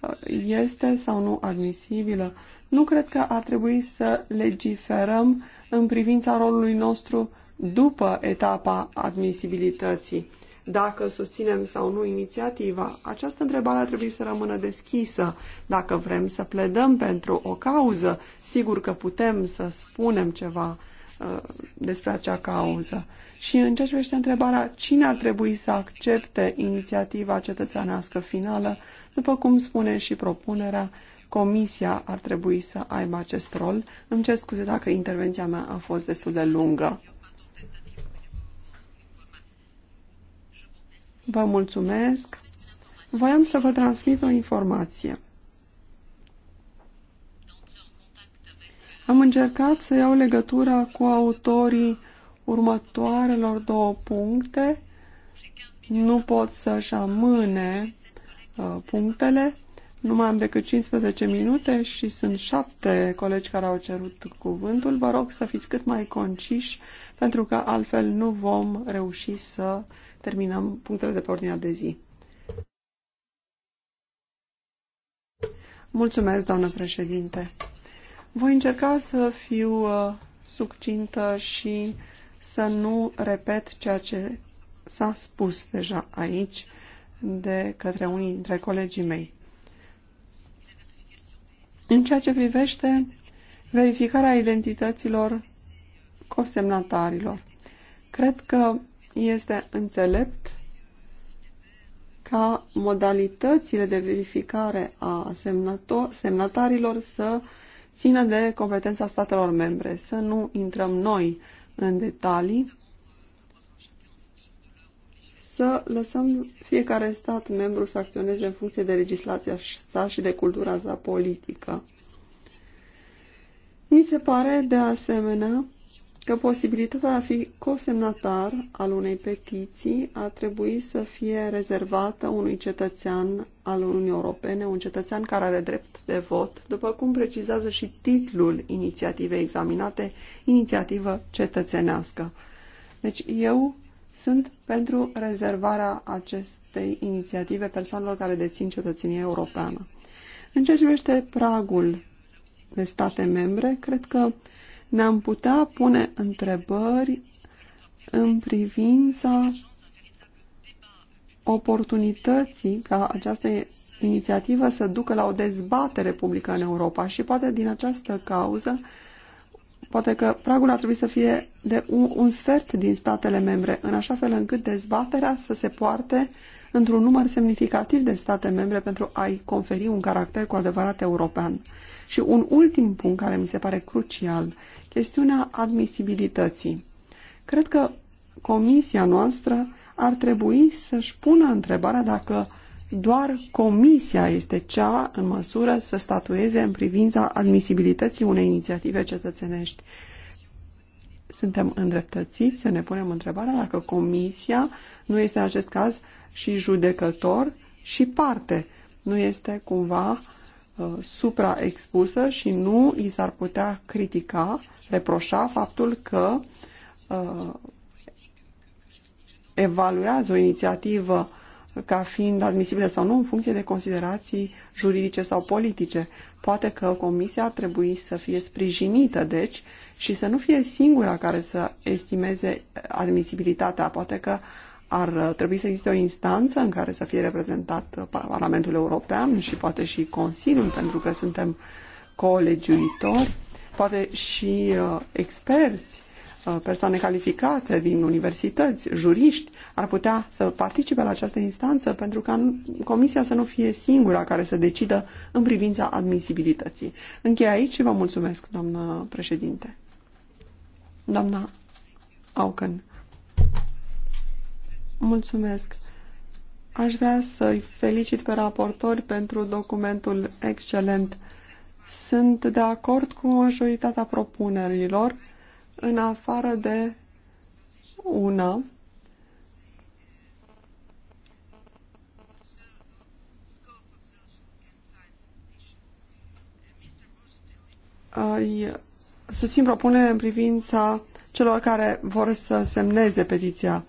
uh, este sau nu admisibilă. Nu cred că ar trebui să legiferăm în privința rolului nostru după etapa admisibilității dacă susținem sau nu inițiativa. Această întrebare ar trebui să rămână deschisă. Dacă vrem să pledăm pentru o cauză, sigur că putem să spunem ceva uh, despre acea cauză. Și în ceea ce privește întrebarea cine ar trebui să accepte inițiativa cetățeanească finală, după cum spune și propunerea, Comisia ar trebui să aibă acest rol. Îmi cer scuze dacă intervenția mea a fost destul de lungă. Vă mulțumesc. Voiam să vă transmit o informație. Am încercat să iau legătura cu autorii următoarelor două puncte. Nu pot să-și amâne uh, punctele. Nu mai am decât 15 minute și sunt șapte colegi care au cerut cuvântul. Vă rog să fiți cât mai conciși, pentru că altfel nu vom reuși să terminăm punctele de pe ordinea de zi. Mulțumesc, doamnă președinte. Voi încerca să fiu uh, succintă și să nu repet ceea ce s-a spus deja aici de către unii dintre colegii mei. În ceea ce privește verificarea identităților cosemnatarilor, cred că este înțelept ca modalitățile de verificare a semnatarilor să țină de competența statelor membre, să nu intrăm noi în detalii, să lăsăm fiecare stat membru să acționeze în funcție de legislația sa și de cultura sa politică. Mi se pare, de asemenea, că posibilitatea de a fi cosemnatar al unei petiții ar trebui să fie rezervată unui cetățean al Uniunii Europene, un cetățean care are drept de vot, după cum precizează și titlul inițiativei examinate, inițiativă cetățenească. Deci eu sunt pentru rezervarea acestei inițiative persoanelor care dețin cetățenia europeană. În ceea ce privește pragul de state membre, cred că ne-am putea pune întrebări în privința oportunității ca această inițiativă să ducă la o dezbatere publică în Europa și poate din această cauză, poate că pragul ar trebui să fie de un, un sfert din statele membre, în așa fel încât dezbaterea să se poarte într-un număr semnificativ de state membre pentru a-i conferi un caracter cu adevărat european. Și un ultim punct care mi se pare crucial, chestiunea admisibilității. Cred că comisia noastră ar trebui să-și pună întrebarea dacă doar comisia este cea în măsură să statueze în privința admisibilității unei inițiative cetățenești. Suntem îndreptățiți să ne punem întrebarea dacă comisia nu este în acest caz și judecător și parte. Nu este cumva uh, Uh, supraexpusă și nu i s-ar putea critica, reproșa faptul că uh, evaluează o inițiativă ca fiind admisibilă sau nu în funcție de considerații juridice sau politice. Poate că comisia ar trebui să fie sprijinită, deci, și să nu fie singura care să estimeze admisibilitatea. Poate că ar uh, trebui să existe o instanță în care să fie reprezentat uh, Parlamentul European și poate și Consiliul, pentru că suntem colegiuitori, poate și uh, experți, persoane calificate din universități, juriști, ar putea să participe la această instanță pentru ca comisia să nu fie singura care să decidă în privința admisibilității. Închei aici și vă mulțumesc, doamnă președinte. Doamna Auken. Mulțumesc. Aș vrea să-i felicit pe raportori pentru documentul excelent. Sunt de acord cu majoritatea propunerilor, în afară de una. Ai susțin propunerea în privința celor care vor să semneze petiția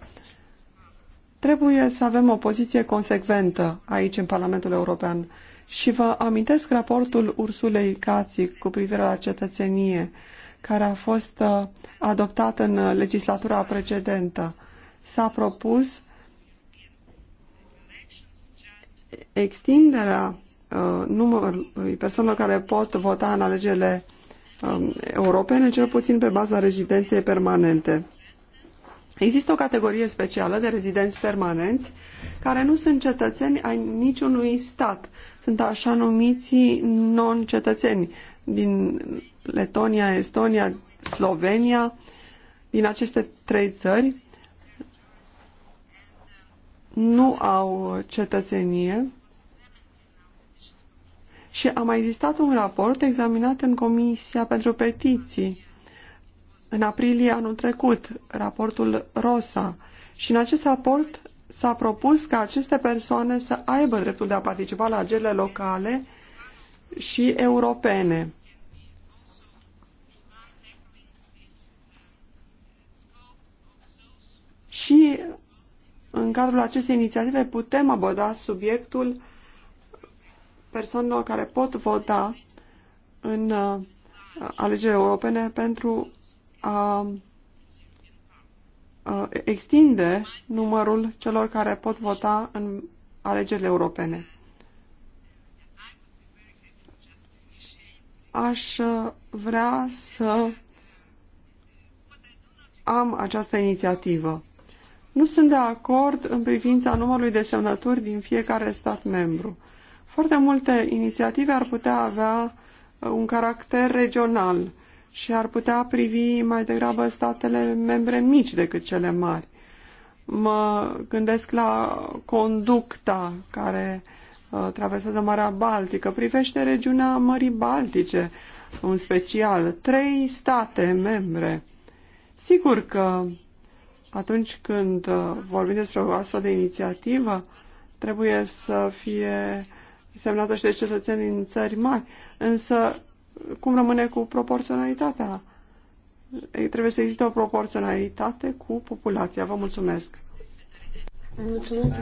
Trebuie să avem o poziție consecventă aici în Parlamentul European și vă amintesc raportul Ursulei Cații cu privire la cetățenie, care a fost uh, adoptat în uh, legislatura precedentă. S-a propus extinderea uh, numărului persoanelor care pot vota în alegerile um, europene, cel puțin pe baza rezidenței permanente. Există o categorie specială de rezidenți permanenți care nu sunt cetățeni ai niciunui stat. Sunt așa numiți non-cetățeni din Letonia, Estonia, Slovenia, din aceste trei țări nu au cetățenie și a mai existat un raport examinat în Comisia pentru Petiții în aprilie anul trecut, raportul ROSA, și în acest raport s-a propus ca aceste persoane să aibă dreptul de a participa la alegerile locale și europene. Și în cadrul acestei inițiative putem aborda subiectul persoanelor care pot vota în uh, alegerile europene pentru a, a extinde numărul celor care pot vota în alegerile europene. Aș vrea să am această inițiativă. Nu sunt de acord în privința numărului de semnături din fiecare stat membru. Foarte multe inițiative ar putea avea un caracter regional și ar putea privi mai degrabă statele membre mici decât cele mari. Mă gândesc la conducta care uh, traversează Marea Baltică, privește regiunea Mării Baltice, în special trei state membre. Sigur că atunci când uh, vorbim despre o astfel de inițiativă, trebuie să fie semnată și de cetățeni din țări mari, însă cum rămâne cu proporționalitatea? Ei, trebuie să existe o proporționalitate cu populația. Vă mulțumesc. Mulțumesc.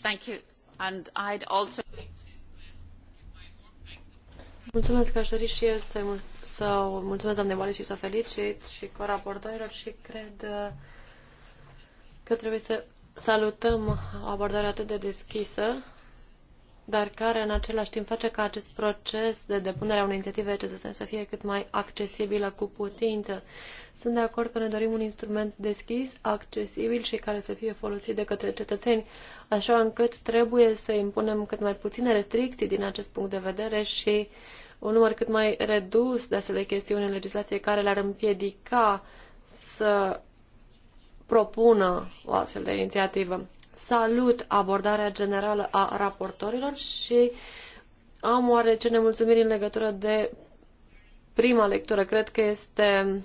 Thank you. And I'd also... Mulțumesc, aș dori și eu să, să mulțumesc doamne Mare și să felicit și cu raportorilor și cred uh, că trebuie să salutăm abordarea atât de deschisă dar care în același timp face ca acest proces de depunere a unei inițiative cetățene să fie cât mai accesibilă cu putință. Sunt de acord că ne dorim un instrument deschis, accesibil și care să fie folosit de către cetățeni, așa încât trebuie să impunem cât mai puține restricții din acest punct de vedere și un număr cât mai redus de astfel de chestiuni în legislație care le-ar împiedica să propună o astfel de inițiativă salut abordarea generală a raportorilor și am oarece nemulțumiri în legătură de prima lectură. Cred că este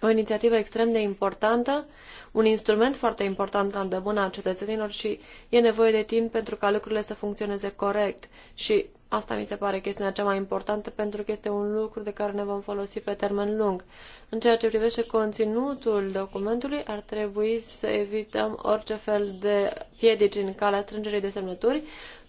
o inițiativă extrem de importantă, un instrument foarte important la îndemâna cetățenilor și e nevoie de timp pentru ca lucrurile să funcționeze corect. Și Asta mi se pare chestiunea cea mai importantă pentru că este un lucru de care ne vom folosi pe termen lung. În ceea ce privește conținutul documentului, ar trebui să evităm orice fel de piedici în calea strângerii de semnături.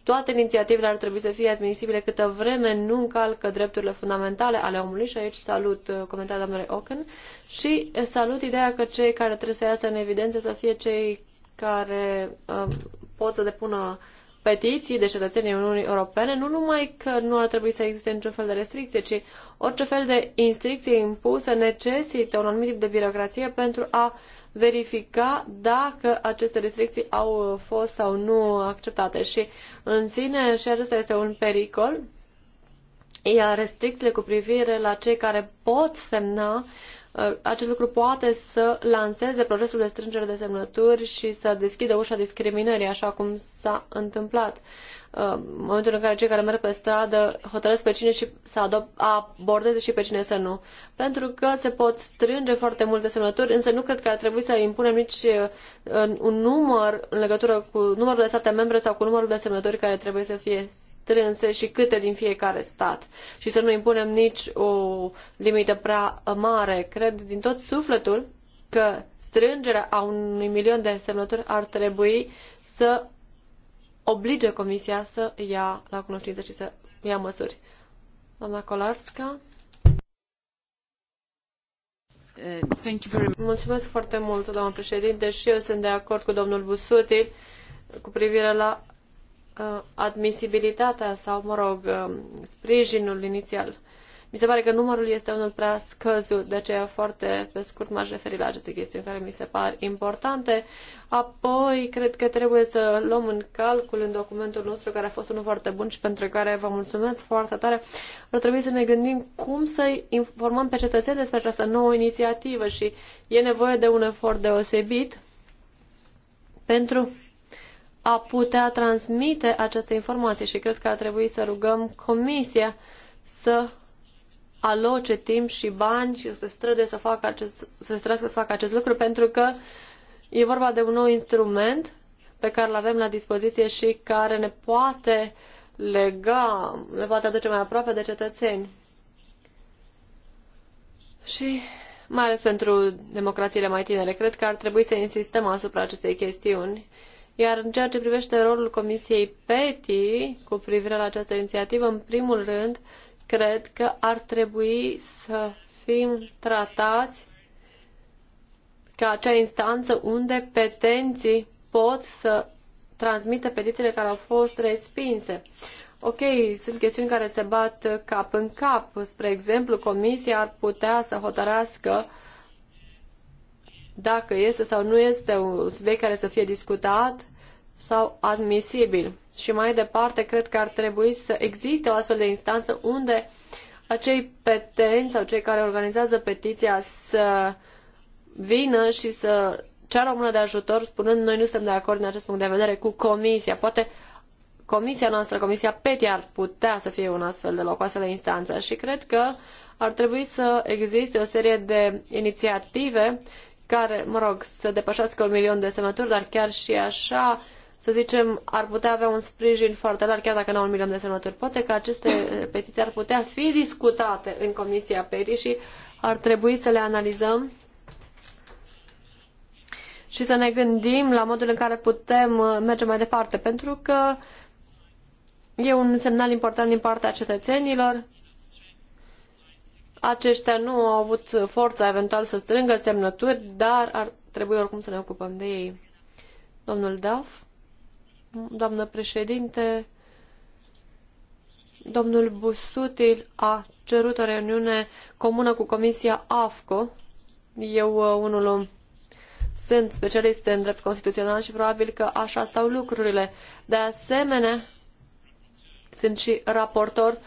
Toate inițiativele ar trebui să fie admisibile câtă vreme nu încalcă drepturile fundamentale ale omului și aici salut uh, comentariul doamnei Ocken și uh, salut ideea că cei care trebuie să iasă în evidență să fie cei care uh, pot să depună uh, petiții de cetățenii Uniunii Europene, nu numai că nu ar trebui să existe niciun fel de restricție, ci orice fel de instricție impusă necesită un anumit tip de birocrație pentru a verifica dacă aceste restricții au fost sau nu acceptate. Și în sine și acesta este un pericol, iar restricțiile cu privire la cei care pot semna Ă, acest lucru poate să lanseze procesul de strângere de semnături și să deschidă ușa discriminării, așa cum s-a întâmplat. Ă, în momentul în care cei care merg pe stradă hotărăsc pe cine și să abordeze și pe cine să nu. Pentru că se pot strânge foarte multe semnături, însă nu cred că ar trebui să impunem nici ă, un număr în legătură cu numărul de state membre sau cu numărul de semnături care trebuie să fie strânse și câte din fiecare stat și să nu impunem nici o limită prea mare. Cred din tot sufletul că strângerea a unui milion de semnături ar trebui să oblige Comisia să ia la cunoștință și să ia măsuri. Doamna Kolarska. Thank you very much. Mulțumesc foarte mult, doamnă președinte, și eu sunt de acord cu domnul Busutil cu privire la Uh, admisibilitatea sau, mă rog, uh, sprijinul inițial. Mi se pare că numărul este unul prea scăzut, de aceea foarte pe scurt m-aș referi la aceste chestiuni care mi se par importante. Apoi, cred că trebuie să luăm în calcul în documentul nostru, care a fost unul foarte bun și pentru care vă mulțumesc foarte tare, ar trebui să ne gândim cum să informăm pe cetățeni despre această nouă inițiativă și e nevoie de un efort deosebit pentru a putea transmite aceste informații și cred că ar trebui să rugăm Comisia să aloce timp și bani și să străde să facă acest, să să facă acest lucru pentru că e vorba de un nou instrument pe care îl avem la dispoziție și care ne poate lega, ne poate aduce mai aproape de cetățeni. Și mai ales pentru democrațiile mai tinere, cred că ar trebui să insistăm asupra acestei chestiuni iar în ceea ce privește rolul Comisiei PETI cu privire la această inițiativă, în primul rând, cred că ar trebui să fim tratați ca acea instanță unde petenții pot să transmită petițiile care au fost respinse. Ok, sunt chestiuni care se bat cap în cap. Spre exemplu, comisia ar putea să hotărască uh, dacă este sau nu este un subiect care să fie discutat sau admisibil. Și mai departe, cred că ar trebui să existe o astfel de instanță unde acei petenți sau cei care organizează petiția să vină și să ceară o mână de ajutor spunând noi nu suntem de acord în acest punct de vedere cu comisia. Poate comisia noastră, comisia PETI ar putea să fie un astfel de loc, o astfel de instanță și cred că ar trebui să existe o serie de inițiative care, mă rog, să depășească un milion de semnături, dar chiar și așa, să zicem, ar putea avea un sprijin foarte larg, chiar dacă nu au un milion de semnături. Poate că aceste petiții ar putea fi discutate în Comisia Peri și ar trebui să le analizăm și să ne gândim la modul în care putem uh, merge mai departe, pentru că e un semnal important din partea cetățenilor aceștia nu au avut forța eventual să strângă semnături, dar ar trebui oricum să ne ocupăm de ei. Domnul Daf, doamnă președinte, domnul Busutil a cerut o reuniune comună cu Comisia AFCO. Eu, uh, unul, um, sunt specialist în drept constituțional și probabil că așa stau lucrurile. De asemenea, sunt și raportor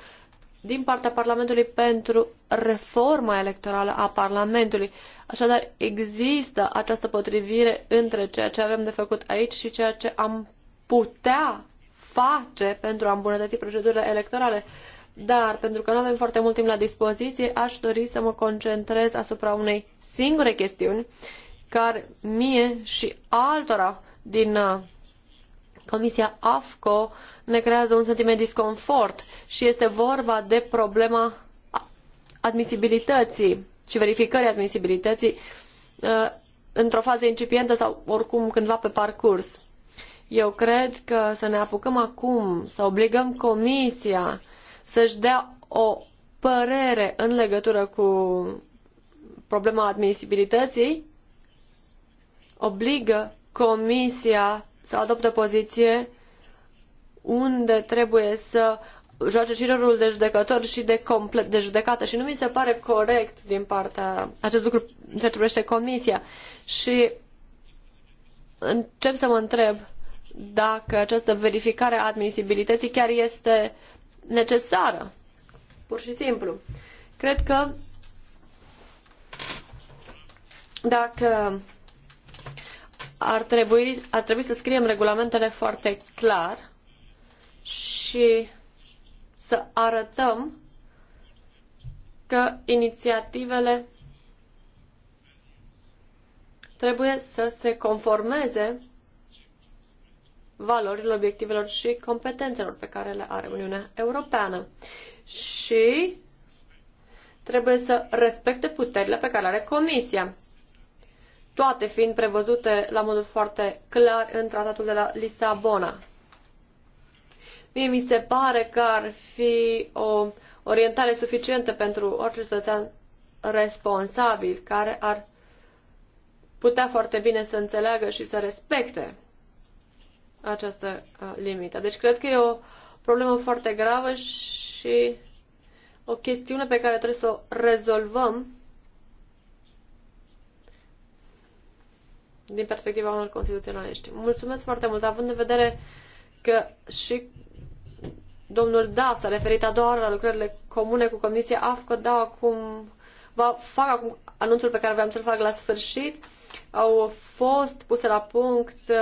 din partea Parlamentului pentru reforma electorală a Parlamentului. Așadar, există această potrivire între ceea ce avem de făcut aici și ceea ce am putea face pentru a îmbunătăți procedurile electorale. Dar, pentru că nu avem foarte mult timp la dispoziție, aș dori să mă concentrez asupra unei singure chestiuni care mie și altora din uh, Comisia AFCO ne creează un sentiment de disconfort și este vorba de problema admisibilității și verificării admisibilității uh, într-o fază incipientă sau oricum cândva pe parcurs. Eu cred că să ne apucăm acum, să obligăm Comisia să-și dea o părere în legătură cu problema admisibilității, obligă Comisia să adopte o poziție unde trebuie să joace și rolul de judecător și de, complet, de judecată și nu mi se pare corect din partea acest lucru în ceea ce privește comisia și încep să mă întreb dacă această verificare a admisibilității chiar este necesară, pur și simplu. Cred că dacă ar trebui, ar trebui să scriem regulamentele foarte clar și să arătăm că inițiativele trebuie să se conformeze valorilor, obiectivelor și competențelor pe care le are Uniunea Europeană. Și trebuie să respecte puterile pe care le are Comisia toate fiind prevăzute la modul foarte clar în tratatul de la Lisabona. Mie mi se pare că ar fi o orientare suficientă pentru orice cetățean responsabil care ar putea foarte bine să înțeleagă și să respecte această uh, limită. Deci cred că e o problemă foarte gravă și o chestiune pe care trebuie să o rezolvăm din perspectiva unor constituționaliști. Mulțumesc foarte mult, având în vedere că și domnul Da s-a referit a doua oară la lucrările comune cu Comisia AFCO, da, acum va fac acum anunțul pe care vreau să-l fac la sfârșit. Au fost puse la punct uh,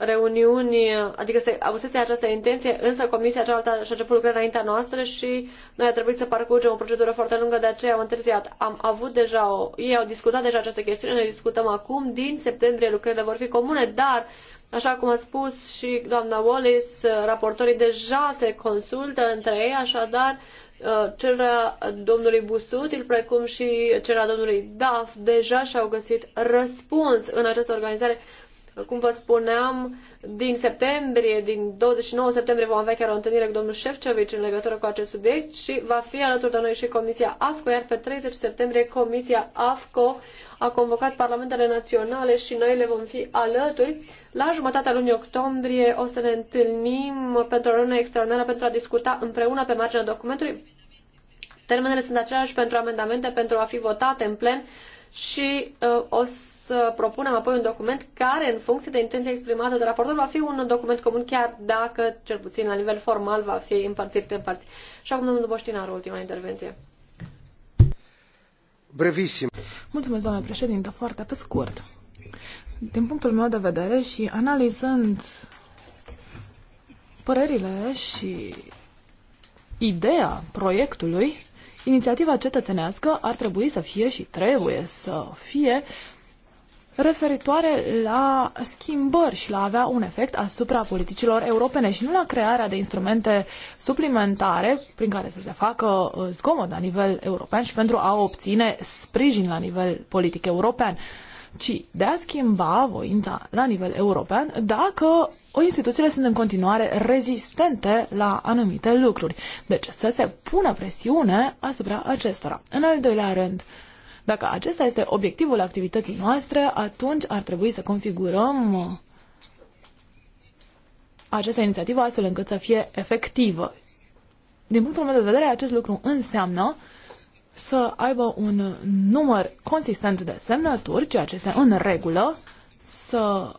reuniuni, adică se avusese această intenție, însă comisia cealaltă și-a început lucrarea înaintea noastră și noi a trebuit să parcurgem o procedură foarte lungă, de aceea am întârziat. Am avut deja o, ei au discutat deja această chestiune, noi discutăm acum, din septembrie lucrările vor fi comune, dar Așa cum a spus și doamna Wallis, raportorii deja se consultă între ei, așadar uh, cererea domnului Busutil, precum și cererea domnului Daf, deja și-au găsit răspuns în această organizare cum vă spuneam, din septembrie, din 29 septembrie vom avea chiar o întâlnire cu domnul Șefcevici în legătură cu acest subiect și va fi alături de noi și Comisia AFCO, iar pe 30 septembrie Comisia AFCO a convocat parlamentele naționale și noi le vom fi alături. La jumătatea lunii octombrie o să ne întâlnim pentru o lună extraordinară pentru a discuta împreună pe marginea documentului. Termenele sunt aceleași pentru amendamente, pentru a fi votate în plen și uh, o să propunem apoi un document care, în funcție de intenția exprimată de raportor, va fi un document comun, chiar dacă, cel puțin la nivel formal, va fi împărțit în părți. Și acum, domnul Boștinaru, ultima intervenție. Brevisim. Mulțumesc, doamnă președinte, foarte pe scurt. Din punctul meu de vedere și analizând părerile și ideea proiectului, inițiativa cetățenească ar trebui să fie și trebuie să fie referitoare la schimbări și la avea un efect asupra politicilor europene și nu la crearea de instrumente suplimentare prin care să se facă uh, zgomot la nivel european și pentru a obține sprijin la nivel politic european, ci de a schimba voința la nivel european dacă instituțiile sunt în continuare rezistente la anumite lucruri. Deci să se pună presiune asupra acestora. În al doilea rând, dacă acesta este obiectivul activității noastre, atunci ar trebui să configurăm această inițiativă astfel încât să fie efectivă. Din punctul meu de vedere, acest lucru înseamnă să aibă un număr consistent de semnături, ceea ce este în regulă, să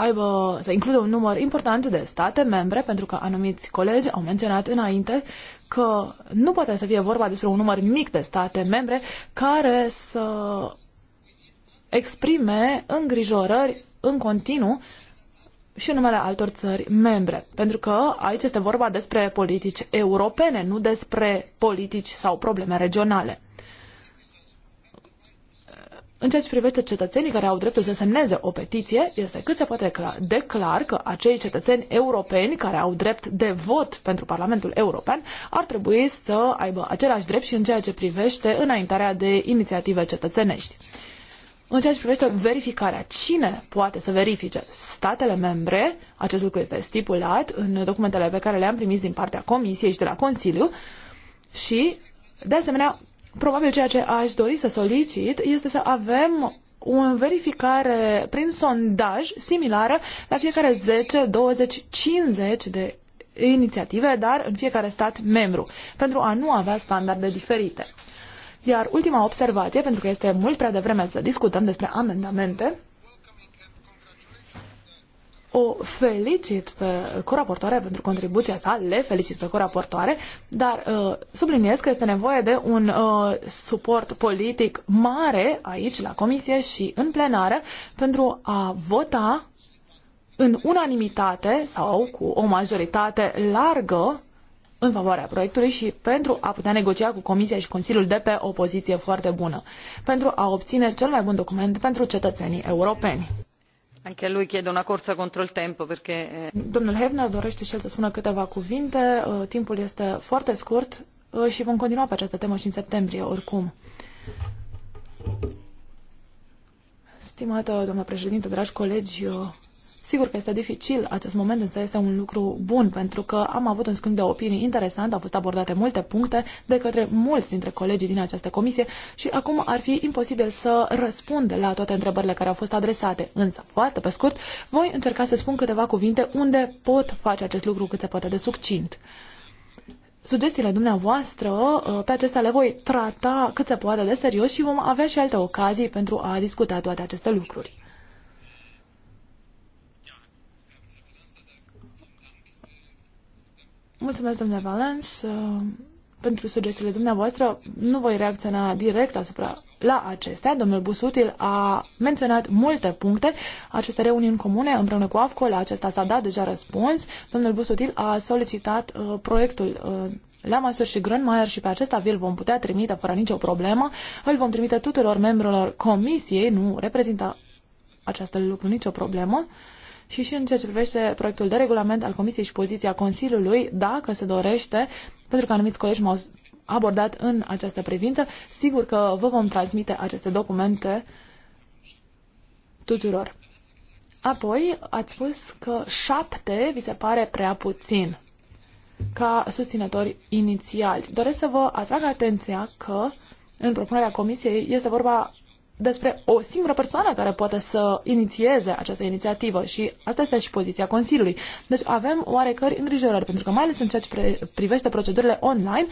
aibă, să includă un număr important de state membre, pentru că anumiți colegi au menționat înainte că nu poate să fie vorba despre un număr mic de state membre care să exprime îngrijorări în continuu și în numele altor țări membre. Pentru că aici este vorba despre politici europene, nu despre politici sau probleme regionale în ceea ce privește cetățenii care au dreptul să semneze o petiție, este cât se poate de clar că acei cetățeni europeni care au drept de vot pentru Parlamentul European ar trebui să aibă același drept și în ceea ce privește înaintarea de inițiative cetățenești. În ceea ce privește verificarea, cine poate să verifice? Statele membre, acest lucru este stipulat în documentele pe care le-am primit din partea Comisiei și de la Consiliu și, de asemenea, Probabil ceea ce aș dori să solicit este să avem o verificare prin sondaj similară la fiecare 10, 20, 50 de inițiative, dar în fiecare stat membru, pentru a nu avea standarde diferite. Iar ultima observație, pentru că este mult prea devreme să discutăm despre amendamente, o felicit pe coraportoare pentru contribuția sa, le felicit pe coraportoare, dar uh, subliniez că este nevoie de un uh, suport politic mare aici la comisie și în plenară pentru a vota în unanimitate sau cu o majoritate largă în favoarea proiectului și pentru a putea negocia cu Comisia și Consiliul de pe o poziție foarte bună, pentru a obține cel mai bun document pentru cetățenii europeni. Anche a lui chiedo una corsa contro il tempo perché... Eh, Domnul Hefner dorește și el să spună câteva cuvinte. Uh, timpul este foarte scurt uh, și vom continua pe această temă și în septembrie, oricum. Stimată doamnă președinte, dragi colegi, uh, Sigur că este dificil acest moment, însă este un lucru bun, pentru că am avut un schimb de opinii interesant, au fost abordate multe puncte de către mulți dintre colegii din această comisie și acum ar fi imposibil să răspund la toate întrebările care au fost adresate. Însă, foarte pe scurt, voi încerca să spun câteva cuvinte unde pot face acest lucru cât se poate de succint sugestiile dumneavoastră, ă, pe acestea le voi trata cât se poate de serios și vom avea și alte ocazii pentru a discuta toate aceste lucruri. Mulțumesc, domnule Valens, uh, pentru sugestiile dumneavoastră. Nu voi reacționa direct asupra la acestea. Domnul Busutil a menționat multe puncte, aceste reuniuni comune împreună cu AFCO, la acesta s-a dat deja răspuns. Domnul Busutil a solicitat uh, proiectul uh, la Masur și Grönmaier și pe acesta vi-l vom putea trimite fără nicio problemă. Îl vom trimite tuturor membrilor comisiei, nu reprezintă această lucru nicio problemă. Uh, și și în ceea ce privește proiectul de regulament al Comisiei și poziția Consiliului, dacă se dorește, pentru că anumiți colegi m-au abordat în această privință, sigur că vă vom transmite aceste documente tuturor. Apoi ați spus că șapte vi se pare prea puțin ca susținători inițiali. Doresc să vă atrag atenția că în propunerea comisiei este vorba despre o singură persoană care poate să inițieze această inițiativă și asta este și poziția Consiliului. Deci avem oarecări îngrijorări, pentru că mai ales în ceea ce privește procedurile online,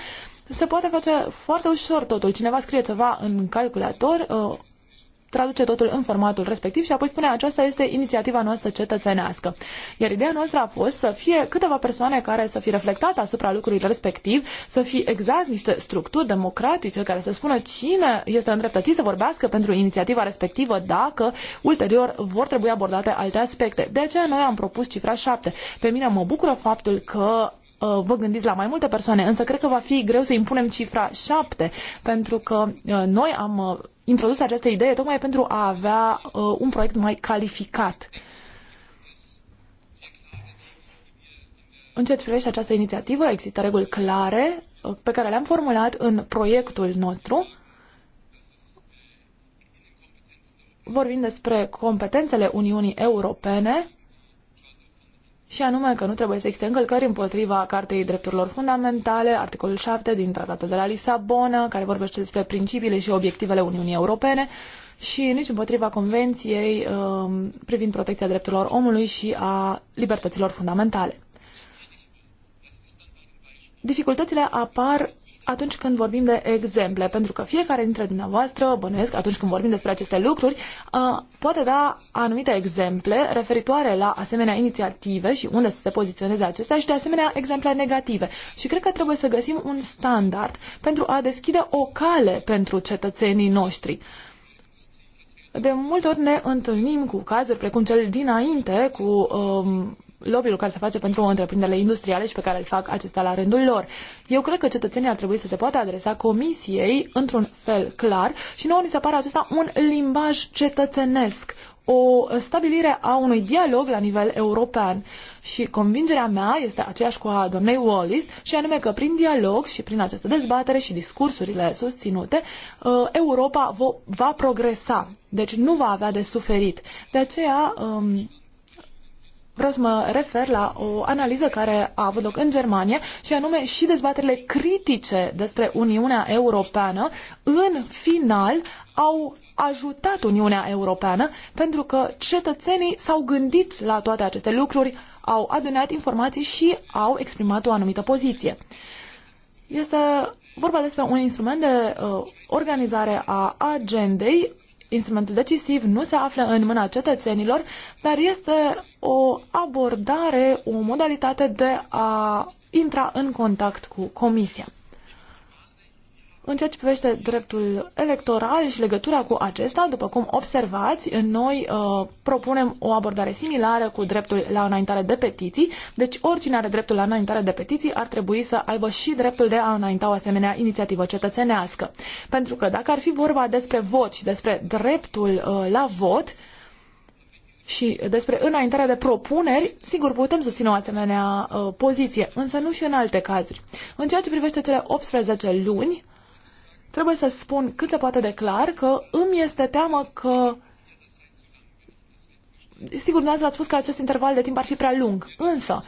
se poate face foarte ușor totul. Cineva scrie ceva în calculator, uh, traduce totul în formatul respectiv și apoi spune aceasta este inițiativa noastră cetățenească. Iar ideea noastră a fost să fie câteva persoane care să fi reflectat asupra lucrurilor respectiv, să fie exact niște structuri democratice care să spună cine este îndreptățit să vorbească pentru inițiativa respectivă dacă ulterior vor trebui abordate alte aspecte. De aceea noi am propus cifra 7. Pe mine mă bucură faptul că uh, vă gândiți la mai multe persoane, însă cred că va fi greu să impunem cifra 7, pentru că uh, noi am uh, introdus această idee tocmai pentru a avea uh, un proiect mai calificat. În ce privește această inițiativă, există reguli clare uh, pe care le-am formulat în proiectul nostru. Vorbim despre competențele Uniunii Europene și anume că nu trebuie să existe încălcări împotriva Cartei Drepturilor Fundamentale, articolul 7 din Tratatul de la Lisabona, care vorbește despre principiile și obiectivele Uniunii Europene, și nici împotriva Convenției um, privind protecția drepturilor omului și a libertăților fundamentale. Dificultățile apar atunci când vorbim de exemple, pentru că fiecare dintre dumneavoastră, bănuiesc, atunci când vorbim despre aceste lucruri, uh, poate da anumite exemple referitoare la asemenea inițiative și unde să se poziționeze acestea și de asemenea exemple negative. Și cred că trebuie să găsim un standard pentru a deschide o cale pentru cetățenii noștri. De multe ori ne întâlnim cu cazuri precum cel dinainte, cu um, lobby-ul care se face pentru întreprinderile industriale și pe care îl fac acestea la rândul lor. Eu cred că cetățenii ar trebui să se poată adresa comisiei într-un fel clar și nouă ni se pare acesta un limbaj cetățenesc, o stabilire a unui dialog la nivel european. Și convingerea mea este aceeași cu a doamnei Wallis, și anume că prin dialog și prin această dezbatere și discursurile susținute, uh, Europa va progresa, deci nu va avea de suferit. De aceea, um, vreau să mă refer la o analiză care a avut loc în Germania și anume și dezbaterile critice despre Uniunea Europeană în final au ajutat Uniunea Europeană pentru că cetățenii s-au gândit la toate aceste lucruri, au adunat informații și au exprimat o anumită poziție. Este vorba despre un instrument de uh, organizare a agendei instrumentul decisiv nu se află în mâna cetățenilor, dar este o abordare, o modalitate de a intra în contact cu Comisia. În ceea ce privește dreptul electoral și legătura cu acesta, după cum observați, noi uh, propunem o abordare similară cu dreptul la înaintare de petiții, deci oricine are dreptul la înaintare de petiții ar trebui să aibă și dreptul de a înainta o asemenea inițiativă cetățenească. Pentru că dacă ar fi vorba despre vot și despre dreptul uh, la vot, și despre înaintarea de propuneri, sigur putem susține o asemenea uh, poziție, însă nu și în alte cazuri. În ceea ce privește cele 18 luni, trebuie să spun cât se poate de clar că îmi este teamă că Sigur, dumneavoastră ați spus că acest interval de timp ar fi prea lung, însă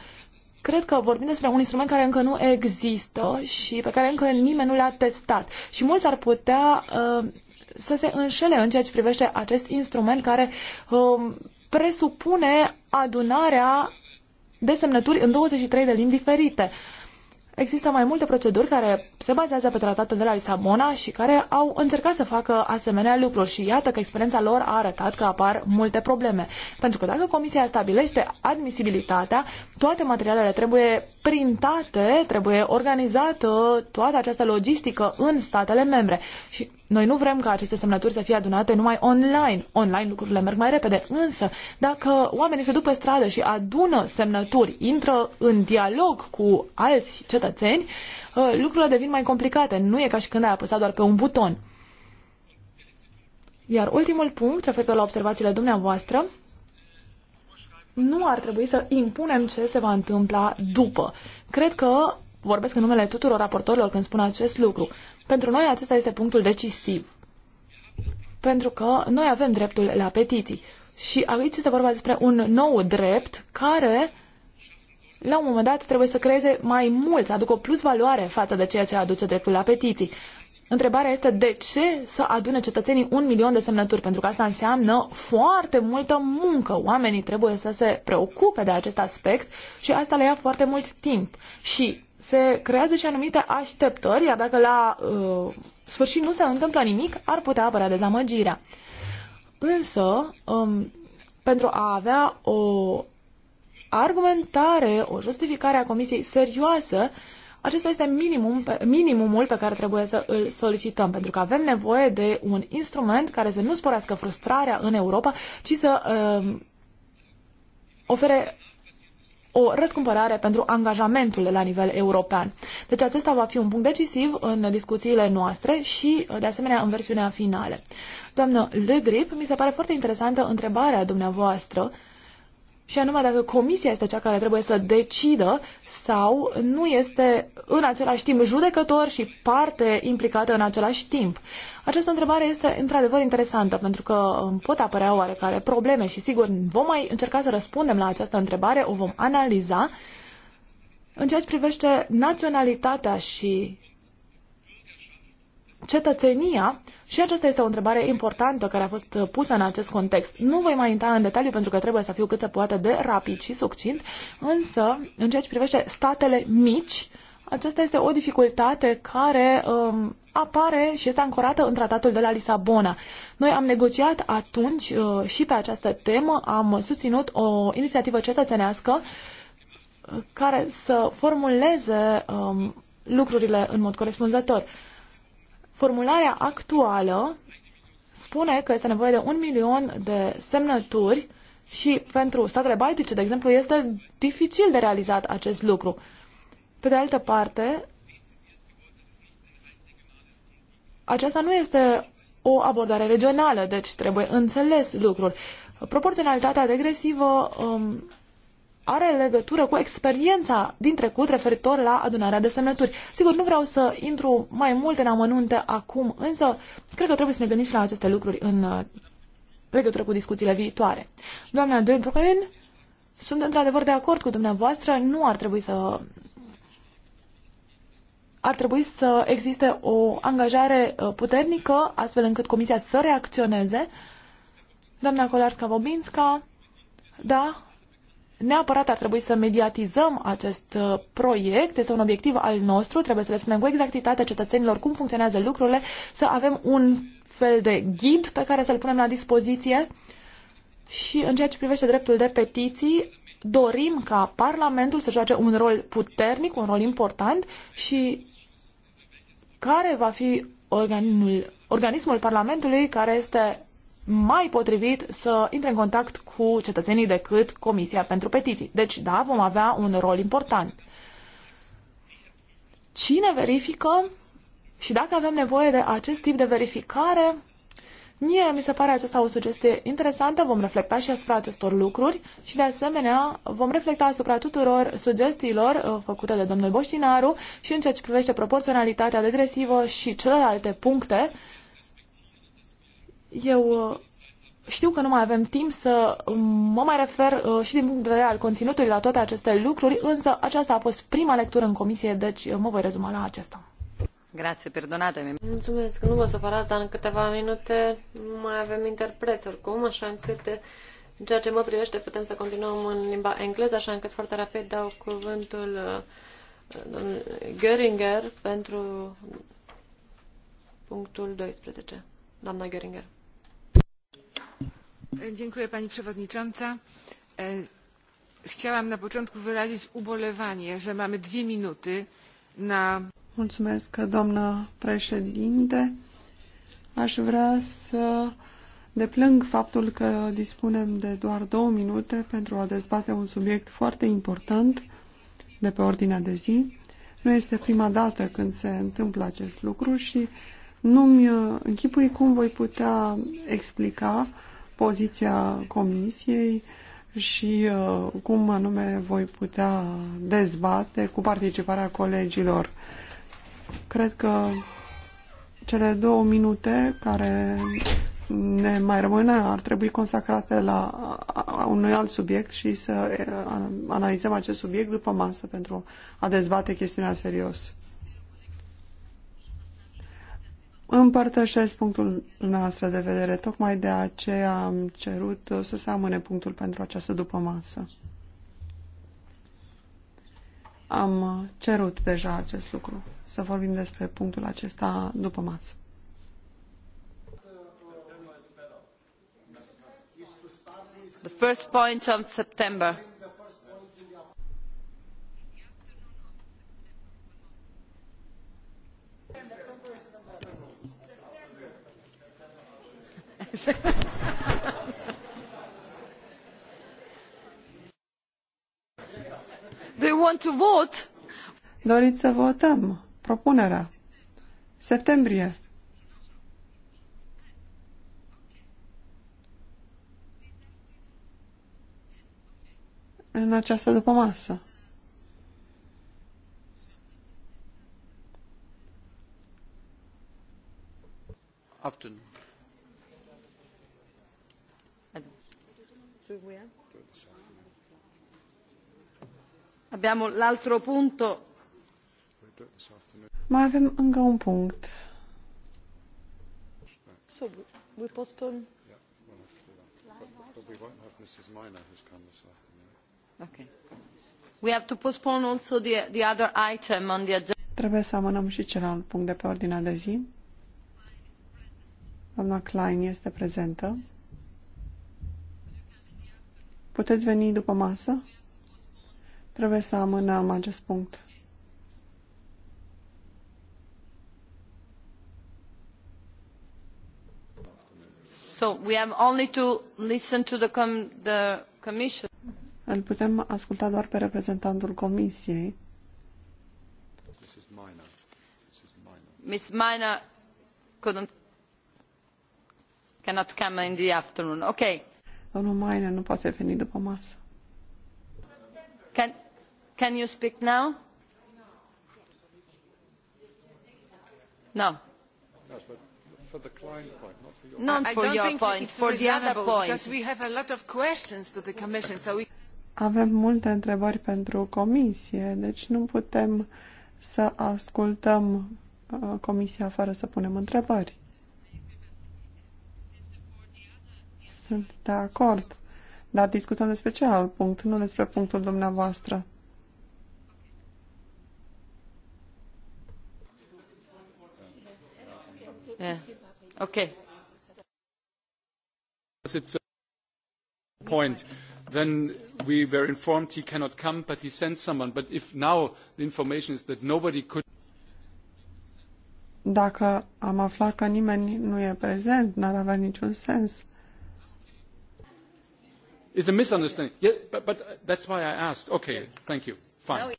cred că vorbim despre un instrument care încă nu există și pe care încă nimeni nu l-a testat. Și mulți ar putea uh, să se înșele în ceea ce privește acest instrument care uh, presupune adunarea de semnături în 23 de limbi diferite. Uh, Există mai multe proceduri care se bazează pe tratatul de la Lisabona și care au încercat să facă asemenea lucruri și iată că experiența lor a arătat că apar multe probleme. Pentru că dacă Comisia stabilește admisibilitatea, toate materialele trebuie printate, trebuie organizată toată această logistică în statele membre și noi nu vrem ca aceste semnături să fie adunate numai online. Online lucrurile merg mai repede, însă dacă oamenii se duc pe stradă și adună semnături, intră în dialog cu alți cetățeni, ă, lucrurile devin mai complicate. Nu e ca și când ai apăsat doar pe un buton. Iar ultimul punct, referitor la observațiile dumneavoastră, nu ar trebui să impunem ce se va întâmpla după. Cred că vorbesc în numele tuturor raportorilor când spun acest lucru. Pentru noi acesta este punctul decisiv. Pentru că noi avem dreptul la petiții. Și aici este vorba despre un nou drept care la un moment dat trebuie să creeze mai mult, să aducă o plus valoare față de ceea ce aduce dreptul la petiții. Întrebarea este de ce să adune cetățenii un milion de semnături, pentru că asta înseamnă foarte multă muncă. Oamenii trebuie să se preocupe de acest aspect și asta le ia foarte mult timp. Și se creează și anumite așteptări, iar dacă la uh, sfârșit nu se întâmplă nimic, ar putea apărea dezamăgirea. Însă, um, pentru a avea o argumentare, o justificare a comisiei serioasă, acesta este minimum, minimumul pe care trebuie să îl solicităm, pentru că avem nevoie de un instrument care să nu sporească frustrarea în Europa, ci să uh, ofere o răscumpărare pentru angajamentul la nivel european. Deci acesta va fi un punct decisiv în discuțiile noastre și, de asemenea, în versiunea finală. Doamnă Le Grip, mi se pare foarte interesantă întrebarea dumneavoastră și anume dacă comisia este cea care trebuie să decidă sau nu este în același timp judecător și parte implicată în același timp. Această întrebare este într-adevăr interesantă pentru că pot apărea oarecare probleme și sigur vom mai încerca să răspundem la această întrebare, o vom analiza. În ceea ce privește naționalitatea și cetățenia? Și aceasta este o întrebare importantă care a fost pusă în acest context. Nu voi mai intra în detaliu pentru că trebuie să fiu cât se poate de rapid și succint, însă în ceea ce privește statele mici, aceasta este o dificultate care um, apare și este ancorată în tratatul de la Lisabona. Noi am negociat atunci uh, și pe această temă, am susținut o inițiativă cetățenească uh, care să formuleze um, lucrurile în mod corespunzător. Formularea actuală spune că este nevoie de un milion de semnături și pentru statele baltice, de exemplu, este dificil de realizat acest lucru. Pe de altă parte, aceasta nu este o abordare regională, deci trebuie înțeles lucrul. Proporționalitatea degresivă um, are legătură cu experiența din trecut referitor la adunarea de semnături. Sigur, nu vreau să intru mai mult în amănunte acum, însă cred că trebuie să ne gândim și la aceste lucruri în uh, legătură cu discuțiile viitoare. Doamna Dölbrunn, sunt într-adevăr de acord cu dumneavoastră, nu ar trebui să ar trebui să existe o angajare uh, puternică, astfel încât Comisia să reacționeze. Doamna kolarska vobinska da, neapărat ar trebui să mediatizăm acest uh, proiect, este un obiectiv al nostru, trebuie să le spunem cu exactitate cetățenilor cum funcționează lucrurile, să avem un fel de ghid pe care să-l punem la dispoziție și în ceea ce privește dreptul de petiții, dorim ca Parlamentul să joace un rol puternic, un rol important și care va fi organul, organismul Parlamentului care este mai potrivit să intre în contact cu cetățenii decât Comisia pentru Petiții. Deci, da, vom avea un rol important. Cine verifică și dacă avem nevoie de acest tip de verificare, mie mi se pare aceasta o sugestie interesantă, vom reflecta și asupra acestor lucruri și de asemenea vom reflecta asupra tuturor sugestiilor uh, făcute de domnul Boștinaru și în ceea ce privește proporționalitatea degresivă și celelalte puncte eu uh, știu că nu mai avem timp să um, mă mai refer uh, și din punct de vedere al conținutului la toate aceste lucruri, însă aceasta a fost prima lectură în comisie, deci uh, mă voi rezuma la acesta. Grazie, mi Mulțumesc, nu vă supărați, dar în câteva minute nu mai avem interpreți oricum, așa încât în ceea ce mă privește putem să continuăm în limba engleză, așa încât foarte rapid dau cuvântul Göringer pentru punctul 12. Doamna Göringer. Chciałam na początku wyrazić ubolewanie, że mamy dwie minuty na... doamnă președinte. Aș vrea să deplâng faptul că dispunem de doar două minute pentru a dezbate un subiect foarte important de pe ordinea de zi. Nu este prima dată când se întâmplă acest lucru și nu-mi închipui cum voi putea explica poziția Comisiei și uh, cum anume voi putea dezbate cu participarea colegilor. Cred că cele două minute care ne mai rămâne ar trebui consacrate la unui alt subiect și să uh, analizăm acest subiect după masă pentru a dezbate chestiunea serios. Împărtășesc punctul noastră de vedere. Tocmai de aceea am cerut să se amâne punctul pentru această dupămasă. Am cerut deja acest lucru. Să vorbim despre punctul acesta după masă. The first point of September. Do you want to vote? Doriți să votăm propunerea. Septembrie. În această după masă. Afternoon. Abbiamo l'altro punto. Mai avem încă un punct. So we postpone. Trebuie să amânăm și celălalt punct de pe ordinea de zi. Doamna Klein este prezentă. Puteți veni după masă? Trebuie să amânăm acest punct. So we have only to listen to the, com the commission. Îl putem asculta doar pe reprezentantul comisiei. Miss Minor couldn't cannot come in the afternoon. Okay. Domnul Maine nu poate veni după masă. Can, can you speak now? No. No, for the client point, not for your Not for your point, for the other point. Because we have a lot of questions to the commission, so we... Avem multe întrebări pentru comisie, deci nu putem să ascultăm uh, comisia fără să punem întrebări. Sunt de acord, dar discutăm despre celălalt punct, nu despre punctul dumneavoastră. Yeah. Okay. It's a point. Then we were informed he cannot come, but he sent someone. But if now the information is that nobody could dacă am aflat că nimeni nu e prezent, n-ar avea niciun sens is a misunderstanding. Yeah, but, but uh, that's why I asked. Okay, thank you. Fine.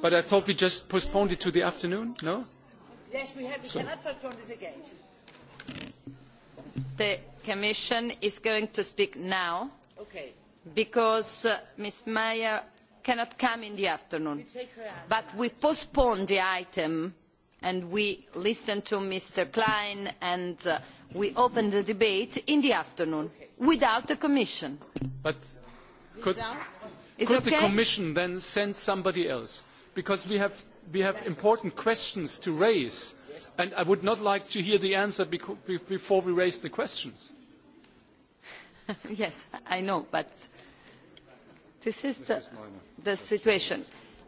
But I thought we just postponed it to the afternoon, no? Yes, we have. We so. cannot postpone this again. The Commission is going to speak now. Okay. Because uh, Ms. Meyer cannot come in the afternoon. We but we postpone the item and we listened to mr klein and uh, we opened the debate in the afternoon without the commission. but could, could okay? the commission then send somebody else because we have, we have important questions to raise and i would not like to hear the answer before we raise the questions. <laughs> yes i know but this is the, the situation.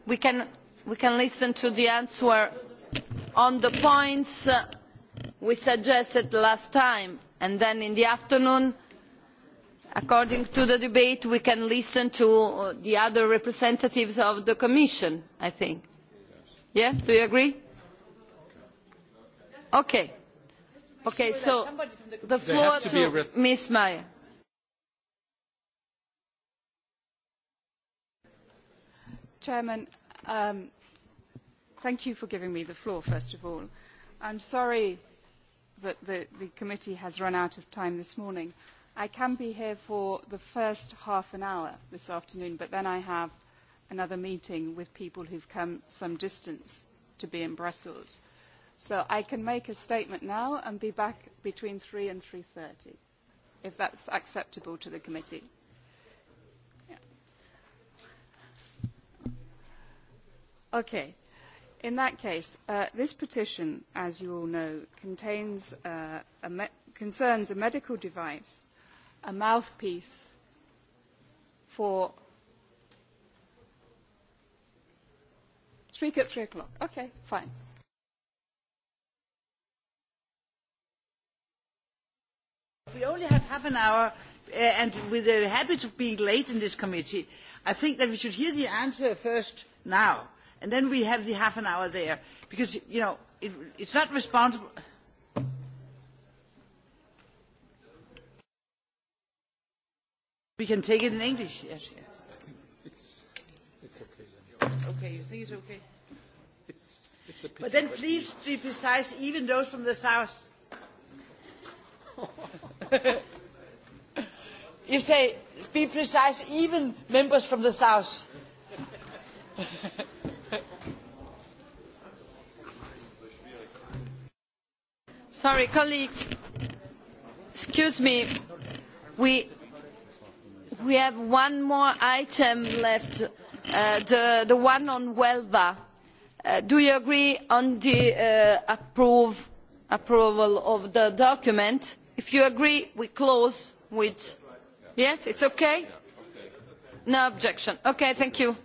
we can, we can listen to the answer on the points we suggested last time and then in the afternoon according to the debate we can listen to the other representatives of the commission i think. yes do you agree? okay. okay so the floor to ms meyer. Chairman, um, thank you for giving me the floor, first of all. I'm sorry that the, the committee has run out of time this morning. I can be here for the first half an hour this afternoon, but then I have another meeting with people who've come some distance to be in Brussels. So I can make a statement now and be back between 3 and 3.30, if that's acceptable to the committee. Okay. In that case, uh, this petition, as you all know, contains, uh, a me concerns a medical device, a mouthpiece for... Speak at three o'clock. Okay, fine. We only have half an hour, uh, and with the habit of being late in this committee, I think that we should hear the answer first now and then we have the half an hour there because you know it, it's not responsible. We can take it in English. Yes, yes. I think it's it's okay then. Okay, you think it's okay? It's it's a. Pity, but then please be precise, even those from the south. <laughs> You say, be precise, even members from the south. <laughs> Sorry, colleagues. Excuse me. We we have one more item left, uh, the the one on Huelva. Uh, do you agree on the uh, approve approval of the document? If you agree, we close with. Yes, it's okay. No objection. Okay, thank you.